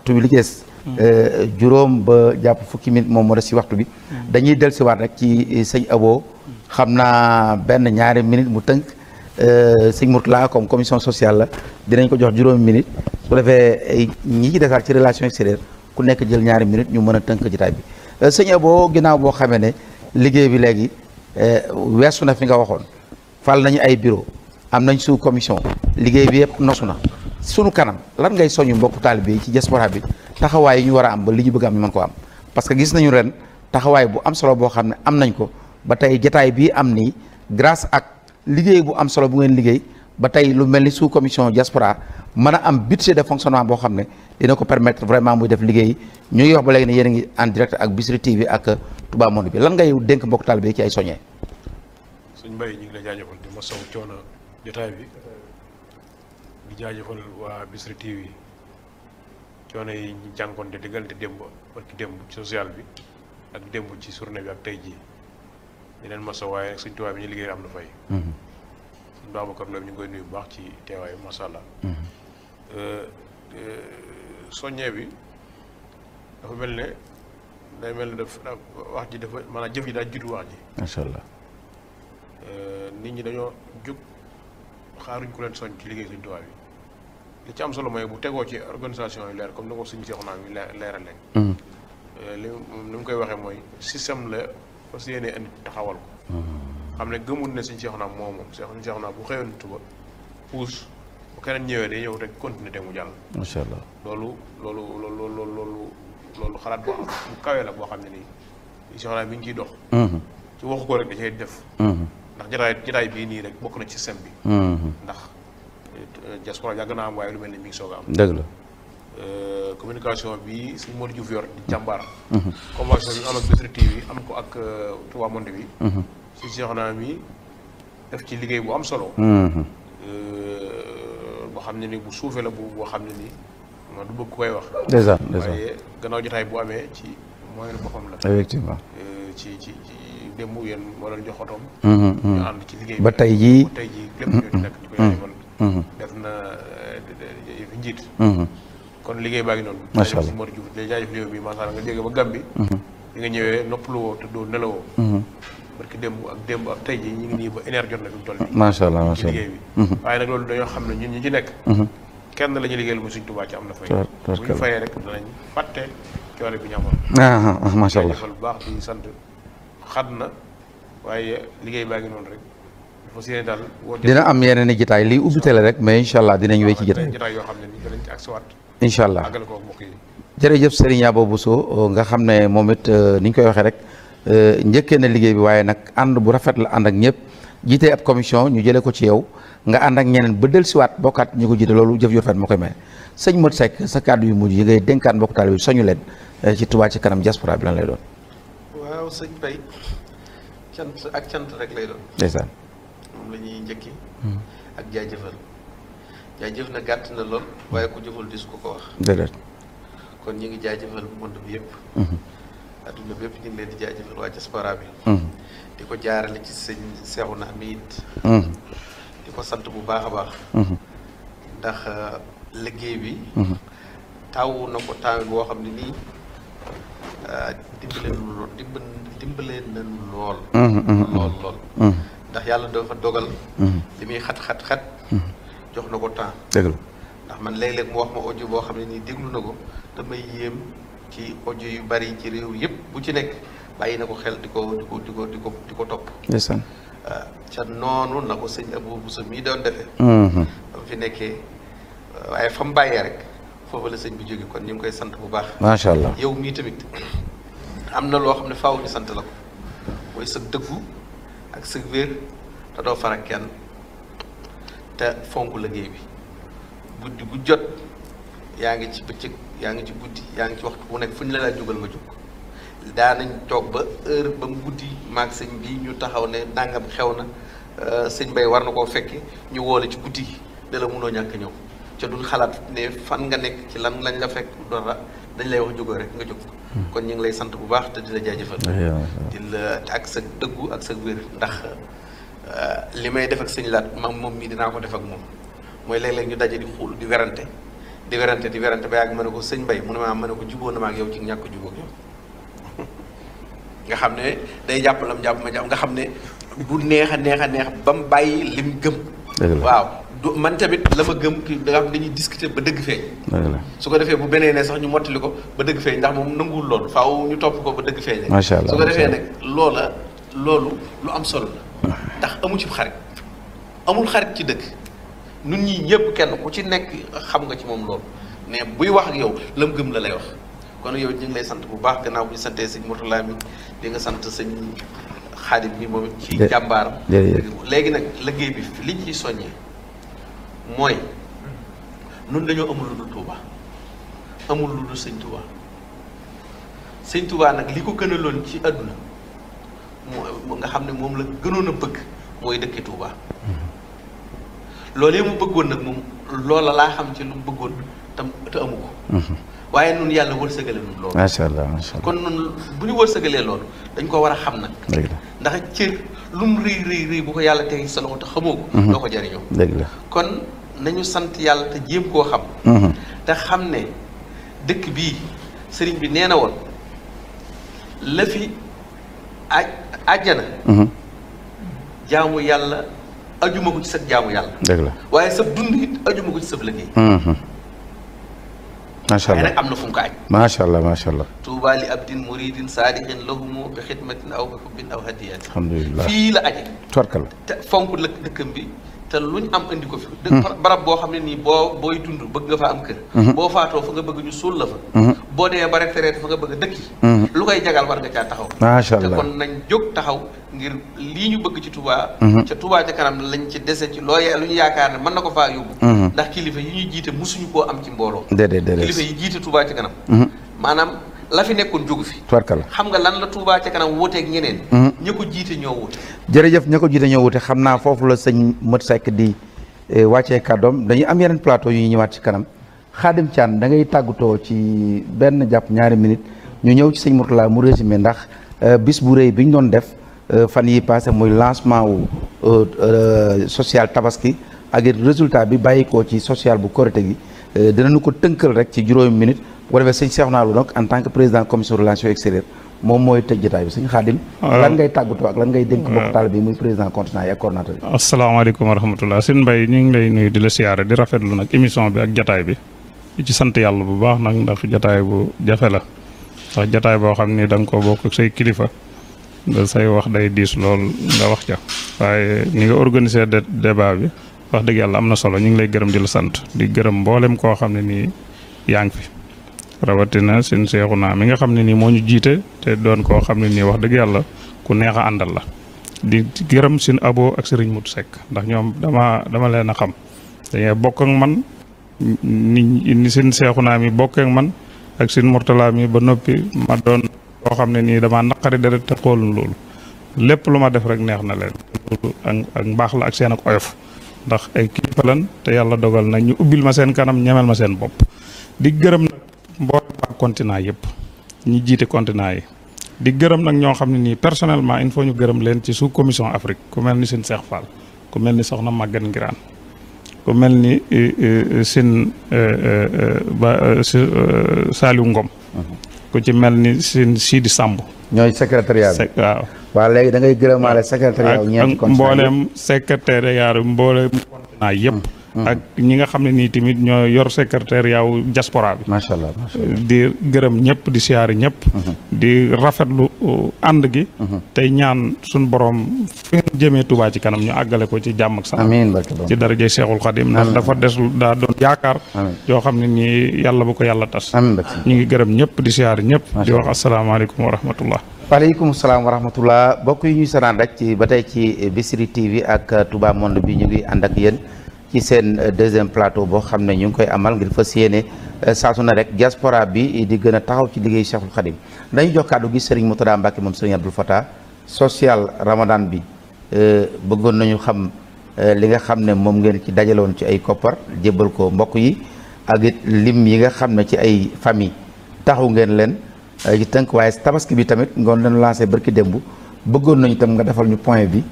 ñuy Euh, juróom ba jàpp fukki minute moom moo des si waxtu bi dañuy dellusiwaat rek ci euh, sëñ Abo xam naa benn ñaari minute mu tënk euh, sëñ Mourtala comme commission sociale la dinañ ko jox juróomi minute su defee ñi ci desaat ci relation extérieure ku nekk jël ñaari minute ñu mën a tënk jotaay bi sëñ Abo ginnaaw boo xamee ne liggéey bi léegi weesu na fi nga waxoon fal nañu ay bureau am nañ sous commission liggéey bi yëpp nosu na sunu kanam lan ngay soñu mbokku taalibe yi ci diaspora bi taxawaay yi ñu war a am ba li ñu bëgg am ñu mën ko am parce que gis nañu ren taxawaay bu am solo boo xam ne am nañ ko ba tey jataay bii am nii grace ak liggéey bu am solo bu ngeen liggéey ba tey lu mel ni sous commission diaspora mën a am budget de fonctionnement boo xam ne dina ko permettre vraiment muy def liggéey ñu ngi wax ba léegi ne yéen a ngi en direct ak Bichri TV ak Touba Monde bi lan ngay dénk mbokk taalibe yi ci ay soññee. suñ mbay ñu ngi lay jaajëfal di di waa Bichri TV coono yi ñu jànkoonte diggante démb ak démb ci social bi ak démb ci journée bi ak tey jii di leen masa waaye suñ tubaab bi ñu liggéey am na fay. suñ Babacar Lo ñu ngi koy nuyu baax ci teewaay macha allah. Mhm. Euh, euh, bi dafa mel ne day mel ne daf wax ji dafa maanaam jëf ji daa jiitu wax ji. macha allah. Euh, nit ñi dañoo jug xaaruñ ku leen soñ ci liggéey suñ tubaab yi. li ci am solo mooy bu tegoo ci organisation yu leer comme ni ko suñu seexu naa mi leeralee. Hmm. Eh, li li mu koy waxee mooy système la parce que indi taxawal ko. Hmm. xam ne gëmul ne suñu seexu naa moom moom suñu seexu naa bu xëyoon tuba puus bu keneen ñëwee day yow rek continuer te mu jàll. macha allah loolu loolu loolu loolu loolu xalaat boo xam bu kawee la boo xam ne nii seexu naa bi ñu ciy dox. Hmm. ci waxu ko rek da cay def. ndax jotaay jotaay bii nii rek bokk na ci système bi. ndax. Euh, diaspora yàgg naa am waaye lu mel ni mi ngi soog a am. dëgg la. Euh, communication bi suñu Modou Diouf yor di jàmbaar. Mhm. convention bi ñu am am ko ak euh, Touba Monde bi. Mhm. si Cheikh Naam yi def ci liggéey bu am solo. Mhm. boo xam ne ni bu suufee la bu boo xam ne ni man du bëgg koy wax. dèjà dèjà waaye gannaaw jotaay bu amee ci moyen boppam la. effectivement ci ci ci démb yéen moo leen jox otoom. ñu ànd ci liggéey bi ba tey jii ba tey jii lépp ñu nekk ci koy Mm-hmm. Euh, def na njiit mm-hmm. kon liggéey baa ngi noonu macha allah Mor Diouf nga jóge ba Gàmbi li mm-hmm. nga ñëwee noppalu woo tëddoo nelawoo parce que démb ak démb ak tey ji ñu ngi nii ba énergie jot na fi toll nii macha allah macha allah liggéey bi waaye xam ne ñun ñi ci nekk kenn la ñu liggéeyal mu suñ am na fay bu ñu fayee rek danañ fàtte coono bi ah, ah, ah, allah bu baax di sant xat na waaye liggéey baa ngi noonu rek dina am yeneen i jitaay liy ubbitale rek mais incha allah dinañ wéy ci jitaay incha jëf jërëjëf Serigne Abo Bousso nga xam ne moom it euh, ni ñu koy waxee rek euh, njëkkee na liggéey bi waaye nag ànd bu rafet la ànd ak ñëpp jiitee ab commission ñu jëlee ko ci yow nga ànd ak ñeneen ba del siwaat bokkaat ñu ko jiite loolu jëf ju rafet moo koy may sëñ Modou Seck sa kàddu yu mujj yi ngay dénkaat mbokk taalibe bi soñu leen euh, ci Touba ci kanam diaspora bi lay doon waaw sëñ Baye cant rek lay moom la ñuy njëkki hmm. ak jaajëfal jaajëf na gàtt na lool waaye ko jëfal dis ko ko wax kon ñu ngi jaajëfal monde bi yëpp hmm. adduna bi yëpp ñu ngi leen di jaajëfal waa diaspora bi hmm. di ko jaarale ci sëñ seexu na mi it di ko sant bu baax a baax ndax uh, liggéey bi taw na ko taw boo xam ne nii uh, dimbaleen lool dimbaleen lool ndax yàlla doo dafa dogal. Mhm. li muy xat xat xat. Mhm. jox na ko temps. dëgg ndax man léeg-léeg mu wax ma audio boo xam ne nii déglu na ko damay yéem ci ojo yu bari ci réew yëpp bu ci nekk bàyyi na ko xel di ko di ko di ko di ko di ko topp. ndeysaan ah, ca na ko sëñ Abou Bousso mii doon defee. Mhm. ba fi nekkee waaye fa bàyyee rek foofu sëñ bi jóge kon ñu koy sant bu baax. macha allah yow mii tamit am na loo xam ne faaw sant la ko mooy sa dëggu. ak sëg te doo far kenn te fonk liggéey bi guddi gu jot yaa ngi ci bëccëg yaa ngi ci guddi yaa ngi ci waxtu bu nekk fu ñu la laa jógal nga jóg daanañ toog ba heure ba mu guddi maag sëñ bi ñu taxaw ne ndàngam xew na euh, sëñ bay war na koo fekki ñu woole ci guddi gi da la ñàkk ñëw ca duñ xalaat ne fan nga nekk ci lan lañ la fekk dara dañ lay wax jógoo rek nga jóg hmm. kon ñu ngi lay sant bu baax te di la jaajëfal di la ak sag dëggu ak sag wér ndax euh, li may def ak sëñ laat maam moom mii dinaa ko def ak moom mooy léeg-léeg ñu daje di xuul di werante di werante di werante ba yàgg ma ne ko sëñ Bay mu ne maa ma ne ko jubóo na yow ci ñàkk jubóo nga xam ne day jàpp lam jàpp ma jàpp nga xam ne bu neex a neex a neex ba mu bàyyi lim gëm waaw du man tamit la ma gëm ki nga xam dañuy discuter ba dëgg feeñ su ko defee bu benee sax ñu mottali ko ba dëgg feeñ ndax moom nanguwul loolu faaw ñu topp ko ba dëgg feeñ macha allah su ko defee nag loola loolu lu am solo ndax amu ci xarit amul xarit ci dëgg nun ñi ñëpp kenn ku ci nekk xam nga ci moom loolu mais buy wax ak yow lam gëm la lay wax kon yow ñu ngi sant bu baax gannaaw bu ñu santee sëñ Mourtala mi nga sant sëñ Xaadim mi moom ci jàmbaaram léegi nag liggéey bi li ñu mooy nun dañoo amul lu dul amul lu dul sëñ Touba sëñ Touba nag li ko gënaloon ci àdduna moo nga xam ne moom la gënoon a bëgg mooy dëkki Touba loolee mu bëggoon nag moom loola laa xam ci lu bëggoon tam te amuko ko. Mhm. waaye noonu yàlla wërsëgale nun loolu. macha allah macha allah kon nun bu ñu wërsëgalee loolu dañ ko war a xam nag. ndax cër. lu rii rëy rëy bu ko yàlla tey sa loxo te xamoo ko. Mhm. doo ko jëriñoo. dëgg la kon nañu sant yàlla te jéem koo xam. Mhm. te xam ne dëkk bii sëriñ bi nee na woon la fi àjjana. Mhm. jaamu yàlla ajuma ko ci sa jaamu yàlla. dëgg la waaye sa dund it ajuma ko ci sa liggéey. ما شاء الله يعني أنا ما شاء الله ما شاء الله توبى لابد مريد صالح لهم بخدمه او بحب او هديه الحمد لله في لا اجي تبارك الله فونك لك دكم te lu luñ am indi ko fi. Mm-hmm. barab boo xam ne nii boo booy dund bëgg nga fa am kër. Mm-hmm. boo faatoo fa nga bëgg ñu suul la fa. Mm-hmm. boo demee ba retraite fa nga bëgg dëkk yi. lu koy jagal war nga caa taxaw. macha allah te kon nañ jóg taxaw ngir lii ñu bëgg ci Touba. ca Touba ca kanam lañ ci dese ci loo lu ñu yaakaar ne mën na ko faa yóbbu. ndax kilifa yi ñuy jiite musuñu koo am ci mbooloo. de déedéet kilifa yi jiite tubaa ca kanam. maanaam lafi fi nekkoon jógu fi tubarkalla xam nga lan la Touba ca kanam wuuteeg ñeneen hmm. ña ko jiite ñoo wuute jërëjëf ña ko jiite ñëw wute xam naa foofu la sëñ Mat Seck di e, wàccee kàddoom dañuy am yeneen plateau yu ñuy ñëwaat ci kanam Xaadim Thian dangay ngay tàggatoo ci benn jàpp ñaari minute ñu ñëw ci sëñ Mourtala mu résumé ndax e, bis bu rëy bi ñu doon def e, fan yi passé muy lancement wu social tabaski ak résultat bi bàyyi ko ci social bu korité gi dina dinañu ko tënkal rek ci juróomi minute wala ko defee sëñ Cheikh Naalou nag en tant que président commission relation extérieure mom moy tëj jotaay bi seigne khadim lan ngay tàggatoo ak lan ngay denk bokk taal bi muy président continent et coordinateur assalamu alaykum wa rahmatullah sëñ Mbaye ñu ngi lay nuy di la siyaare di rafetlu nak émission bi ak jotaay bi ci sante yalla bu baax nak ndax jotaay bu jafé la wax jotaay bo xamni dang ko bokk ak say kilifa da say wax day dis lool nga wax ja waye ni nga organiser débat bi wax deug yalla amna solo ñu ngi lay gërëm di la sante di gërëm mboolem ko xamni ni nii fi rawatina seen cheikhuna mi nga xamni ni moñu jité té te doon ko xamni ni wax deug yalla ku neexa andal la di gërem seen abo ak serigne Mut sek ndax ñom dama dama leena xam dañe bokk ak man ni ni seen cheikhuna mi bokk ak man ak seen murtala mi ba nopi ma doon ko xamni ni dama nakari dara te xol lool lepp luma def rek neex na leen ak mbaax la ak seen ak oyof ndax ay kifalan té yalla dogal na ñu ubbil ma seen kanam ñemel ma seen bop di gërem mboolem waa continent yëpp ñi jiite continent yi di gërëm nag ñoo xam ne nii personnellement il faut ñu gërëm leen ci sous commission Afrique ku mel ni seen Seex Fall ku mel ni soxna Maguette Ngiraan ku mel ni euh, euh, euh, seen ba Saliou Ngom mhm. ku ci mel ni seen Sidi Samb ñooy secrétariat bi waaw waaw léegi da ngay gërëmaale secrétariat ñeenti mboolem secrétariat mboolem continent yëpp mhm. ak ñi nga xamné ni timit ño yor secrétariat diaspora bi. macha allah eh, di gërëm ñëpp di siar ñëpp. Mhm. di rafetlu and gi. Mhm. tay ñaan suñu borom fi ngeen jëmee Touba ci kanam ñu àggale ko ci jamm ak salaam. amiin ci darajay cheikhul khadim na dafa des da doon yaakar yo xamné ni yalla bu ko yalla tass ñi ngi gërëm ñëpp di siar ñëpp. di wax alaykum wa rahmatullah. waaleykum salaam wa rahmatullah mbokk ñuy rek ci batay ci Bisri TV ak Touba Monde bi ñu ngi and ak yeen ci seen euh, deuxième plateau boo xam ne ñu ngi koy amal ngir fas yéene euh, saasu na rek diaspora bi di gën a taxaw ci liggéey Cheikhul Khadim dañu jox kàddu gi moto Moutada Mbacke moom Serigne Abdoul Fatah social Ramadan bi euh, bëggoon nañu xam li nga xam ne moom ngeen ci dajaloon ci ay koppar jébbal ko mbokk yi ak it lim yi nga xam ne ci ay famille taxu ngeen leen ci tënk waaye tabaski bi tamit ngoon leen lancé barki démb bëggoon nañu tam nga defal ñu point bi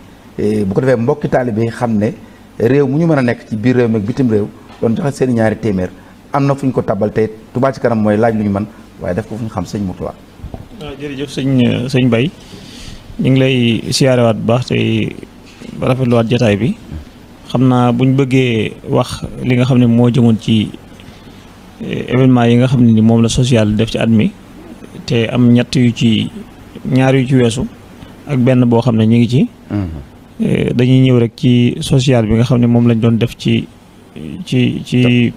bu réew mu ñu mën a nekk ci biir réew mi bitim réew doon joxe seen ñaari téeméer am na fu ñu ko tabal tey Touba ci kanam mooy laaj lu ñu man waaye def ko fu ñu xam sañ Mourtala. waaw jërëjëf sëñ sëñ bay ñu ngi lay siyaarewaat bu baax tey rafetluwaat jotaay bi xam naa bu ñu bëggee wax li nga xam ne moo jëmoon ci eh, événement yi nga xam ne ni moom la social def ci at mi te am ñett yu ci ñaar yu ci weesu ak benn boo xam ne ñu ngi ci. Mm-hmm. Eh, dañuy ñëw rek ci social bi nga xam ne moom lañ doon def ci ci ci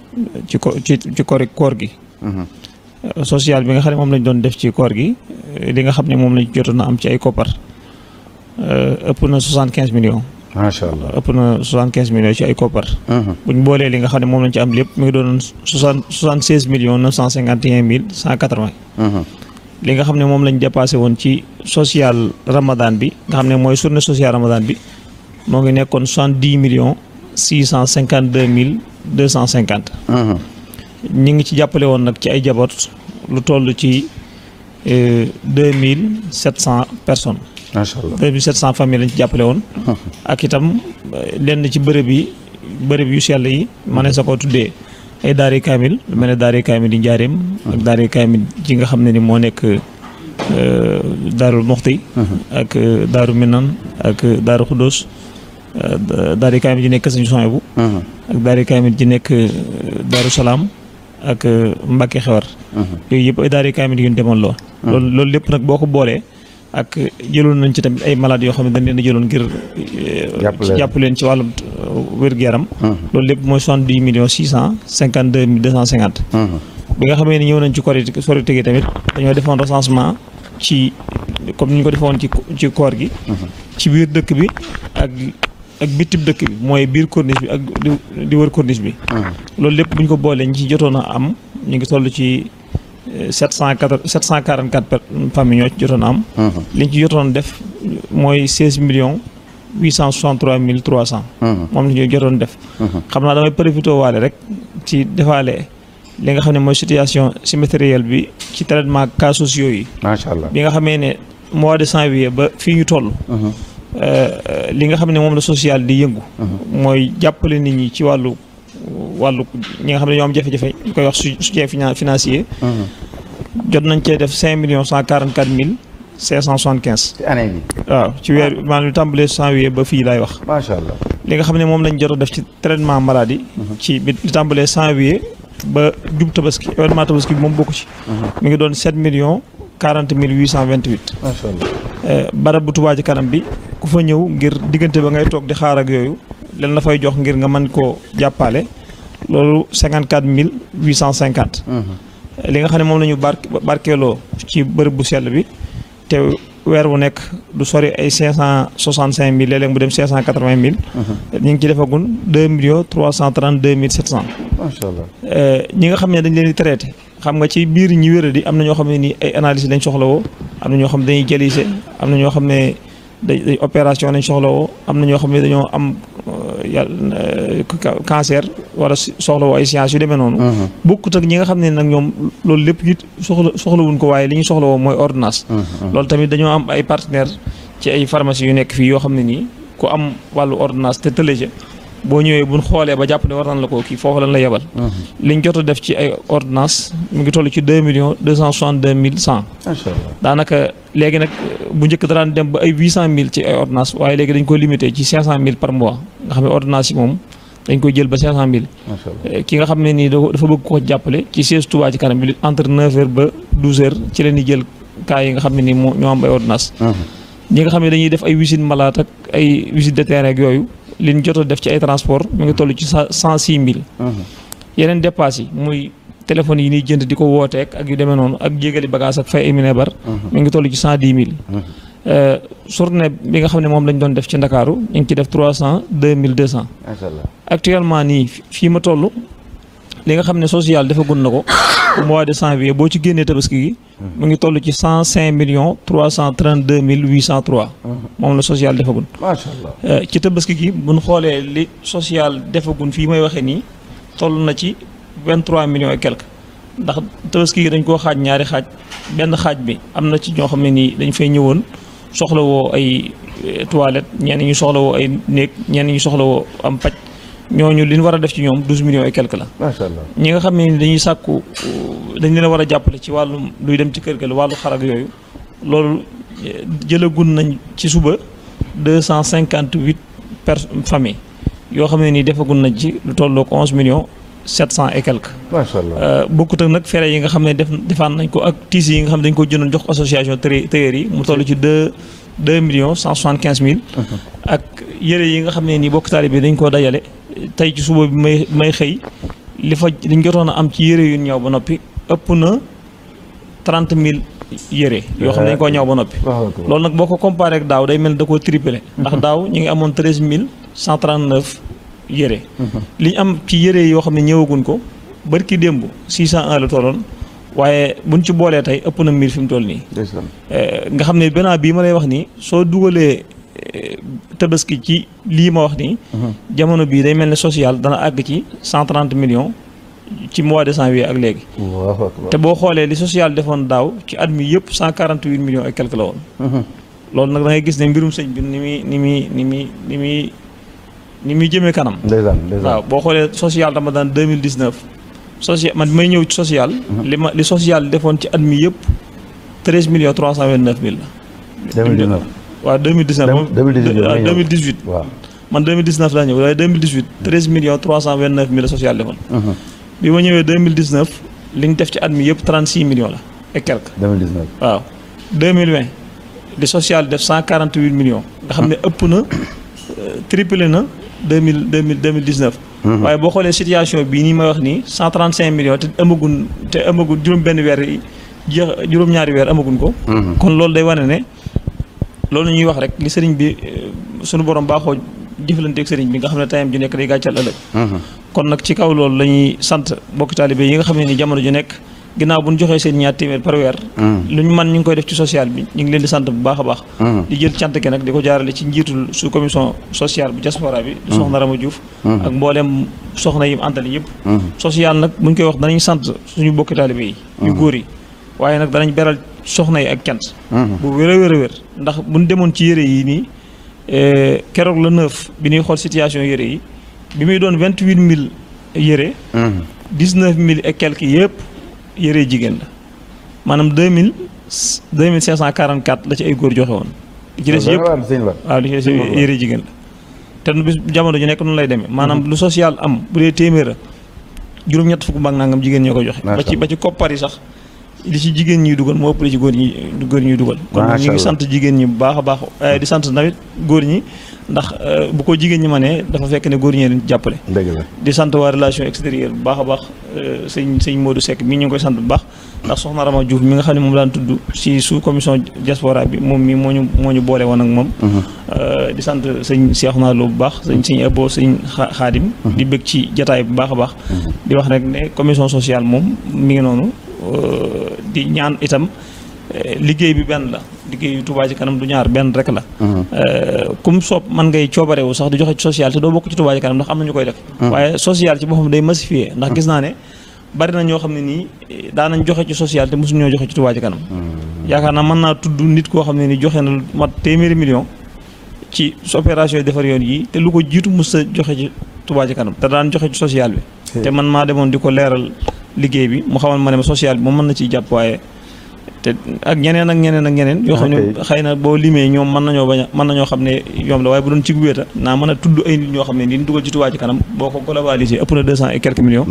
ci ci ci koor koor gi. Mhm. Eh, social bi nga xam ne moom lañ doon def ci koor gi eh, li nga xam ne moom lañ jotoon na am ci ay koppar ëpp na soixante quinze millions. macha allah ëpp na soixante quinze millions ci ay koppar. Mhm. bu ñu li nga xam ne moom lañ ci am lépp mu ngi doon soixante soixante seize millions neuf cent cinquante cent quatre vingt. Mhm. li nga xam ne moom lañ dépassé woon ci social Ramadan bi nga xam ne mooy journée sociale Ramadan bi. moo ngi nekkoon soixante dix million six cent cinquante deux mille deux cent cinquante. Uh-huh. ñu ngi ci jàppale woon nag ci ay jaboot lu toll ci euh, deux mille sept cent personnes. macha allah deux mille cent familles lañ ci jàppale woon. Uh-huh. ak itam euh, lenn ci bërëb yi bërëb yu sell ma ne sa ko tuddee ay daari kaamil lu mel ne daari kaamil yi njaareem. ak daari kaamil ji nga xam ne ni moo nekk. Euh, daarul moxti uh-huh. ak daaru minan ak daaru xuddoos Euh, daari kaamil ji nekk sëñ Sohaybu uh-huh. ak daari kaamil ji nekk euh, Daaru ak euh, Mbàkke Xewar uh-huh. yooyu yëpp ay daari kaamil yu ñu demoon uh-huh. loo loolu lépp nag boo ko boolee ak jëloon nañ ci tamit ay malade yoo xam ne dañ leen a jëloon ngir jàpp leen ci wàllum wér gu loolu lépp mooy soixante-dix millions six cent cinquante-deux mille deux cent cinquante bi nga xamee ni ñëw nañ ci soo korite gi tamit dañoo defoon recensement ci comme ni ñu ko defoon ci ci koor gi ci biir dëkk bi ak bitib dëkk bi mooy biir corniche bi ak di wër corniche bi. Ah. loolu lépp bu ko boolee ñu ci jotoon a am ñu ngi toll ci eh, sept cent quatre sept cent quarante quatre famille ñoo ci jotoon a am. Ah. liñ ci jotoon def mooy seize millions huit cent soixante trois cent. Ah. moom la ñu jotoon def. xam naa damay profité waale rek ci defaale li nga xam ne mooy situation semestrielle bi ci traitement cas sociaux yi. macha allah bi nga xamee ne mois de janvier ba fii ñu toll. Euh, li nga xam ne moom la sociale di yëngu. Uh-huh. mooy jàppale nit ñi ci wàllu wàllu ñi nga xam ne ñoo am jafe-jafe ñu koy wax soutien financier. Uh-huh. jot nañ cee def cinq millions cent quarante quatre mille cinq cent soixante quinze. ci weer ah. maanaam lu tàmbalee ba fii laay wax. macha allah li nga xam ne moom lañ jot def ci traitement maladie. Uh-huh. ci bi lu tàmbalee janvier ba jub tabaski événement tabaski bi moom bokk ci. mi ngi doon sept millions quarante mille huit cent vingt huit. macha allah euh, barab bu Kanam bi. ku fa ñëw ngir diggante ba ngay toog di xaar ak yooyu leen la fay jox ngir nga mën koo jàppale loolu cinquante quatre mille huit cent cinquante mhm. li nga xam ne moom la ñu barke barkeeloo ci bërëb bu sell bi te weer wu nekk du sori ay cinq cent soixante cinq mille léeg-léeg mu dem cinq cent quatre vingt mille mhm. ñu ngi ci defagun deux millions trois cent trente eh, ñi nga xam ne dañ leen di traité xam nga ci biir ñi wéra am na ñoo xam ne nii ay analyse lañ soxlawoo am na ñoo xam ne dañuy dialysé am na ñoo xam ne day opération lañ soxlawoo am na ñoo xam ne dañoo am euh, yàlla euh, cancer wala soxlawoo ay sciences yu demee noonu. Uh-huh. bokkut ak ñi nga xam ne nag ñoom loolu lépp it soxla soxlawuñ ko waaye li ñu soxlawoo mooy ordonnance. Uh-huh, uh-huh. loolu tamit dañoo am ay partenaires ci ay pharmacie yu nekk fii yoo xam ne nii ku am wàllu ordonnance te tële boo ñëwee buñ xoolee ba jàppale ne war nan la koo kii foofu lan la yebal mhm. liñ jot a def ci ay ordonnance mu ngi toll ci deux millions deux cent soixante deux mille cent daanaka léegi nag bu njëkk daraan dem ba ay huit cent mille ci ay ordonnance waaye léegi dañ ko limité ci cinq cent mille par mois nga xam ne ordonnance yi moom dañ koy jël ba cinq cent mille eh, ki nga xam ne nii dafa bëgg ko jàppale ci siège Touba ci kanam bi entre neuf heures ba douze heures ci leen di jël cas yi nga xam ne nii moo ñoo am ay mhm. nga xam ne dañuy def ay visite malade ak ay visite de yooyu li joto def ci ay transport mu ngi toll ci cent six mille uh-huh. yeneen dépenses yi muy téléphones yi ñuy jënd di ko wooteek ak yu demee noonu ak jégali bagage ak fay éminé bar uh-huh. mu ngi toll ci cent dix mille uh-huh. euh, ne bi nga xam ne moom lañu doon def ci Ndakaaru ñu ngi ci def trois cent deux mille deux cent actuellement nii fii ma toll li nga xam ne social defagun na ko mois de janvier boo ci génnee tabaski gi mu ngi toll ci cent cinq millions trois cent trente deux mille huit trois moom la social defagun macha euh, ci tabaski gi mun xoolee li social defagun fii may waxee nii toll na ci vingt trois millions et quelque ndax tabaski gi dañ koo xaaj ñaari xaaj benn xaaj bi am na ci ñoo xam ne nii dañ fay ñëwoon soxlawoo ay euh, toilette ñenn ñu soxlawoo ay néeg ñenn ñu soxlawoo am paj ñooñu li ñu war a def ci ñoom douze millions et quelque la. macha ñi nga xam ne dañuy sàkku dañ leen war a jàppale ci wàllu luy dem ci kër la wàllu xarag yooyu loolu jëlagun nañ ci suba deux cent cinquante huit personnes famille yoo xam ne nii defagun nañ ci lu tollook onze millions sept cent et quelque. macha allah euh, bokkut ak nag yi nga xam ne def defaan nañ ko ak tiis yi nga xam ne dañ ko jëndoon jox association tailleur yi mu toll ci deux. deux millions cent soixante quinze mille. Uh-huh. ak yëre yi nga xam ne nii bokk taalibe bi dañ koo dajale. tey ci suba bi may may xëy li fa liñ jotoon a am ci yére yu ñaw ba noppi ëpp na trente mille yére yoo xam ne dañ koo ñëw ba noppi loolu nag boo ko comparé ak daaw day mel da koo triplé ndax daaw ñu ngi amoon treize mille cent trente neuf yére mhm. li am ci yére yoo xam ne ñëwaguñ ko barki démb six cent un la tolloon waaye buñ ci boolee tey ëpp na mille fi mu toll nii eh, nga xam ne benn bii ma lay wax nii soo dugalee Eh, tabaski ci lii ma wax nii. Mhm. jamono bii day mel ni social dana àgg ci cent trente millions ci mois de janvier ak léegi. te boo xoolee li social defoon daaw ci at mi yëpp cent quarante huit million ak quelque la woon. Mhm. loolu nag da gis ne mbirum sëñ bi ni muy ni muy ni muy ni muy ni muy jëmee kanam. waaw boo xoolee social dama daan deux mille dix neuf. social man may ñëw social. Mhm. li ma li social defoon ci at mi yëpp treize millions trois cent vingt neuf mille la. waa 2019 moom 2018 waaw man 2019 laa ñëw waaye 2018 13 millions 329 mille social defoon uh-huh. bi ma ñëwee 2019 li ñu def ci at mi yëpp 36 millions la et quelque 2019 waaw 2020 li social def 148 nga xam ne ëpp na euh, triplé na 2000 2019 uh-huh. waaye boo xoolee situation bii nii may wax nii 135 millions te amagun te amagun juróom benn weer yi jeex juróom-ñaari weer amagun ko uh-huh. kon loolu day wane ne loolu ñuy wax rek li sëriñ bi eh, suñu borom baaxoo jëflante ak sëriñ bi nga xam ne tayam ju nekk day gàccal ëllëg uh-huh. kon nag ci kaw lool la ñuy sant bokki taalibe yi nga xam ne ni jamono ju nekk ginnaaw bu ñu joxee seen ñaar téeméer par uh-huh. lu ñu man ñu ngi koy def ci social bi ñu ngi leen di sant bu baax baax uh-huh. di jël cant ki nag di ko jaarale ci njiitul su commission sociale bu diaspora bi di soxna Rama Diouf ak mbooleem soxna yim àntali yëpp social nag buñ koy wax danañ sant suñu bokki taalibe yi ñu góor yi waaye nag danañ soxna yi ak cant. Mhm. bu wér a wér a wér ndax bu ñu demoon ci yére yi nii eh, keroog la neuf bi ñuy xool situation yére yi bi muy doon vingt huit mille yére. Mhm. dix neuf mille et quelques yëpp yére jigéen la maanaam deux mille deux mille cinq cent quarante la ci ay góor joxe woon. li ci yére jigéen la. te bis jamono ju nekk noonu lay demee. maanaam mhm. lu social am bu dee téeméer a juróom-ñett fukk mbaa nangam jigéen ñoo ko joxe. ba ci ba ci koppar yi sax. li ci jigéen ñi dugal moo ëpp li ci góor ñi góor ñuy dugal kon ñu ngi sant jigéen ñi bu baax a baax waaye eh, di sant tamit góor ñi ndax eh, bu ko jigéen ñi mënee dafa fekk ne góor ñee leen jàppale di sant waa relation extérieur bu baax a baax eh, sëñ sëñ Modou Seck mi ñu ngi koy sant bu baax ndax soxna Rama Diouf mi nga xam ne moom daan tudd si su commission diaspora bi moom mi moo ñu moo ñu boole woon ak moom mhm. di sant sëñ Cheikhouna Lo bu baax sañ sëñ Ebo sëñ Xaadim mhm. di bëgg ci jataay bu baax a baax mhm. di wax rek ne commission sociale moom mi ngi noonu di ñaan itam eh, liggéey bi benn la liggéey bi Touba ci kanam du ñaar benn rek la uh-huh. eh, kum soob man ngay coobarewu sax di joxe ci social te doo bokk ci Touba ci kanam am na koy def uh-huh. waaye social ci boppam day massifier ndax uh-huh. gis naa ne bari na ñoo xam ne nii eh, daanañ joxe ci social te mosuñoo joxe ci Touba ci kanam yaakaar naa mën naa tudd nit koo xam ne ni joxe na mat téeméeri million ci opération yi defar yoon yi te lu ko jiitu mos a joxe ci Touba ci kanam te daan joxe ci social bi te man maa demoon di ko leeral liggéey bi mu xamal ma ne ma social bi moom mën na ciy jàpp te ak ñeneen ak ñeneen yoo xam ne xëy na boo limee ñoom mën nañoo bañ a mën nañoo xam ne yoom la waaye bu doon ci wéeta naa mën a tudd ay nit ñoo xam ne li ñu dugal boo ko globalisé ëpp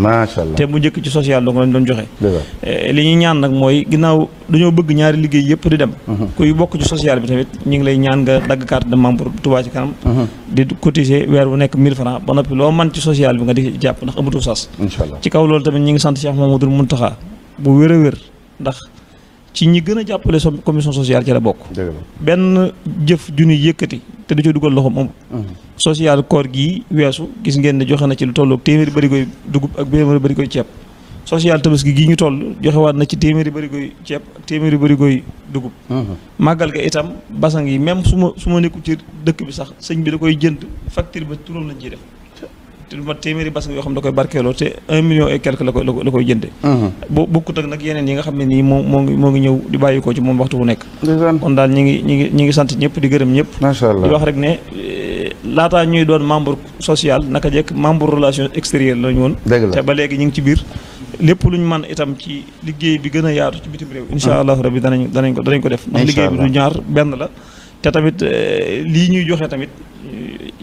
na te mu njëkk ci social donc lañ doon joxe eh, li ñuy ñaan nag mooy ginnaaw dañoo bëgg ñaari liggéey yëpp di dem mhm. kuy bokk ci social bi tamit ñu ngi lay ñaan nga dagg carte de membre Touba ci kanam mhm. di cotiser weer bu nekk 1000 francs ba noppi loo man ci social bi nga di jàpp ndax ëmbatoo sas ci kaw loolu tamit ñi ngi sant Cheikh Mamadou ci ñi gën a jàppale so commission sociale ci la bokk. benn jëf ju ñuy yëkkati te du ci dugal loxoom amul. Mhm. social koor gii weesu gis ngeen ne joxe na ci lu tolloog téeméeri bari koy dugub ak téeméeri bëri koy ceeb. social tabaski gii ñu toll joxewaat na ci téeméeri bëri koy ceeb ak téeméeri bëri koy dugub. Mhm. màggal ga itam basang yi même su ma su ma nekkul ci dëkk bi sax sëñ bi da koy jënd facture ba turam lañ ciy def. ma téeméeri bassin yoo xam ne da koy barkeeloo te un million et quelque la koy la koy jënde uh-huh. bu bokkut ak nag yeneen yi nga xam ne nii moo moo ngi ñëw di bàyyi ko ci moom waxtu bu nekk kon daal ñi ngi sant ñëpp di gërëm ñëpp di wax rek ne eh, laataa ñuy doon membre social naka jekk membre relation extérieure la ñu woon te ba léegi ñu ngi ci biir lépp lu ñu man itam ci liggéey bi gën a yaatu ci bitim réew incha allahu rabbi danañ danañ ko danañ ko def ndax liggéey bi du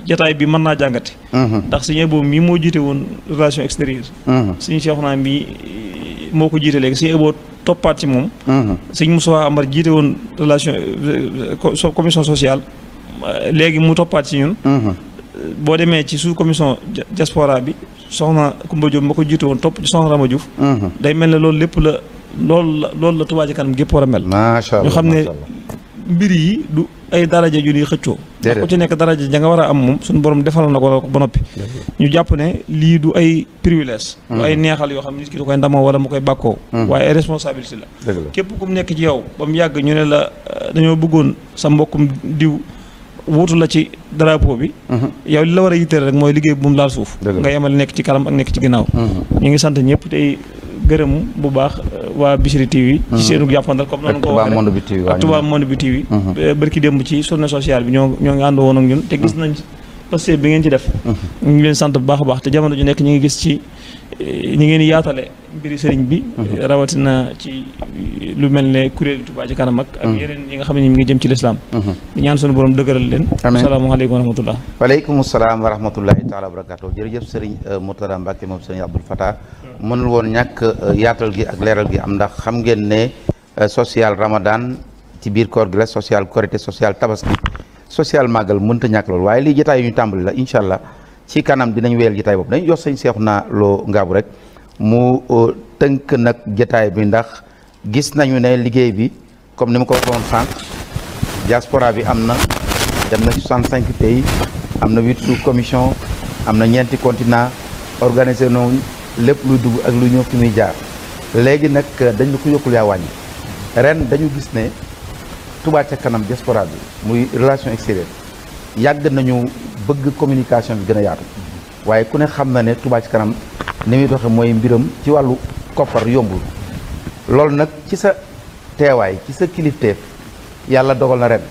jataay bi mën naa jàngate mhm. ndax sëñ Abo mii moo jiite woon relation extérieure mhm. sëñ Cheikhouna mii eh, moo ko jiite léegi sëñ Abo toppaat ci moom mhm. sëñ Moussa Amar jiite woon relation eh, commission sociale eh, léegi mu toppaat ci ñun boo demee ci sous commission diaspora bi soxna Kumba Diop ma ko jiite woon topp ci soxna Rama Diouf day mel ne loolu lépp la lool la loolu la Touba Ca Kanam gépp war a mel ñu xam ne mbir yi du ay daraja yu ñuy xëccoo ndax ku ci nekk daraja ja nga war a am moom suñu borom defal na ko ba noppi ñu jàpp ne lii du ay privilège du mm. ay neexal yoo xam ne nit ki da koy ndamoo wala mu koy bàkkoo mm. waaye ay responsabilité la képp ku mu nekk ci yow ba mu yàgg ñu ne la euh, dañoo bëggoon sa mbokkum diw wuutu la ci drapeau bi mhm. yow li la war a yitteel rek mooy liggéey bu mu laal suuf nga yemal nekk ci kanam ak nekk ci ginnaaw mhm. ñu ngi sant ñëpp tey gërëm bu baax euh, waa Bichri TV ci mhm. seenu jàppandal comme noonu ko waxee ak Touba Monde bi TV euh, barki démb ci journée sociale bi ñoo ñoo ngi ànd woon ak ñun te gis nañ parce bi ngeen ci def ñu ngi sant bu baax baax te jamono ju nekk ñu ngi gis ci ñi ngeen yaatale mbiri sëriñ bi rawatina ci lu mel ne kuréelu Touba ci kanam ak ak mm-hmm. yeneen yi nga xam ne ñu ngi jëm ci lislaam mm-hmm. di ñaan sunu borom dëgëral leen asalaamaaleykum wa rahmatullah waaleykum salaam wa rahmatullahi taala wa barakatuh jërëjëf sëriñ euh, Mourtada Mbacke moom sëriñ Abdoul mm-hmm. mënul woon ñàkk euh, yaatal gi ak leeral gi am ndax xam ngeen ne euh, social ramadan ci biir koor gi la social korité social tabaski social màggal mënta ñàkk loolu waaye lii jotaay yu ñu tàmbali la incha allah ci kanam dinañ wéyal jotaay boobu dañu jox sëñ naa loo Ngaabu rek mu tënk nag jotaay bi ndax gis nañu ne liggéey bi comme ni ma ko waxoon sànq diaspora bi am na dem na 65 pays am na huit commission am na ñeenti continent organisé noonu lépp luy dugg ak lu ñëw fi muy jaar léegi nag dañ ko yokkul yaa yi ren dañu gis ne Touba ca kanam diaspora bi muy relation extérieure yàgg nañu bëgg communication bi gën a yaatu waaye ku ne xam na ne Touba ci kanam ni muy doxe mooy mbiram ci wàllu koppar yombul loolu nag ci sa teewaay ci sa kilifteef yàlla dogal na ren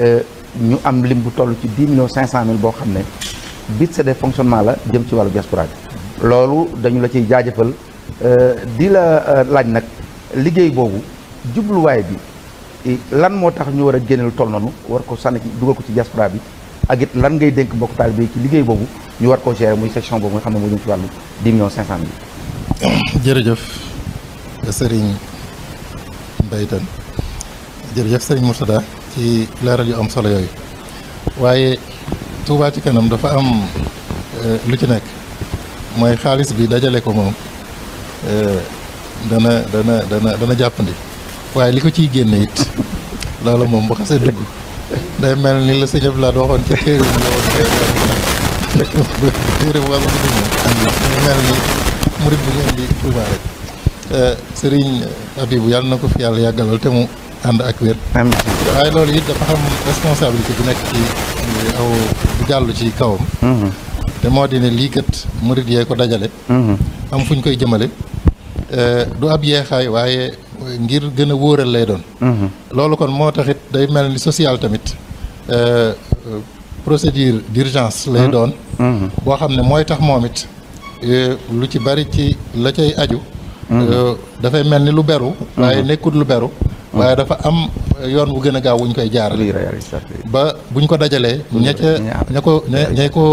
euh, ñu am lim bu toll ci dix millions cinq cent mille boo xam ne bit sa de fonctionnement la jëm ci wàllu diaspora bi loolu dañu la ciy jaajëfal euh, di la euh, laaj nag liggéey boobu jubluwaay bi lan moo tax ñu war a génneel toll noonu war ko sànni ci dugal ko ci diaspora bi ak it lan ngay dénk mbokk taalibe ci liggéey boobu ñu war koo gérer muy section boobu nga xam ne moo jëm ci wàllu 10 millions 500 mille. jërëjëf Serigne Mbaye Tane jërëjëf Serigne Mourtada ci leeral yu am solo yooyu waaye Touba ci kanam dafa am eh, lu ci nekk mooy xaalis bi dajale ko moom eh, dana dana dana dana jàppandi. waaye li ko ciy génne it loolu moom bu xasee dugg day mel ni la sëñ Abdoulaye waxoon ci téere bi la woon bu wàllu dugg moom mel ni murit bu ñu indi Touba rek sëriñ Abibu yàlla na ko fi yàlla yàggalal te mu ànd ak wér waaye loolu it dafa xam responsabilité bu nekk ci aw bu ci kawam mm-hmm. te moo di ne lii kat murit yee ko dajale mm-hmm. am fu ñu koy jëmale eh, du ab yeexaay waaye ngir gën a wóoral lay doon. Mhm. loolu kon moo taxit day mel ni sociale tamit euh, procédure d'urgence lay mhm. doon. Mhm. boo xam ne mooy tax moom it euh, lu ci bari ci la cay aju. Euh, dafay mel ni lu beru. waaye nekkut lu beru. waaye dafa am yoon wu gën a gaaw wuñ koy jaarale. ba buñ ko dajalee. ña ca ña ko ña ko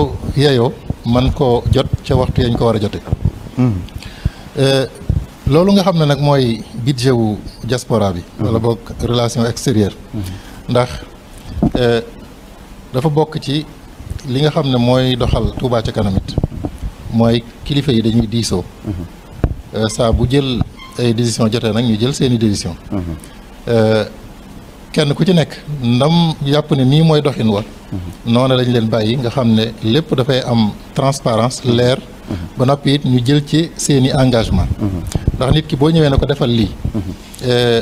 yeeyoo. man koo jot ca waxtu yañ ko war a jote loolu nga xam ne nag mooy budget wu diaspora bi. Mhm. wala boog relation extérieure. Mhm. ndax euh, dafa bokk ci li nga xam ne mooy doxal Touba ca kanamit mooy kilifa yi dañuy diisoo. Mhm. Euh, saa bu jël ay décision jotee nag ñu jël seeni décision. Euh, kenn ku ci nekk ndam yàpp ne nii mooy doxin wa noone lañ leen bàyyi nga xam ne lépp dafay am transparence leer. ba noppi it ñu jël ci seeni engagement ndax nit ki boo ñëwee na ko defal lii eh,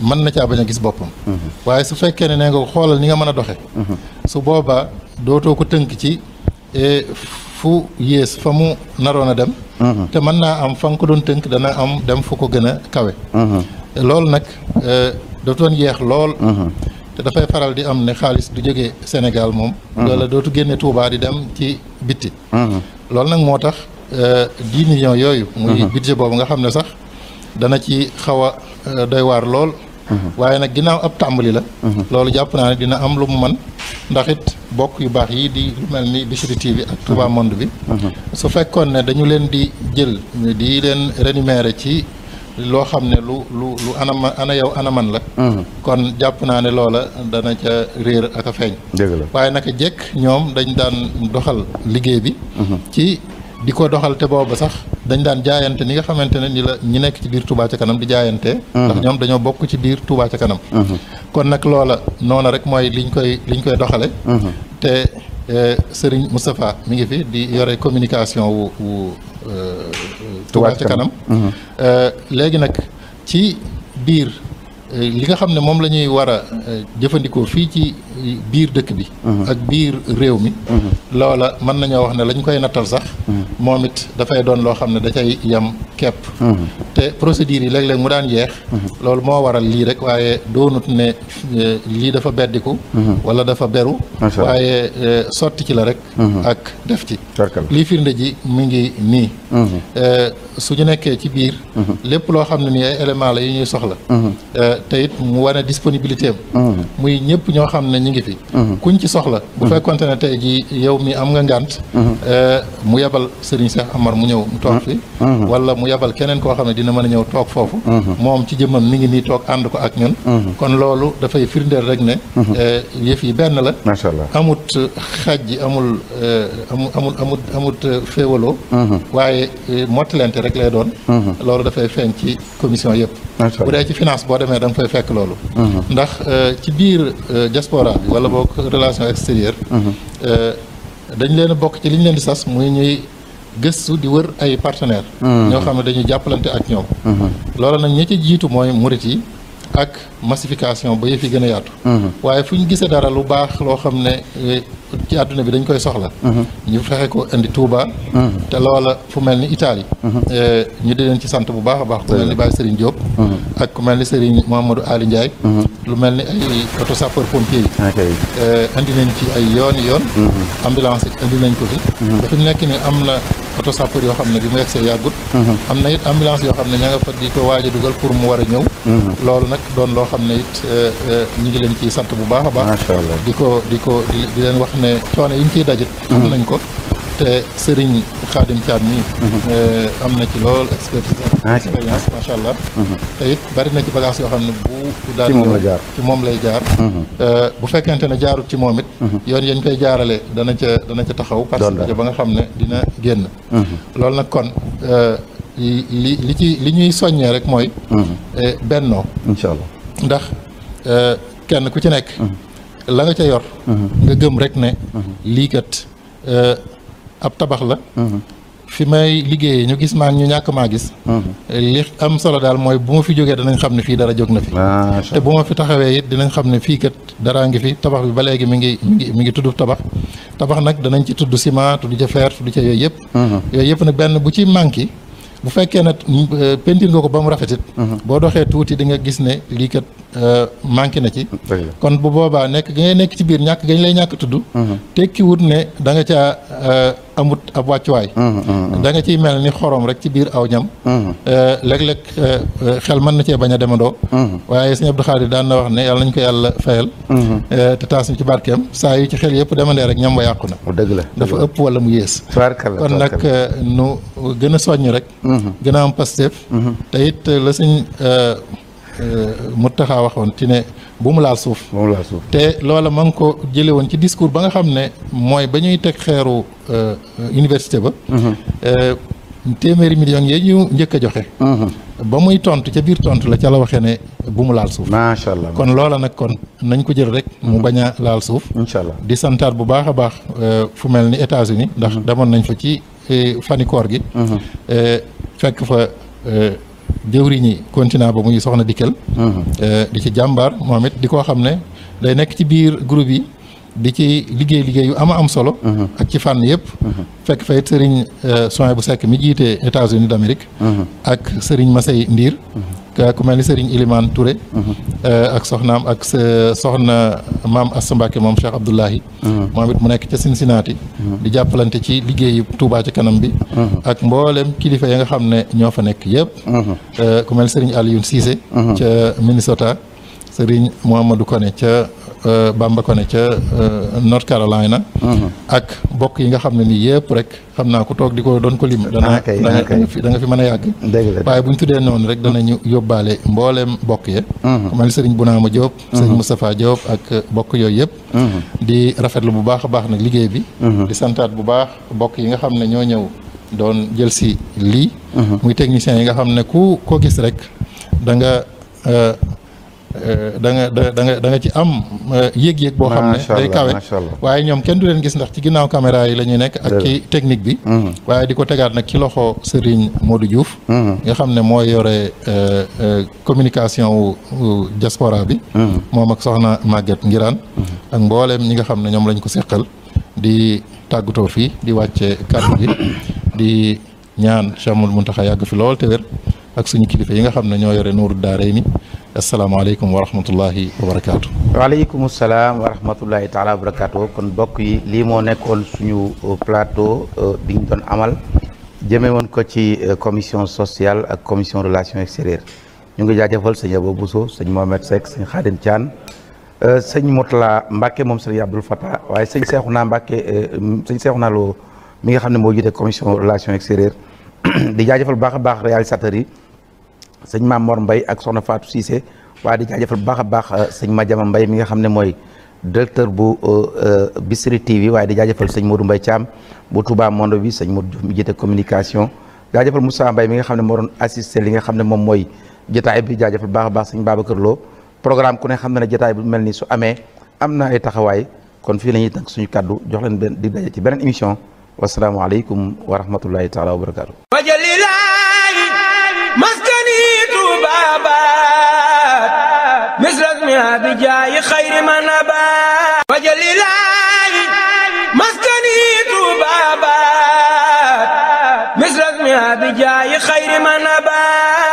mën na caa bañ gis boppam waaye su fekkee ne nee nga ko xoolal ni nga mën a doxe su boobaa dootoo ko tënk ci eh, fu yées fa mu naroon a dem te mën naa am fa nga ko doon tënk dana am dem fu ko gën a kawe loolu nag eh, daf doon yeex lool te dafay faral di am ne xaalis du jóge Sénégal moom loola dootu génne tuubaa di dem ci bitti loolu nag moo tax euh, dix millions yooyu. muy uh-huh. budget boobu nga xam ne sax dana ci xaw a euh, doy waar lool. Uh-huh. waaye nag ginnaaw ab tàmbali la. Uh-huh. loolu jàpp naa ne dina am lu mu man ndax it bokk yu baax yi di lu mel ni Bichri TV ak Touba Monde bi. su fekkoon ne dañu leen di jël di leen rémunérer ci. loo xam ne lu lu lu anama ana man anaman la mm-hmm. kon jàpp naa ne loola dana ca réer ak a feeñ waaye naka jekk ñoom dañ daan doxal liggéey bi mm-hmm. ci di ko doxal te booba sax dañ daan jaayante ni nga xamante ne ni la ñi nekk ci biir Touba ca kanam di jaayante mm-hmm. ndax ñoom dañoo bokk ci biir Touba ca kanam kon nag loola noona rek mooy liñ koy liñ koy doxale te Euh, Serigne Moustapha mi ngi fi di yore communication wu wu. Euh, Touba ca kanam mhm. euh, léegi nag ci biir. li nga xam ne moom la ñuy war a euh, jëfandikoo fii ci biir dëkk bi. Uh-huh. ak biir réew mi. Uh-huh. loola mën nañoo wax ne la koy nattal sax. Uh-huh. moom it dafay doon loo xam ne da cay kepp. te procédures yi léeg-léeg mu daan yeex. loolu moo waral lii rek waaye doonut ne euh, lii dafa beddiku. wala dafa beru. waaye euh, sotti ci la rek. ak def ci. lii firnde ji mu ngi nii. su ñu nekkee ci biir. Mhm. lépp loo xam ne ni ay éléments la yu ñuy soxla. Mhm. Euh, te it mu wane disponibilité am. Mhm. muy ñëpp ñoo xam ne ñu ngi fi. kuñ ci soxla. bu fekkonte ne tey jii yow mi am nga ngànt. Euh, mu yebal Serigne Cheikh Amar mu ñëw mu toog fi. wala mu yebal keneen koo xam ne dina mën a ñëw toog foofu. moom ci jëmmam mi ngi nii toog ànd ko ak ñun. kon loolu dafay firndeel rek ne. Euh, yëf yi benn la. macha allah amut xaj amul amul amut amut féewaloo. waaye mottalante rek lay doon mhm. loolu dafay feeñ ci commission yëpp bu dee ci finance boo demee da nga fay fekk loolu mhm. ndax euh, ci biir euh, diaspora bi wala boog relation extérieure mhm. euh, dañ leen a bokk ci li ñu leen di sas muy ñuy gëstu di wër ay partenaires ñoo xam ne dañuy jàppalante ak ñoom loolu nag ñi jiitu mooy murit yi ak massification ba yëf yi gën a yaatu mhm. waaye fu ñu gisee dara lu baax loo xam ne eh, ci àdduna bi dañ koy soxla mhm. ñu fexe ko indi Touba mhm. te loola fu mel ni Italie eh, ñu di leen ci sant bu baax a baax ku mel ni Baye Serigne Diop ak ku mel ni Serigne Mouhamadou Ali lu mel ni ay oto sapeur pompier yi eh, indi nañ ci ay yoon yoon ambulance indi nañ ko fi dafa nekk ni am na oto sapeur yoo xam ne bi mu yegsee yàggut mhm. am na it ambulance yoo xam ne ña nga fa di ko waaj a dugal pour mu war a ñëw mhm. loolu nag doon loo xam ne it euh, euh, ñu ngi leen ciy sant bu baax a baax di ko di ko di leen wax ne coono yi ñu ciy mhm. am nañ ko te Serigne Khadim Thiam mi mhm. eh, am na ci lool expertise ah, expérience macha allah mhm. te it bari ci bagage yoo xam ne bu daal ci moom lay jaar mhm. eh, bu fekkente ne jaarut ci moom it yoon yañ koy jaarale dana ca dana ca taxaw parce ba nga xam ne dina génn loolu nag kon eh, li li ci li ñuy soññee rek mooy bennoo ndax kenn ku ci nekk la nga ca yor nga gëm rek ne lii ab tabax la mhm. fi may liggéeyee ñu gis maa ñu ñàkk maa gis mhm. li am solo daal mooy bu ma fi jógee dinañ xam ne fii dara jóg na fi te ma fi taxawee it xam ne fii kat daraa ngi fi tabax bi ba léegi mi ngi mi ngi mi ngi tudd tabax tabax nag danañ ci tudd ciment tudd ca fer tudd ca yooyu yëpp mhm. yooyu yëpp nag benn bu ci manqué bu fekkee ne euh, pentir nga ko ba mu rafetit boo doxee tuuti di nga gis ne lii kat Euh, manqué na ci kon bu boobaa nekk gi ngay nekk ci biir ñàkk gañ lay ñàkk tudd mhm. tekki wut ne danga nga caa euh, amut ab wàccuwaay mhm, mhm, da nga ciy mel ni xorom rek ci biir aw ñam euh, léeg-léeg xel man na cee bañ a demandoo waaye sëñ Abdou yi daan na wax ne yàlla nañ ko yàlla fayal te taas ñu ci barkeem saa yu ci xel yëpp demandee rek ñam ba yàqu na oh, dëgg la dafa ëpp wala mu yées kon nag nu gën a soññ rek gën am pastef te it la sëñ Euh, Mountakha waxoon ci ne bu mu laal suuf. bu suuf te loola ma ngi ko jëlee woon ci discours ba nga xam ne mooy ba ñuy teg xeeru euh, université ba. Uh-huh. Euh, téeméeri million yi ñu njëkk a joxe. Uh-huh. ba muy tontu ca biir tontu la ca la waxee ne bu mu laal suuf. macha allah kon loola nag kon nañ ko jël rek. mu uh-huh. bañ a laal suuf. incha allah di santaar bu baax a baax fu mel ni états uni ndax demoon nañ fa ci fani gi. fekk fa. jëwriñi continent ba muy soxna dikkel uh-huh. eh, di ci jàmbaar moom it di koo xam ne day nekk ci biir group yi di ci liggéey liggéey yu ama am solo uh-huh. ak ci fànn yëpp uh-huh. fekk fa it sëriñ eh, soin bu sekk mi jiite États-Unis d'Amérique ak sëriñ Masey Ndiir ku mel ni Serigne Ilimane Touré. Mm-hmm. ak soxnaam ak soxna maam Assa Mbacke moom Cheikh Abdoulahi. Mm-hmm. moom it mu nekk ca Cincinnati. Mm-hmm. di jàppalante ci liggéeyu Touba ci kanam bi. ak mboolem kilifa ya nga xam ne ñoo fa nekk yëpp. Euh, ku mel Serigne Alioune Cissé. ca Minnesota Serigne Mohamadou Koné ca. Euh, Bamba Kone ca euh, North na uh-huh. ak bokk yi nga xam ne nii yëpp rek xam naa ku toog di ko doon ko lim ah, dana danga ah, fi da nga fi mën a yàgg waaye bu ñu tuddee noonu rek ñu yóbbaale mbooleem bokk ye uh-huh. man Serigne Bounama Diop uh-huh. Serigne Moustapha Diop ak bokk yooyu yëpp di rafetlu bu baax a baax nag liggéey bi di santaat bu baax bokk yi nga xam ne ñoo ñëw doon jël si lii muy technicien yi nga xam ne ku ko gis rek danga euh, Euh, da nga da nga da nga ci am euh, yéeg-yéeg boo xam ne day kawe waaye ñoom kenn du leen gis ndax ci ginnaaw caméra yi la ñuy nekk ak ci technique bi mm-hmm. waaye di ko tegaat nag ki loxo Serigne Modou juuf mm-hmm. nga xam ne mooy yore euh, communication wu diaspora bi mm-hmm. moom ak soxna Maguette Ngiraan ak mbooleem ñi nga xam ne ñoom lañu ko seqal di tàggatoo fii di wàcce kàddu gi di ñaan Chamul taxa yàgg fi lool te wér ak suñu kilifa yi nga xam ne ñoo yore nuuru daaray ni asalaamaaleykum wa rahmatullahi wa barakaatu. waaleykum salaam wa rahmatullahi taala kon mbokk yi lii moo nekkoon suñu euh, plateau euh, bi ñu doon amal jëmee woon ko ci euh, commission sociale ak commission relation extérieure ñu ngi jaajëfal sëñ Abo Bousso sëñ Mohamed Seck sëñ Khadim Thian sëñ Moutala Mbacke moom sëñ Abdoul Fattah waaye sëñ Cheikhouna Mbacke sëñ Cheikhouna Lo mi nga xam ne moo jiite commission relation extérieure di jaajëfal baax a baax réalisateurs yi. sëñ Maam Mor Mbay ak soxna Fatou Cissé waa di jaajëfal bu baax a baax euh, sëñ Madiama Mbay mi nga xam ne mooy euh, directeur bu euh, Bichri TV waaye di jaajëfal sëñ Modou Mbay Thiam bu Touba Monde bi sëñ Modou Diouf mi jiite communication jaajëfal Moussa Mbay mi nga xam ne moo doon assisté li nga xam ne moom mooy jotaay bi jaajëfal baax a baax sëñ Babacar Lo programme ku ne xam na ne jotaay bu mel ni su amee am na ay taxawaay kon fii la ñuy tënk suñu kàddu jox leen benn di daje ci beneen émission wasalaamaaleykum wa rahmatullahi taala wa barakaatu الدنيا بجاي خير من أبا وجل إلهي مسكني بابات مثل اسمها بجاي خير من ابا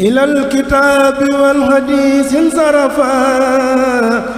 إلى الكتاب والحديث انصرفا